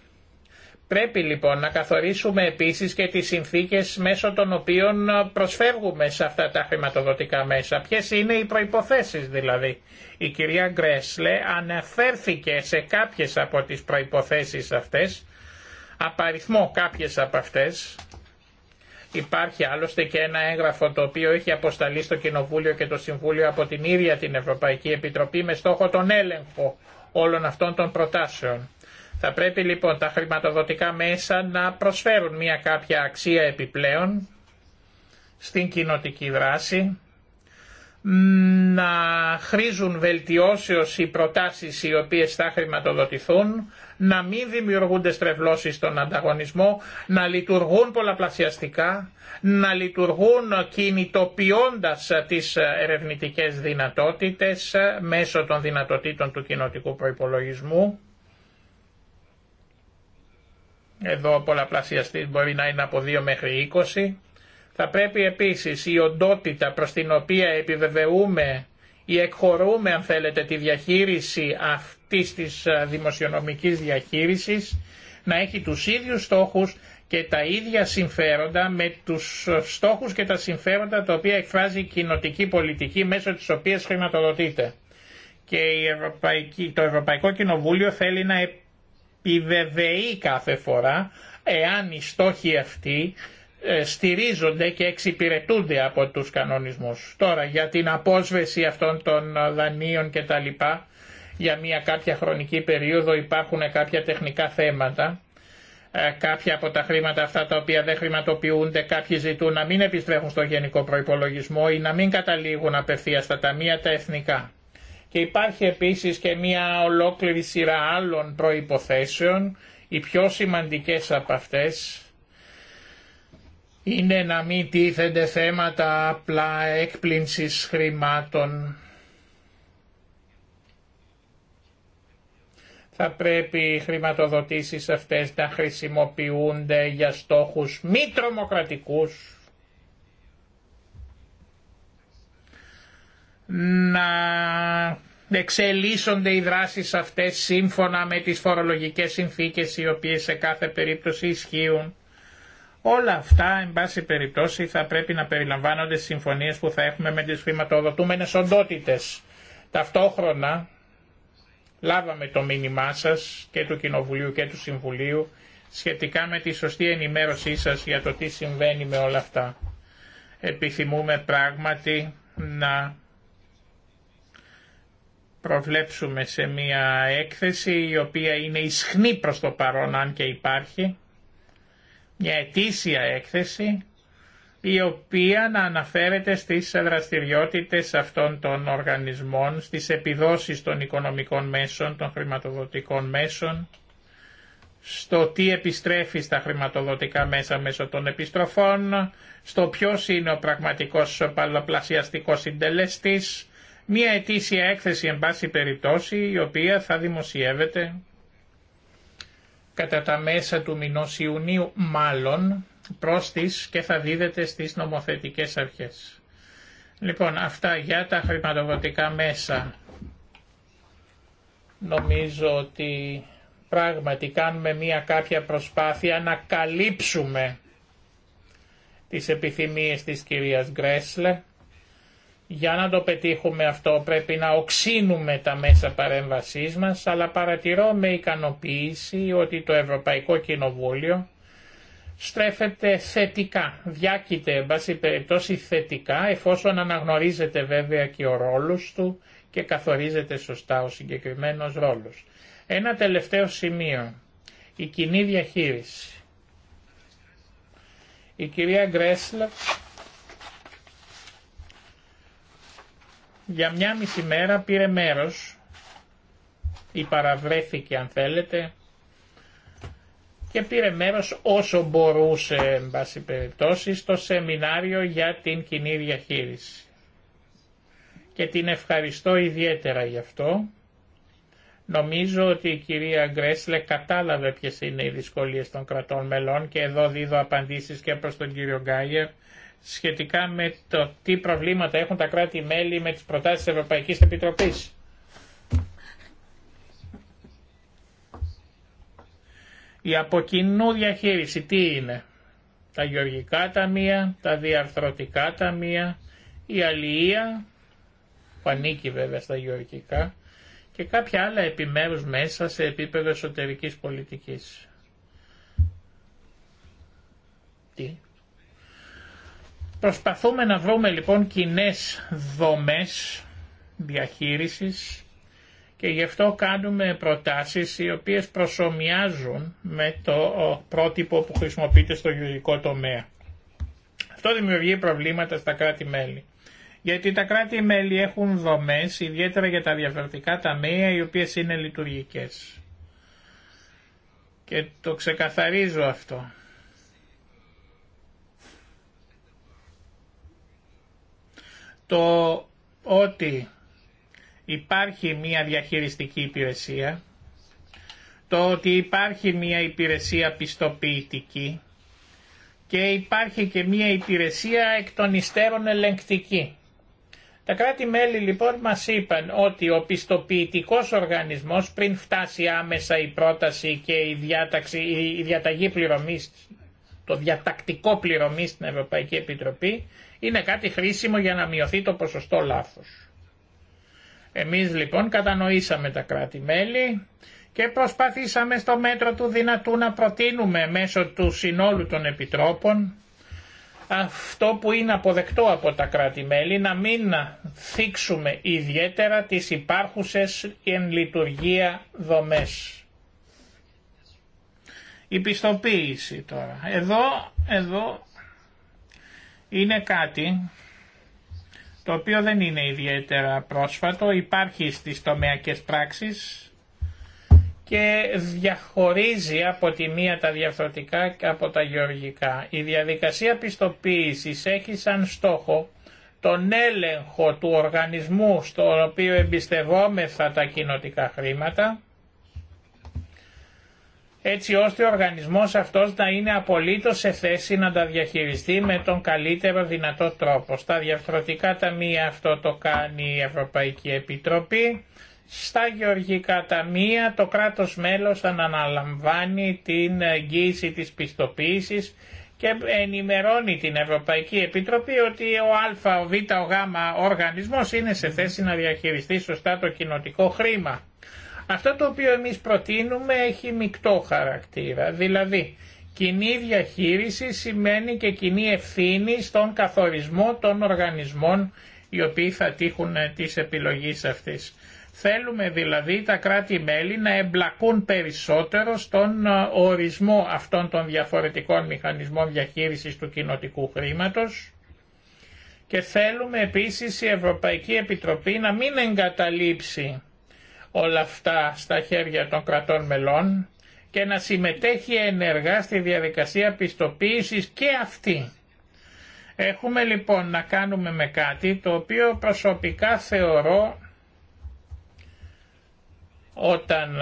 Πρέπει λοιπόν να καθορίσουμε επίσης και τις συνθήκες μέσω των οποίων προσφεύγουμε σε αυτά τα χρηματοδοτικά μέσα. Ποιες είναι οι προϋποθέσεις δηλαδή. Η κυρία Γκρέσλε αναφέρθηκε σε κάποιες από τις προϋποθέσεις αυτές, απαριθμό κάποιες από αυτές, Υπάρχει άλλωστε και ένα έγγραφο το οποίο έχει αποσταλεί στο Κοινοβούλιο και το Συμβούλιο από την ίδια την Ευρωπαϊκή Επιτροπή με στόχο τον έλεγχο όλων αυτών των προτάσεων. Θα πρέπει λοιπόν τα χρηματοδοτικά μέσα να προσφέρουν μια κάποια αξία επιπλέον στην κοινοτική δράση να χρήζουν βελτιώσεως οι προτάσεις οι οποίες θα χρηματοδοτηθούν, να μην δημιουργούνται στρεβλώσεις στον ανταγωνισμό, να λειτουργούν πολλαπλασιαστικά, να λειτουργούν κινητοποιώντας τις ερευνητικές δυνατότητες μέσω των δυνατοτήτων του κοινοτικού προϋπολογισμού. Εδώ πολλαπλασιαστή μπορεί να είναι από 2 μέχρι 20 θα πρέπει επίσης η οντότητα προς την οποία επιβεβαιούμε ή εκχωρούμε αν θέλετε τη διαχείριση αυτής της ε, δημοσιονομικής διαχείρισης να έχει τους ίδιους στόχους και τα ίδια συμφέροντα με τους ε, στόχους και τα συμφέροντα τα οποία εκφράζει η κοινοτική πολιτική μέσω της οποίας χρηματοδοτείται. Και η το Ευρωπαϊκό Κοινοβούλιο θέλει να επιβεβαιεί κάθε φορά εάν οι στόχοι αυτοί ε, στηρίζονται και εξυπηρετούνται από τους κανονισμούς. Τώρα για την απόσβεση αυτών των ε, δανείων και τα λοιπά, για μια κάποια χρονική περίοδο υπάρχουν κάποια τεχνικά θέματα. Ε, κάποια από τα χρήματα αυτά τα οποία δεν χρηματοποιούνται κάποιοι ζητούν να μην επιστρέφουν στο γενικό προϋπολογισμό ή να μην καταλήγουν απευθεία στα ταμεία τα εθνικά. Και υπάρχει επίσης και μια ολόκληρη σειρά άλλων προϋποθέσεων, οι πιο σημαντικές από αυτές είναι να μην τίθενται θέματα απλά έκπληνσης χρημάτων. Θα πρέπει οι χρηματοδοτήσεις αυτές να χρησιμοποιούνται για στόχους μη τρομοκρατικούς, να εξελίσσονται οι δράσεις αυτές σύμφωνα με τις φορολογικές συνθήκες οι οποίες σε κάθε περίπτωση ισχύουν Όλα αυτά, εν πάση περιπτώσει, θα πρέπει να περιλαμβάνονται στις συμφωνίες που θα έχουμε με τις χρηματοδοτούμενες οντότητες. Ταυτόχρονα, λάβαμε το μήνυμά σας και του Κοινοβουλίου και του Συμβουλίου σχετικά με τη σωστή ενημέρωσή σας για το τι συμβαίνει με όλα αυτά. Επιθυμούμε πράγματι να προβλέψουμε σε μια έκθεση η οποία είναι ισχνή προς το παρόν αν και υπάρχει μια ετήσια έκθεση η οποία να αναφέρεται στις δραστηριότητες αυτών των οργανισμών, στις επιδόσεις των οικονομικών μέσων, των χρηματοδοτικών μέσων, στο τι επιστρέφει στα χρηματοδοτικά μέσα μέσω των επιστροφών, στο ποιος είναι ο πραγματικός παλαπλασιαστικός συντελεστής, μια ετήσια έκθεση εν πάση περιπτώσει η οποία θα δημοσιεύεται κατά τα μέσα του μηνός Ιουνίου μάλλον προς τις και θα δίδεται στις νομοθετικές αρχές. Λοιπόν, αυτά για τα χρηματοδοτικά μέσα. Νομίζω ότι πράγματι κάνουμε μία κάποια προσπάθεια να καλύψουμε τις επιθυμίες της κυρίας Γκρέσλε για να το πετύχουμε αυτό πρέπει να οξύνουμε τα μέσα παρέμβασής μας, αλλά παρατηρώ με ικανοποίηση ότι το Ευρωπαϊκό Κοινοβούλιο στρέφεται θετικά, διάκειται εν πάση περιπτώσει θετικά, εφόσον αναγνωρίζεται βέβαια και ο ρόλος του και καθορίζεται σωστά ο συγκεκριμένος ρόλος. Ένα τελευταίο σημείο, η κοινή διαχείριση. Η κυρία Γκρέσλερ Για μια μισή μέρα πήρε μέρος ή παραβρέθηκε αν θέλετε και πήρε μέρος όσο μπορούσε εν πάση περιπτώσει στο σεμινάριο για την κοινή διαχείριση. Και την ευχαριστώ ιδιαίτερα γι' αυτό. Νομίζω ότι η κυρία Γκρέσλε κατάλαβε ποιες είναι οι δυσκολίες των κρατών μελών και εδώ δίδω απαντήσεις και προς τον κύριο Γκάιερ σχετικά με το τι προβλήματα έχουν τα κράτη-μέλη με τις προτάσεις της Ευρωπαϊκής Επιτροπής. Η αποκοινού διαχείριση τι είναι. Τα γεωργικά ταμεία, τα διαρθρωτικά ταμεία, η αλληλεία, που ανήκει βέβαια στα γεωργικά, και κάποια άλλα επιμέρους μέσα σε επίπεδο εσωτερικής πολιτικής. Τι. Προσπαθούμε να βρούμε λοιπόν κοινέ δομές διαχείρισης και γι' αυτό κάνουμε προτάσεις οι οποίες προσωμιάζουν με το πρότυπο που χρησιμοποιείται στο γεωργικό τομέα. Αυτό δημιουργεί προβλήματα στα κράτη-μέλη. Γιατί τα κράτη-μέλη έχουν δομές, ιδιαίτερα για τα διαφορετικά ταμεία, οι οποίες είναι λειτουργικές. Και το ξεκαθαρίζω αυτό. το ότι υπάρχει μια διαχειριστική υπηρεσία, το ότι υπάρχει μια υπηρεσία πιστοποιητική και υπάρχει και μια υπηρεσία εκ των υστέρων ελεγκτική. Τα κράτη-μέλη λοιπόν μας είπαν ότι ο πιστοποιητικός οργανισμός πριν φτάσει άμεσα η πρόταση και η, διάταξη, η διαταγή πληρωμής, το διατακτικό πληρωμής στην Ευρωπαϊκή Επιτροπή, είναι κάτι χρήσιμο για να μειωθεί το ποσοστό λάθος. Εμείς λοιπόν κατανοήσαμε τα κράτη-μέλη και προσπαθήσαμε στο μέτρο του δυνατού να προτείνουμε μέσω του συνόλου των επιτρόπων αυτό που είναι αποδεκτό από τα κράτη-μέλη να μην θίξουμε ιδιαίτερα τις υπάρχουσες εν λειτουργία δομές. Η πιστοποίηση τώρα. Εδώ, εδώ είναι κάτι το οποίο δεν είναι ιδιαίτερα πρόσφατο, υπάρχει στις τομεακές πράξεις και διαχωρίζει από τη μία τα διαφορετικά και από τα γεωργικά. Η διαδικασία πιστοποίησης έχει σαν στόχο τον έλεγχο του οργανισμού στο οποίο εμπιστευόμεθα τα κοινοτικά χρήματα έτσι ώστε ο οργανισμός αυτός να είναι απολύτως σε θέση να τα διαχειριστεί με τον καλύτερο δυνατό τρόπο. Στα διαφορετικά ταμεία αυτό το κάνει η Ευρωπαϊκή Επιτροπή. Στα γεωργικά ταμεία το κράτος μέλος αναλαμβάνει την εγγύηση της πιστοποίησης και ενημερώνει την Ευρωπαϊκή Επιτροπή ότι ο Α, ο Β, ο Γ οργανισμός είναι σε θέση να διαχειριστεί σωστά το κοινοτικό χρήμα. Αυτό το οποίο εμείς προτείνουμε έχει μεικτό χαρακτήρα, δηλαδή κοινή διαχείριση σημαίνει και κοινή ευθύνη στον καθορισμό των οργανισμών οι οποίοι θα τύχουν ε, τις επιλογής αυτής. Θέλουμε δηλαδή τα κράτη-μέλη να εμπλακούν περισσότερο στον ε, ορισμό αυτών των διαφορετικών μηχανισμών διαχείρισης του κοινοτικού χρήματος και θέλουμε επίσης η Ευρωπαϊκή Επιτροπή να μην εγκαταλείψει όλα αυτά στα χέρια των κρατών μελών και να συμμετέχει ενεργά στη διαδικασία πιστοποίησης και αυτή. Έχουμε λοιπόν να κάνουμε με κάτι το οποίο προσωπικά θεωρώ όταν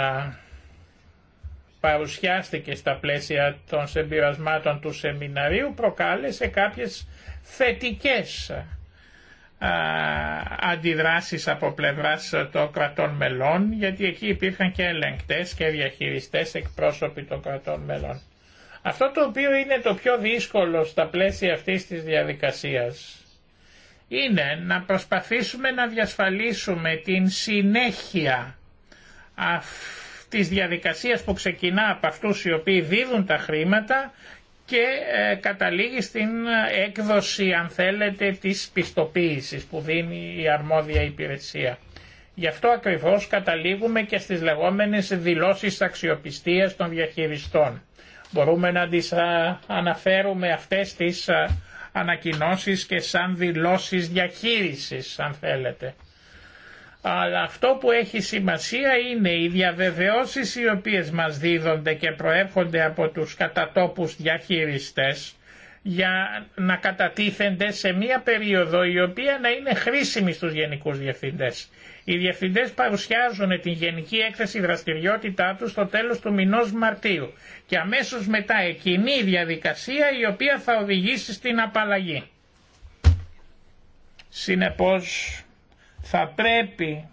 παρουσιάστηκε στα πλαίσια των συμπειρασμάτων του σεμιναρίου προκάλεσε κάποιες θετικές αντιδράσεις από πλευράς των κρατών μελών γιατί εκεί υπήρχαν και ελεγκτές και διαχειριστές εκπρόσωποι των κρατών μελών. Αυτό το οποίο είναι το πιο δύσκολο στα πλαίσια αυτής της διαδικασίας είναι να προσπαθήσουμε να διασφαλίσουμε την συνέχεια της διαδικασίας που ξεκινά από αυτούς οι οποίοι δίδουν τα χρήματα και ε, καταλήγει στην ε, έκδοση αν θέλετε της πιστοποίησης που δίνει η αρμόδια υπηρεσία. Γι' αυτό ακριβώς καταλήγουμε και στις λεγόμενες δηλώσεις αξιοπιστίας των διαχειριστών. Μπορούμε να τις ε, αναφέρουμε αυτές τις ανακοινώσεις και σαν δηλώσεις διαχείρισης αν θέλετε αλλά αυτό που έχει σημασία είναι οι διαβεβαιώσεις οι οποίες μας δίδονται και προέρχονται από τους κατατόπους διαχειριστές για να κατατίθενται σε μία περίοδο η οποία να είναι χρήσιμη στους γενικούς διευθυντές. Οι διευθυντές παρουσιάζουν την γενική έκθεση δραστηριότητά τους στο τέλος του μηνός Μαρτίου και αμέσως μετά εκείνη η διαδικασία η οποία θα οδηγήσει στην απαλλαγή. Συνεπώς θα πρέπει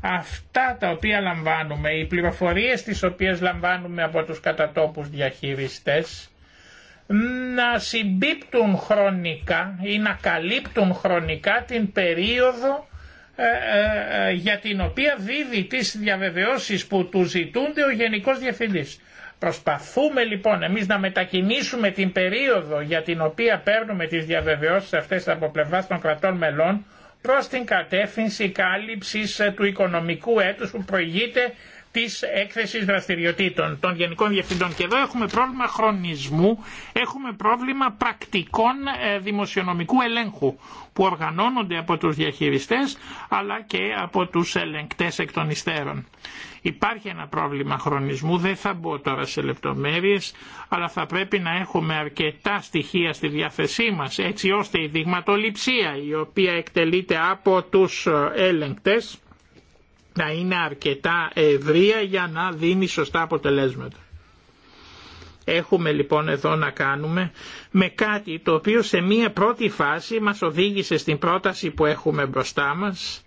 αυτά τα οποία λαμβάνουμε, οι πληροφορίες τις οποίες λαμβάνουμε από τους κατατόπους διαχειριστές, να συμπίπτουν χρονικά ή να καλύπτουν χρονικά την περίοδο ε, ε, ε, για την οποία δίδει τις διαβεβαιώσεις που του ζητούνται ο Γενικός Διευθυντής. Προσπαθούμε λοιπόν εμείς να μετακινήσουμε την περίοδο για την οποία παίρνουμε τις διαβεβαιώσεις αυτές από πλευρά των κρατών μελών προς την κατεύθυνση κάλυψης ε, του οικονομικού έτους που προηγείται Τη έκθεση δραστηριοτήτων των Γενικών Διευθυντών. Και εδώ έχουμε πρόβλημα χρονισμού, έχουμε πρόβλημα πρακτικών ε, δημοσιονομικού ελέγχου που οργανώνονται από τους διαχειριστές αλλά και από τους ελεγκτές εκ των υστέρων. Υπάρχει ένα πρόβλημα χρονισμού, δεν θα μπω τώρα σε λεπτομέρειες, αλλά θα πρέπει να έχουμε αρκετά στοιχεία στη διάθεσή μας, έτσι ώστε η δειγματοληψία η οποία εκτελείται από τους έλεγκτες ε, να είναι αρκετά ευρεία για να δίνει σωστά αποτελέσματα. Έχουμε λοιπόν εδώ να κάνουμε με κάτι το οποίο σε μία πρώτη φάση μας οδήγησε στην πρόταση που έχουμε μπροστά μας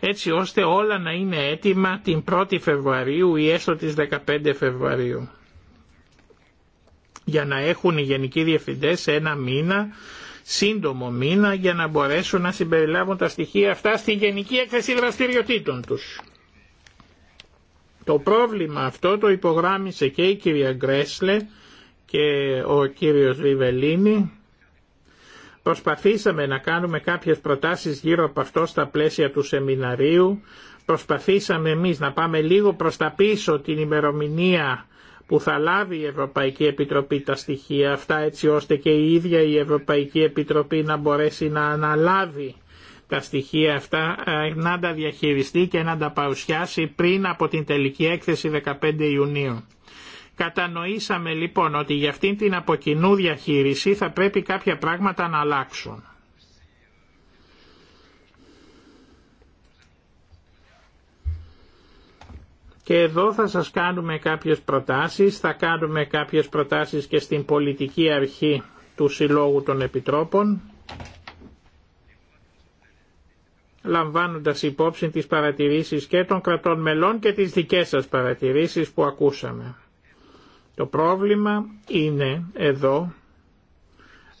έτσι ώστε όλα να είναι έτοιμα την 1η Φεβρουαρίου ή έστω τις 15 Φεβρουαρίου για να έχουν οι γενικοί διευθυντές ένα μήνα σύντομο μήνα για να μπορέσουν να συμπεριλάβουν τα στοιχεία αυτά στη γενική έκθεση δραστηριοτήτων τους. Το πρόβλημα αυτό το υπογράμμισε και η κυρία Γκρέσλε και ο κύριος Βιβελίνη. Προσπαθήσαμε να κάνουμε κάποιες προτάσεις γύρω από αυτό στα πλαίσια του σεμιναρίου. Προσπαθήσαμε εμείς να πάμε λίγο προς τα πίσω την ημερομηνία που θα λάβει η Ευρωπαϊκή Επιτροπή τα στοιχεία αυτά έτσι ώστε και η ίδια η Ευρωπαϊκή Επιτροπή να μπορέσει να αναλάβει τα στοιχεία αυτά ε, να τα διαχειριστεί και να τα παρουσιάσει πριν από την τελική έκθεση 15 Ιουνίου. Κατανοήσαμε λοιπόν ότι για αυτήν την αποκοινού διαχείριση θα πρέπει κάποια πράγματα να αλλάξουν. και εδώ θα σας κάνουμε κάποιες προτάσεις, θα κάνουμε κάποιες προτάσεις και στην πολιτική αρχή του Συλλόγου των Επιτρόπων, λαμβάνοντας υπόψη τις παρατηρήσεις και των κρατών μελών και τις δικές σας παρατηρήσεις που ακούσαμε. Το πρόβλημα είναι εδώ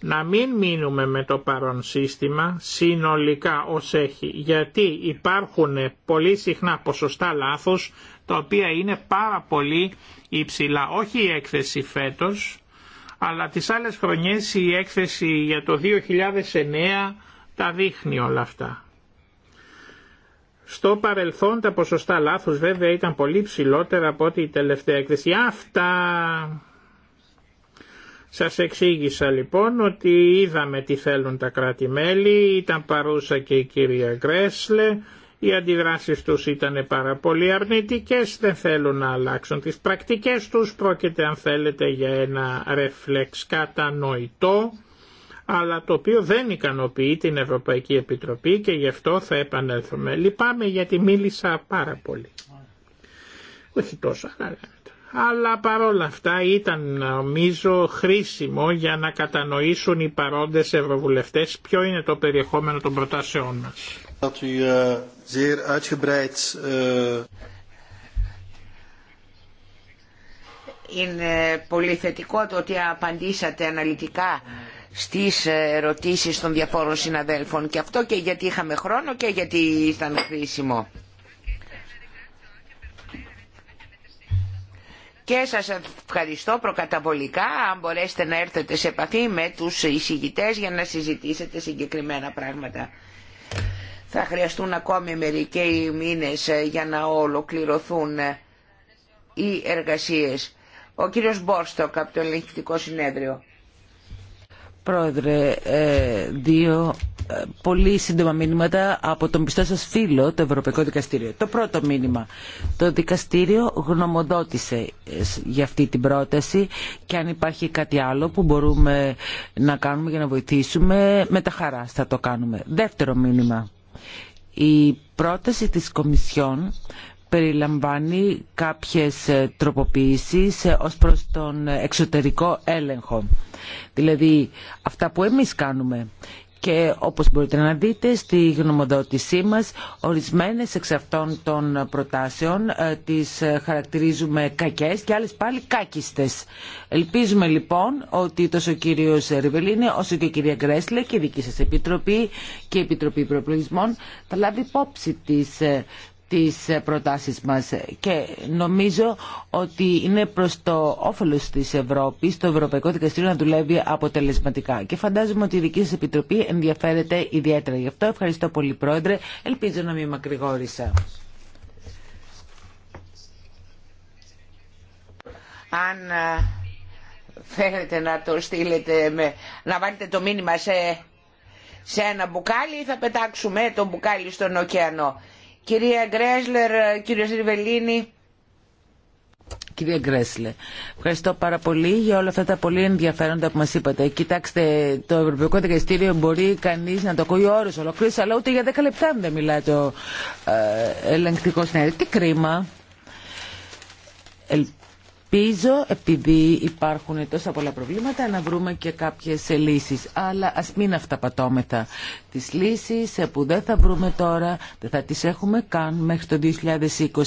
να μην μείνουμε με το παρόν σύστημα συνολικά ως έχει, γιατί υπάρχουν πολύ συχνά ποσοστά λάθος τα οποία είναι πάρα πολύ υψηλά. Όχι η έκθεση φέτος, αλλά τις άλλες χρονιές η έκθεση για το 2009 τα δείχνει όλα αυτά. Στο παρελθόν τα ποσοστά λάθους βέβαια ήταν πολύ ψηλότερα από ό,τι η τελευταία έκθεση. Αυτά σας εξήγησα λοιπόν ότι είδαμε τι θέλουν τα κράτη-μέλη, ήταν παρούσα και η κυρία Γκρέσλε, οι αντιδράσεις τους ήταν πάρα πολύ αρνητικές, δεν θέλουν να αλλάξουν τις πρακτικές τους, πρόκειται αν θέλετε για ένα ρεφλεξ κατανοητό, αλλά το οποίο δεν ικανοποιεί την Ευρωπαϊκή Επιτροπή και γι' αυτό θα επανέλθουμε. Λυπάμαι γιατί μίλησα πάρα πολύ. Όχι τόσο, αλλά αλλά παρόλα αυτά ήταν νομίζω χρήσιμο για να κατανοήσουν οι παρόντες ευρωβουλευτές ποιο είναι το περιεχόμενο των προτάσεών μας. Eh, eh, Είναι πολύ θετικό το ότι απαντήσατε αναλυτικά στις ερωτήσεις των διαφόρων συναδέλφων και αυτό και γιατί είχαμε χρόνο και γιατί ήταν χρήσιμο. Και σας ευχαριστώ προκαταβολικά αν μπορέσετε να έρθετε σε επαφή με τους εισηγητές για να συζητήσετε συγκεκριμένα πράγματα θα χρειαστούν ακόμη μερικοί μήνες ε, για να ολοκληρωθούν ε, οι εργασίες. Ο κύριος Μπόρστοκ από το Ελεγχητικό Συνέδριο. Πρόεδρε, ε, δύο πολύ σύντομα μήνυματα από τον πιστό σας φίλο, το Ευρωπαϊκό Δικαστήριο. Το πρώτο μήνυμα. Το δικαστήριο γνωμοδότησε για αυτή την πρόταση και αν υπάρχει κάτι άλλο που μπορούμε να κάνουμε για να βοηθήσουμε, με τα χαρά θα το κάνουμε. Δεύτερο μήνυμα. Η πρόταση της Κομισιόν περιλαμβάνει κάποιες ε, τροποποιήσεις ε, ως προς τον εξωτερικό έλεγχο. Δηλαδή αυτά που εμείς κάνουμε και όπως μπορείτε να δείτε στη γνωμοδότησή μας ορισμένες εξ αυτών των προτάσεων ε, τις ε, χαρακτηρίζουμε κακές και άλλες πάλι κάκιστες. Ελπίζουμε λοιπόν ότι τόσο ο κύριος Ριβελίνη όσο και η κυρία Γκρέσλε και η δική σας επιτροπή και η Επιτροπή Προπολογισμών θα λάβει υπόψη τις ε, τις προτάσεις μας και νομίζω ότι είναι προς το όφελος της Ευρώπης το Ευρωπαϊκό Δικαστήριο να δουλεύει αποτελεσματικά και φαντάζομαι ότι η δική σας Επιτροπή ενδιαφέρεται ιδιαίτερα γι' αυτό ευχαριστώ πολύ Πρόεδρε ελπίζω να μην μακρηγόρησα Αν θέλετε να το στείλετε να βάλετε το μήνυμα σε, σε ένα μπουκάλι θα πετάξουμε το μπουκάλι στον ωκεανό Κυρία Γκρέσλερ, κύριος Ριβελίνη. Κυρία Γκρέσλε, ευχαριστώ πάρα πολύ για όλα αυτά τα πολύ ενδιαφέροντα που μα είπατε. Κοιτάξτε, το Ευρωπαϊκό Δικαστήριο μπορεί κανεί να το ακούει όρου ολοκλήρω, αλλά ούτε για 10 λεπτά δεν μιλάει το ε, ελεγκτικό συνέδριο. Τι κρίμα. Ελπίζω, επειδή υπάρχουν τόσα πολλά προβλήματα, να βρούμε και κάποιες λύσεις. Αλλά ας μην αυταπατώμεθα. Τις λύσεις που δεν θα βρούμε τώρα, δεν θα τις έχουμε καν μέχρι το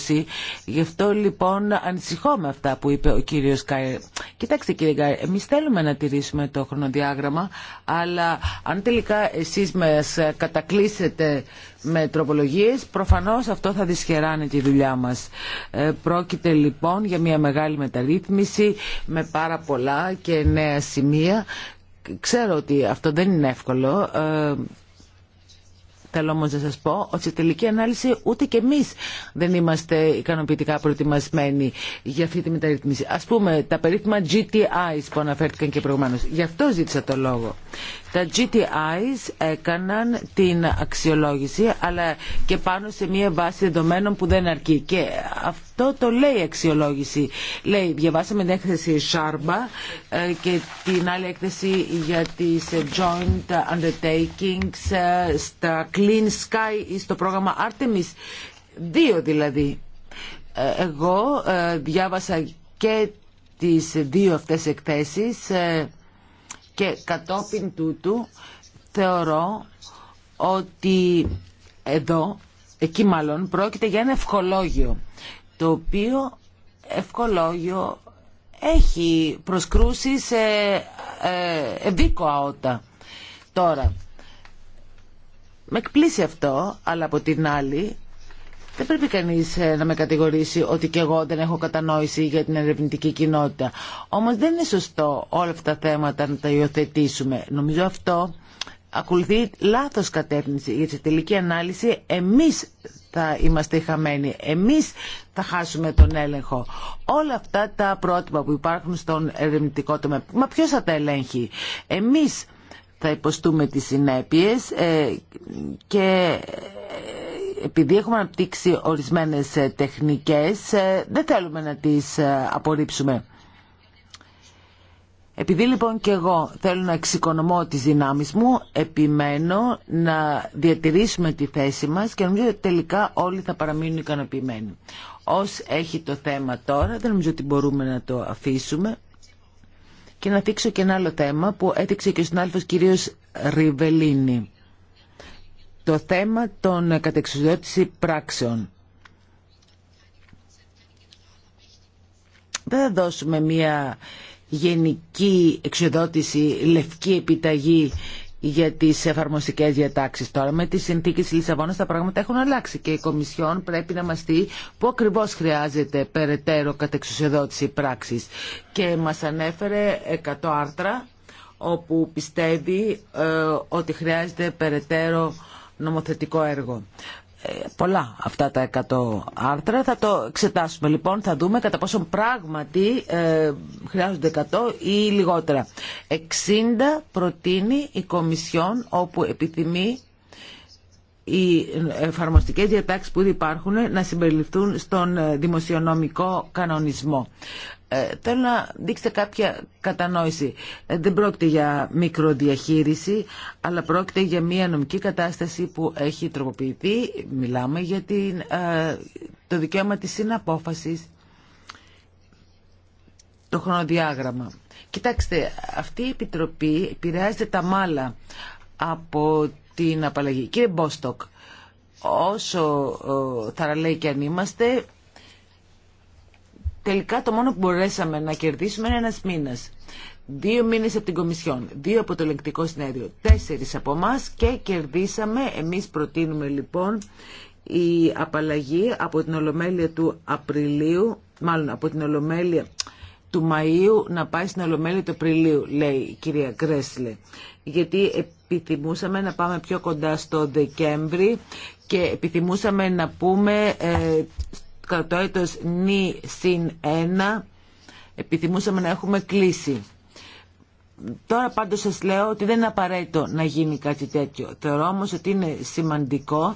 2020. Γι' αυτό λοιπόν ανησυχώ με αυτά που είπε ο κύριος Κάιρ. Κοιτάξτε κύριε Κάιρ, εμείς θέλουμε να τηρήσουμε το χρονοδιάγραμμα, αλλά αν τελικά εσείς μας κατακλείσετε με τροπολογίες, προφανώς αυτό θα δυσχεράνε τη δουλειά μας. Ε, πρόκειται λοιπόν για μια μεγάλη μεταρρύθμιση με πάρα πολλά και νέα σημεία. Ξέρω ότι αυτό δεν είναι εύκολο. Ε, θέλω όμω να σα πω ότι σε τελική ανάλυση ούτε και εμεί δεν είμαστε ικανοποιητικά προετοιμασμένοι για αυτή τη μεταρρύθμιση. Α πούμε, τα περίφημα GTIs που αναφέρθηκαν και προηγουμένω. Γι' αυτό ζήτησα το λόγο. Τα GTIs έκαναν την αξιολόγηση αλλά και πάνω σε μια βάση δεδομένων που δεν αρκεί. Και αυτό το λέει η αξιολόγηση. Λέει, διαβάσαμε την έκθεση Σάρμπα ε, και την άλλη έκθεση για τις joint undertakings ε, στα Clean Sky ή στο πρόγραμμα Artemis. Δύο δηλαδή. Ε, εγώ διάβασα και τις δύο αυτές εκθέσεις και κατόπιν τούτου θεωρώ ότι εδώ, εκεί μάλλον, πρόκειται για ένα ευχολόγιο, το οποίο ευχολόγιο έχει προσκρούσει σε δίκο ε, αότα. Τώρα, με εκπλήσει αυτό, αλλά από την άλλη δεν πρέπει κανείς ε, να με κατηγορήσει ότι και εγώ δεν έχω κατανόηση για την ερευνητική κοινότητα. Όμως δεν είναι σωστό όλα αυτά τα θέματα να τα υιοθετήσουμε. Νομίζω αυτό ακολουθεί λάθος κατεύθυνση. Γιατί σε τελική ανάλυση εμείς θα είμαστε χαμένοι. Εμείς θα χάσουμε τον έλεγχο. Όλα αυτά τα πρότυπα που υπάρχουν στον ερευνητικό τομέα, μα ποιος θα τα ελέγχει. Εμείς θα υποστούμε τις συνέπειες ε, και ε, επειδή έχουμε αναπτύξει ορισμένες ε, τεχνικές, ε, δεν θέλουμε να τις ε, απορρίψουμε. Επειδή λοιπόν και εγώ θέλω να εξοικονομώ τις δυνάμεις μου, επιμένω να διατηρήσουμε τη θέση μας και νομίζω ότι τελικά όλοι θα παραμείνουν ικανοποιημένοι. Ως έχει το θέμα τώρα, δεν νομίζω ότι μπορούμε να το αφήσουμε. Και να δείξω και ένα άλλο θέμα που έδειξε και ο συνάδελφος κυρίως Ριβελίνη το θέμα των κατεξουδότηση πράξεων. Δεν θα δώσουμε μια γενική εξοδότηση, λευκή επιταγή για τις εφαρμοστικές διατάξεις τώρα. Με τις συνθήκες της Λισαβόνας τα πράγματα έχουν αλλάξει και η Κομισιόν πρέπει να μας δει που ακριβώς χρειάζεται περαιτέρω κατεξουσιοδότηση πράξης. Και μας ανέφερε 100 άρθρα όπου πιστεύει ε, ότι χρειάζεται περαιτέρω νομοθετικό έργο. Ε, πολλά αυτά τα 100 άρθρα. Θα το εξετάσουμε λοιπόν, θα δούμε κατά πόσο πράγματι ε, χρειάζονται 100 ή λιγότερα. 60 προτείνει η Κομισιόν όπου επιθυμεί οι εφαρμοστικές διατάξεις που ήδη υπάρχουν να συμπεριληφθούν στον ε, δημοσιονομικό κανονισμό. Ε, θέλω να δείξετε κάποια κατανόηση. Ε, δεν πρόκειται για μικροδιαχείριση, αλλά πρόκειται για μια νομική κατάσταση που έχει τροποποιηθεί. Μιλάμε για ε, το δικαίωμα της συναπόφασης, το χρονοδιάγραμμα. Κοιτάξτε, αυτή η Επιτροπή επηρεάζεται τα μάλα από την απαλλαγή. Κύριε Μπόστοκ, όσο θαραλέοι και αν είμαστε, τελικά το μόνο που μπορέσαμε να κερδίσουμε είναι ένας μήνας. Δύο μήνες από την Κομισιόν, δύο από το ελεγκτικό συνέδριο, τέσσερις από εμά και κερδίσαμε, εμείς προτείνουμε λοιπόν η απαλλαγή από την Ολομέλεια του Απριλίου, μάλλον από την Ολομέλεια του Μαΐου να πάει στην Ολομέλεια του Απριλίου, λέει η κυρία Κρέσλε. Γιατί επιθυμούσαμε να πάμε πιο κοντά στο Δεκέμβρη και επιθυμούσαμε να πούμε ε, το έτος νη συν ένα επιθυμούσαμε να έχουμε κλείσει. Τώρα πάντως σας λέω ότι δεν είναι απαραίτητο να γίνει κάτι τέτοιο. Θεωρώ όμως ότι είναι σημαντικό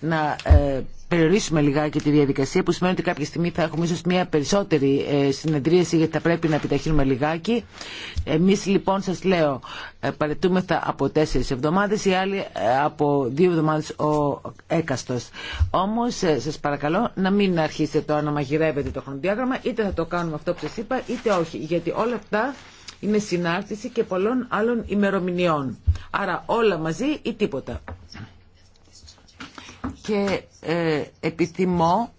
να ε, περιορίσουμε λιγάκι τη διαδικασία που σημαίνει ότι κάποια στιγμή θα έχουμε ίσως μια περισσότερη ε, συνεδρίαση γιατί θα πρέπει να επιταχύνουμε λιγάκι. Εμείς λοιπόν σας λέω ε, παρετούμεθα από τέσσερις εβδομάδες ή άλλοι από δύο εβδομάδες ο έκαστος. Όμως σας παρακαλώ να μην αρχίσετε το να μαγειρεύετε το χρονοδιάγραμμα είτε θα το κάνουμε αυτό που σας είπα είτε όχι γιατί όλα αυτά είναι συνάρτηση και πολλών άλλων ημερομηνιών. Άρα όλα μαζί ή τίποτα και ε, επιθυμώ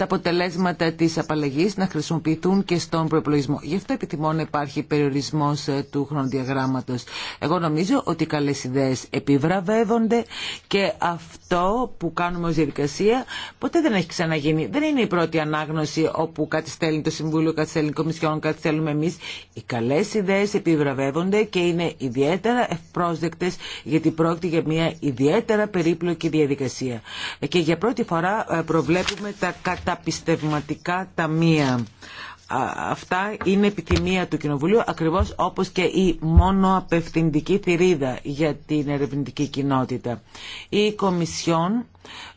τα αποτελέσματα τη απαλλαγή να χρησιμοποιηθούν και στον προπολογισμό. Γι' αυτό επιθυμώ να υπάρχει περιορισμό ε, του χρονοδιαγράμματο. Εγώ νομίζω ότι οι καλέ ιδέε επιβραβεύονται και αυτό που κάνουμε ω διαδικασία ποτέ δεν έχει ξαναγίνει. Δεν είναι η πρώτη ανάγνωση όπου κάτι στέλνει το Συμβούλιο, κάτι στέλνει η Κομισιόν, κάτι θέλουμε εμεί. Οι καλέ ιδέε επιβραβεύονται και είναι ιδιαίτερα ευπρόσδεκτε γιατί πρόκειται για μια ιδιαίτερα περίπλοκη διαδικασία. Ε, και για πρώτη φορά ε, προβλέπουμε τα κατα τα πιστευματικά ταμεία. Αυτά είναι επιθυμία του Κοινοβουλίου, ακριβώς όπως και η μόνο απευθυντική θηρίδα για την ερευνητική κοινότητα. Η Κομισιόν,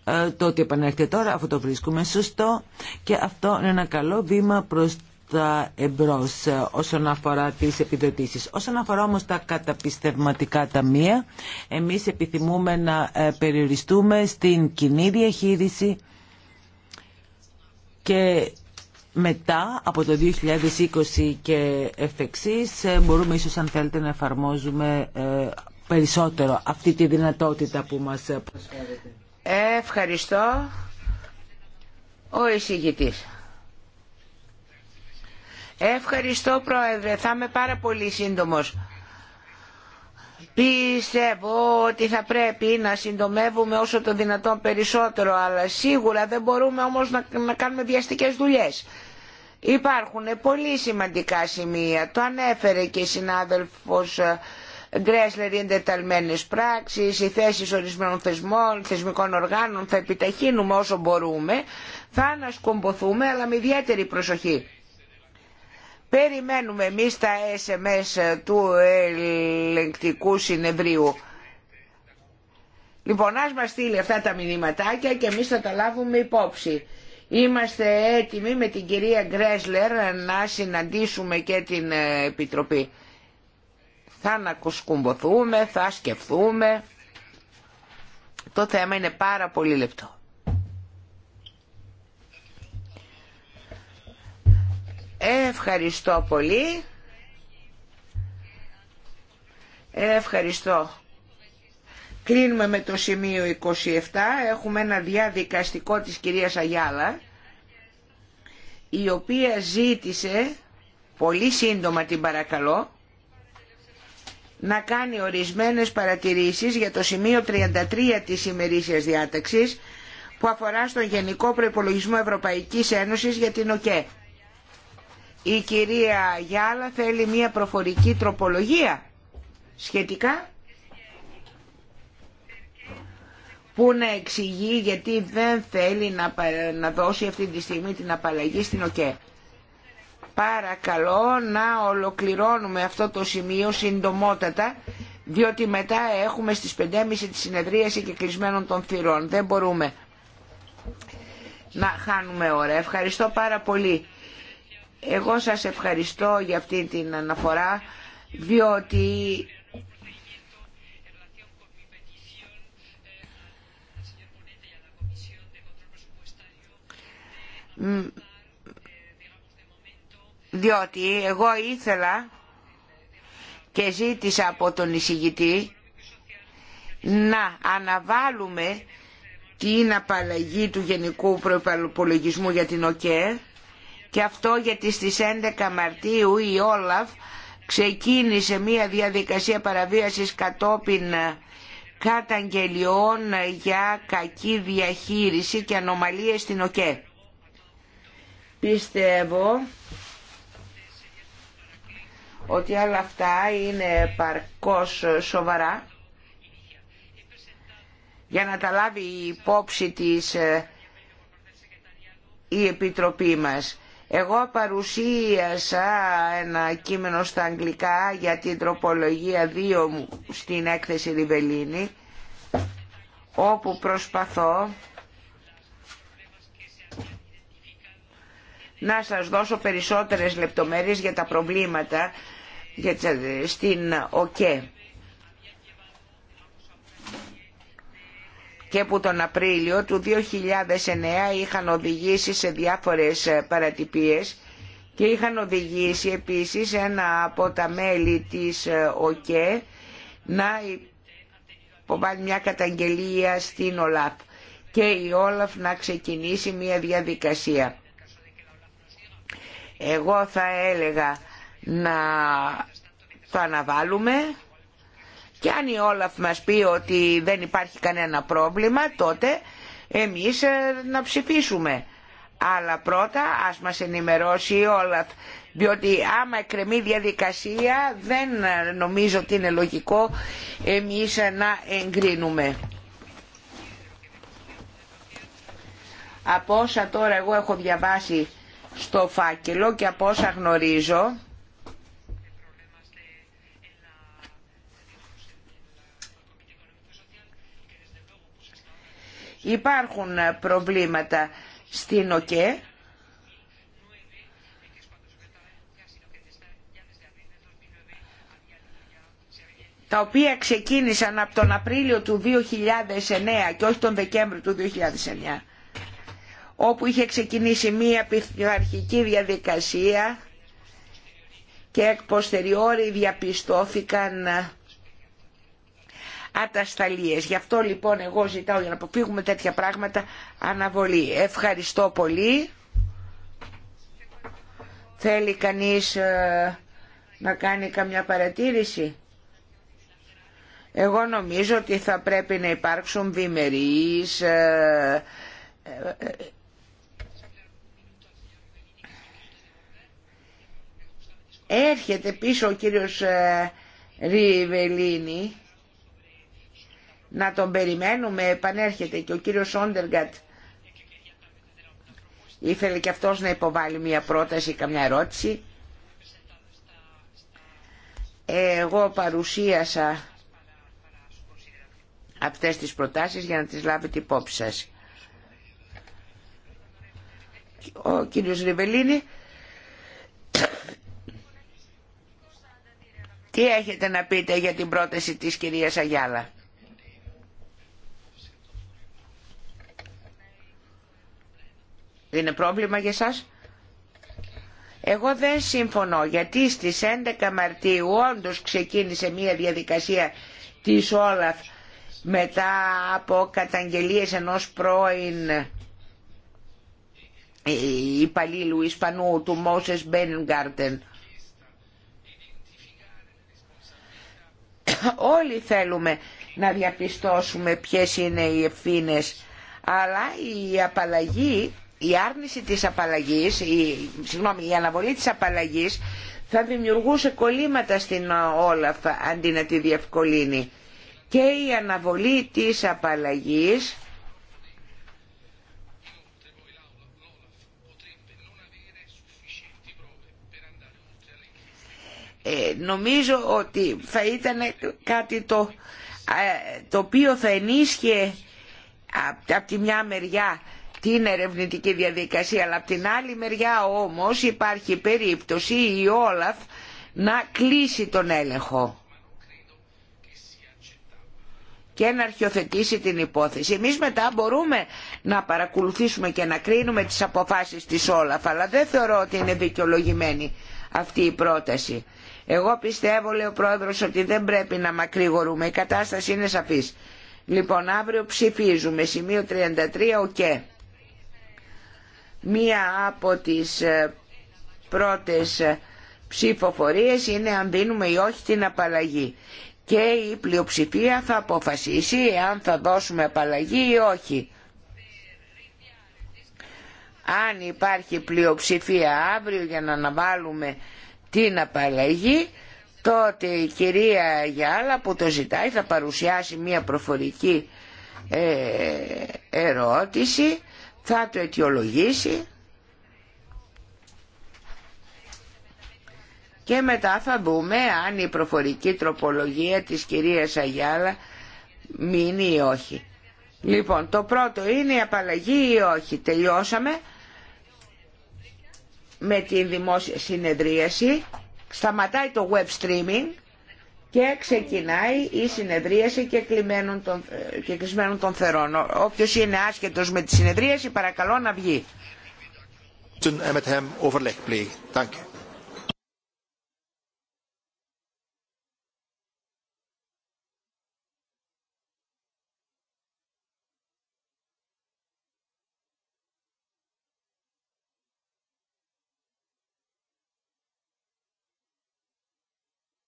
ε, το ότι επανέρχεται τώρα, αυτό το βρίσκουμε σωστό και αυτό είναι ένα καλό βήμα προς τα εμπρός ε, όσον αφορά τις επιδοτήσεις. Όσον αφορά όμως τα καταπιστευματικά ταμεία, εμείς επιθυμούμε να ε, περιοριστούμε στην κοινή διαχείριση και μετά από το 2020 και εφεξής ε, μπορούμε ίσως αν θέλετε να εφαρμόζουμε ε, περισσότερο αυτή τη δυνατότητα που μας προσφέρεται. Ευχαριστώ ο εισηγητής. Ευχαριστώ πρόεδρε, θα είμαι πάρα πολύ σύντομος. Πιστεύω ότι θα πρέπει να συντομεύουμε όσο το δυνατόν περισσότερο, αλλά σίγουρα δεν μπορούμε όμως να, κάνουμε διαστικές δουλειές. Υπάρχουν πολύ σημαντικά σημεία, το ανέφερε και η συνάδελφος ε, Γκρέσλερ, οι εντεταλμένες πράξεις, οι θέσεις ορισμένων θεσμών, θεσμικών οργάνων, θα επιταχύνουμε όσο μπορούμε, θα ανασκομποθούμε, αλλά με ιδιαίτερη προσοχή. Περιμένουμε εμείς τα SMS του ελεγκτικού συνεδρίου. Λοιπόν, ας μας στείλει αυτά τα μηνύματάκια και εμείς θα τα λάβουμε υπόψη. Είμαστε έτοιμοι με την κυρία Γκρέσλερ να συναντήσουμε και την Επιτροπή. Θα ανακουσκουμποθούμε, θα σκεφτούμε. Το θέμα είναι πάρα πολύ λεπτό. Ευχαριστώ πολύ. Ευχαριστώ. Κλείνουμε με το σημείο 27. Έχουμε ένα διαδικαστικό της κυρίας Αγιάλα, η οποία ζήτησε, πολύ σύντομα την παρακαλώ, να κάνει ορισμένες παρατηρήσεις για το σημείο 33 της ημερήσιας διάταξης, που αφορά στον Γενικό Προϋπολογισμό Ευρωπαϊκής Ένωσης για την ΟΚΕ. Η κυρία Γιάλα θέλει μια προφορική τροπολογία σχετικά που να εξηγεί γιατί δεν θέλει να, να δώσει αυτή τη στιγμή την απαλλαγή στην ΟΚΕ. Παρακαλώ να ολοκληρώνουμε αυτό το σημείο συντομότατα, διότι μετά έχουμε στις 5.30 τη συνεδρίαση και κλεισμένων των θυρών. Δεν μπορούμε να χάνουμε ώρα. Ευχαριστώ πάρα πολύ. Εγώ σας ευχαριστώ για αυτή την αναφορά διότι διότι εγώ ήθελα και ζήτησα από τον εισηγητή να αναβάλουμε την απαλλαγή του Γενικού Προϋπολογισμού για την ΟΚΕ και αυτό γιατί στις 11 Μαρτίου η Όλαφ ξεκίνησε μία διαδικασία παραβίασης κατόπιν ε, καταγγελιών για κακή διαχείριση και ανομαλίες στην ΟΚΕ. Πιστεύω ότι όλα αυτά είναι παρκώς σοβαρά για να τα λάβει η υπόψη της ε, η Επιτροπή μας. Εγώ παρουσίασα ένα κείμενο στα αγγλικά για την τροπολογία 2 στην έκθεση Ριβελίνη όπου προσπαθώ να σας δώσω περισσότερες λεπτομέρειες για τα προβλήματα στην ΟΚΕ. και που τον Απρίλιο του 2009 είχαν οδηγήσει σε διάφορες ε, παρατυπίες και είχαν οδηγήσει επίσης ένα από τα μέλη της ε, ΟΚΕ να υποβάλει μια καταγγελία στην ΟΛΑΦ και η ΟΛΑΦ να ξεκινήσει μια διαδικασία. Εγώ θα έλεγα να το αναβάλουμε και αν η Όλαφ μας πει ότι δεν υπάρχει κανένα πρόβλημα, τότε εμείς ε, να ψηφίσουμε. Αλλά πρώτα ας μας ενημερώσει η Όλαφ, διότι άμα εκκρεμεί διαδικασία δεν ε, νομίζω ότι είναι λογικό εμείς ε, να εγκρίνουμε. Από όσα τώρα εγώ έχω διαβάσει στο φάκελο και από όσα γνωρίζω, Υπάρχουν ε, προβλήματα στην ΟΚΕ. τα οποία ξεκίνησαν από τον Απρίλιο του 2009 και όχι τον Δεκέμβριο του 2009, όπου είχε ξεκινήσει μία πειθαρχική διαδικασία και εκ διαπιστώθηκαν ε, ατασταλίες. Γι' αυτό λοιπόν εγώ ζητάω για να αποφύγουμε τέτοια πράγματα αναβολή. Ευχαριστώ πολύ. Θέλει κανείς ε, να κάνει καμιά παρατήρηση. Εγώ νομίζω ότι θα πρέπει να υπάρξουν διμερείς ε, ε, Έρχεται πίσω ο κύριος Ριβελίνη να τον περιμένουμε, επανέρχεται και ο κύριος Σόντεργατ ήθελε και αυτός να υποβάλει μια πρόταση, καμιά ερώτηση. Εγώ παρουσίασα αυτές τις προτάσεις για να τις λάβετε υπόψη σας. Ο κύριος Ριβελίνη, τι έχετε να πείτε για την πρόταση της κυρίας Αγιάλα. Είναι πρόβλημα για σας. Εγώ δεν συμφωνώ γιατί στις 11 Μαρτίου όντως ξεκίνησε μια διαδικασία της Όλαφ μετά από καταγγελίες ενός πρώην ε, υπαλλήλου Ισπανού του Μόσες Μπένγκάρτεν. Όλοι θέλουμε να διαπιστώσουμε ποιες είναι οι ευθύνε, αλλά η απαλλαγή η άρνηση της απαλλαγής, η, συγγνώμη, η αναβολή της απαλλαγής θα δημιουργούσε κολλήματα στην Όλαφ αντί να τη διευκολύνει. Και η αναβολή της απαλλαγής ε, νομίζω ότι θα ήταν κάτι το, ε, το οποίο θα ενίσχυε από τη μια μεριά την ερευνητική διαδικασία. Αλλά από την άλλη μεριά όμως υπάρχει περίπτωση η Όλαφ να κλείσει τον έλεγχο και να αρχιοθετήσει την υπόθεση. Εμείς μετά μπορούμε να παρακολουθήσουμε και να κρίνουμε τις αποφάσεις της Όλαφ, αλλά δεν θεωρώ ότι είναι δικαιολογημένη αυτή η πρόταση. Εγώ πιστεύω, λέει ο Πρόεδρος, ότι δεν πρέπει να μακρηγορούμε. Η κατάσταση είναι σαφής. Λοιπόν, αύριο ψηφίζουμε. Σημείο 33, οκ. Μία από τις ε, πρώτες ε, ψηφοφορίες είναι αν δίνουμε ή όχι την απαλλαγή. Και η πλειοψηφία θα αποφασίσει αν θα δώσουμε απαλλαγή ή όχι. Αν υπάρχει πλειοψηφία αύριο για να αναβάλουμε την απαλλαγή, τότε η κυρία Γιάλα που το ζητάει θα παρουσιάσει μία προφορική ε, ερώτηση θα το αιτιολογήσει και μετά θα δούμε αν η προφορική τροπολογία της κυρίας Αγιάλα μείνει ή όχι. Λοιπόν, το πρώτο είναι η απαλλαγή ή όχι. Τελειώσαμε με την δημόσια συνεδρίαση. Σταματάει το web streaming και ξεκινάει η συνεδρίαση και, των, και κλεισμένων των θερών. Όποιο είναι άσχετο με τη συνεδρίαση παρακαλώ να βγει. Eh,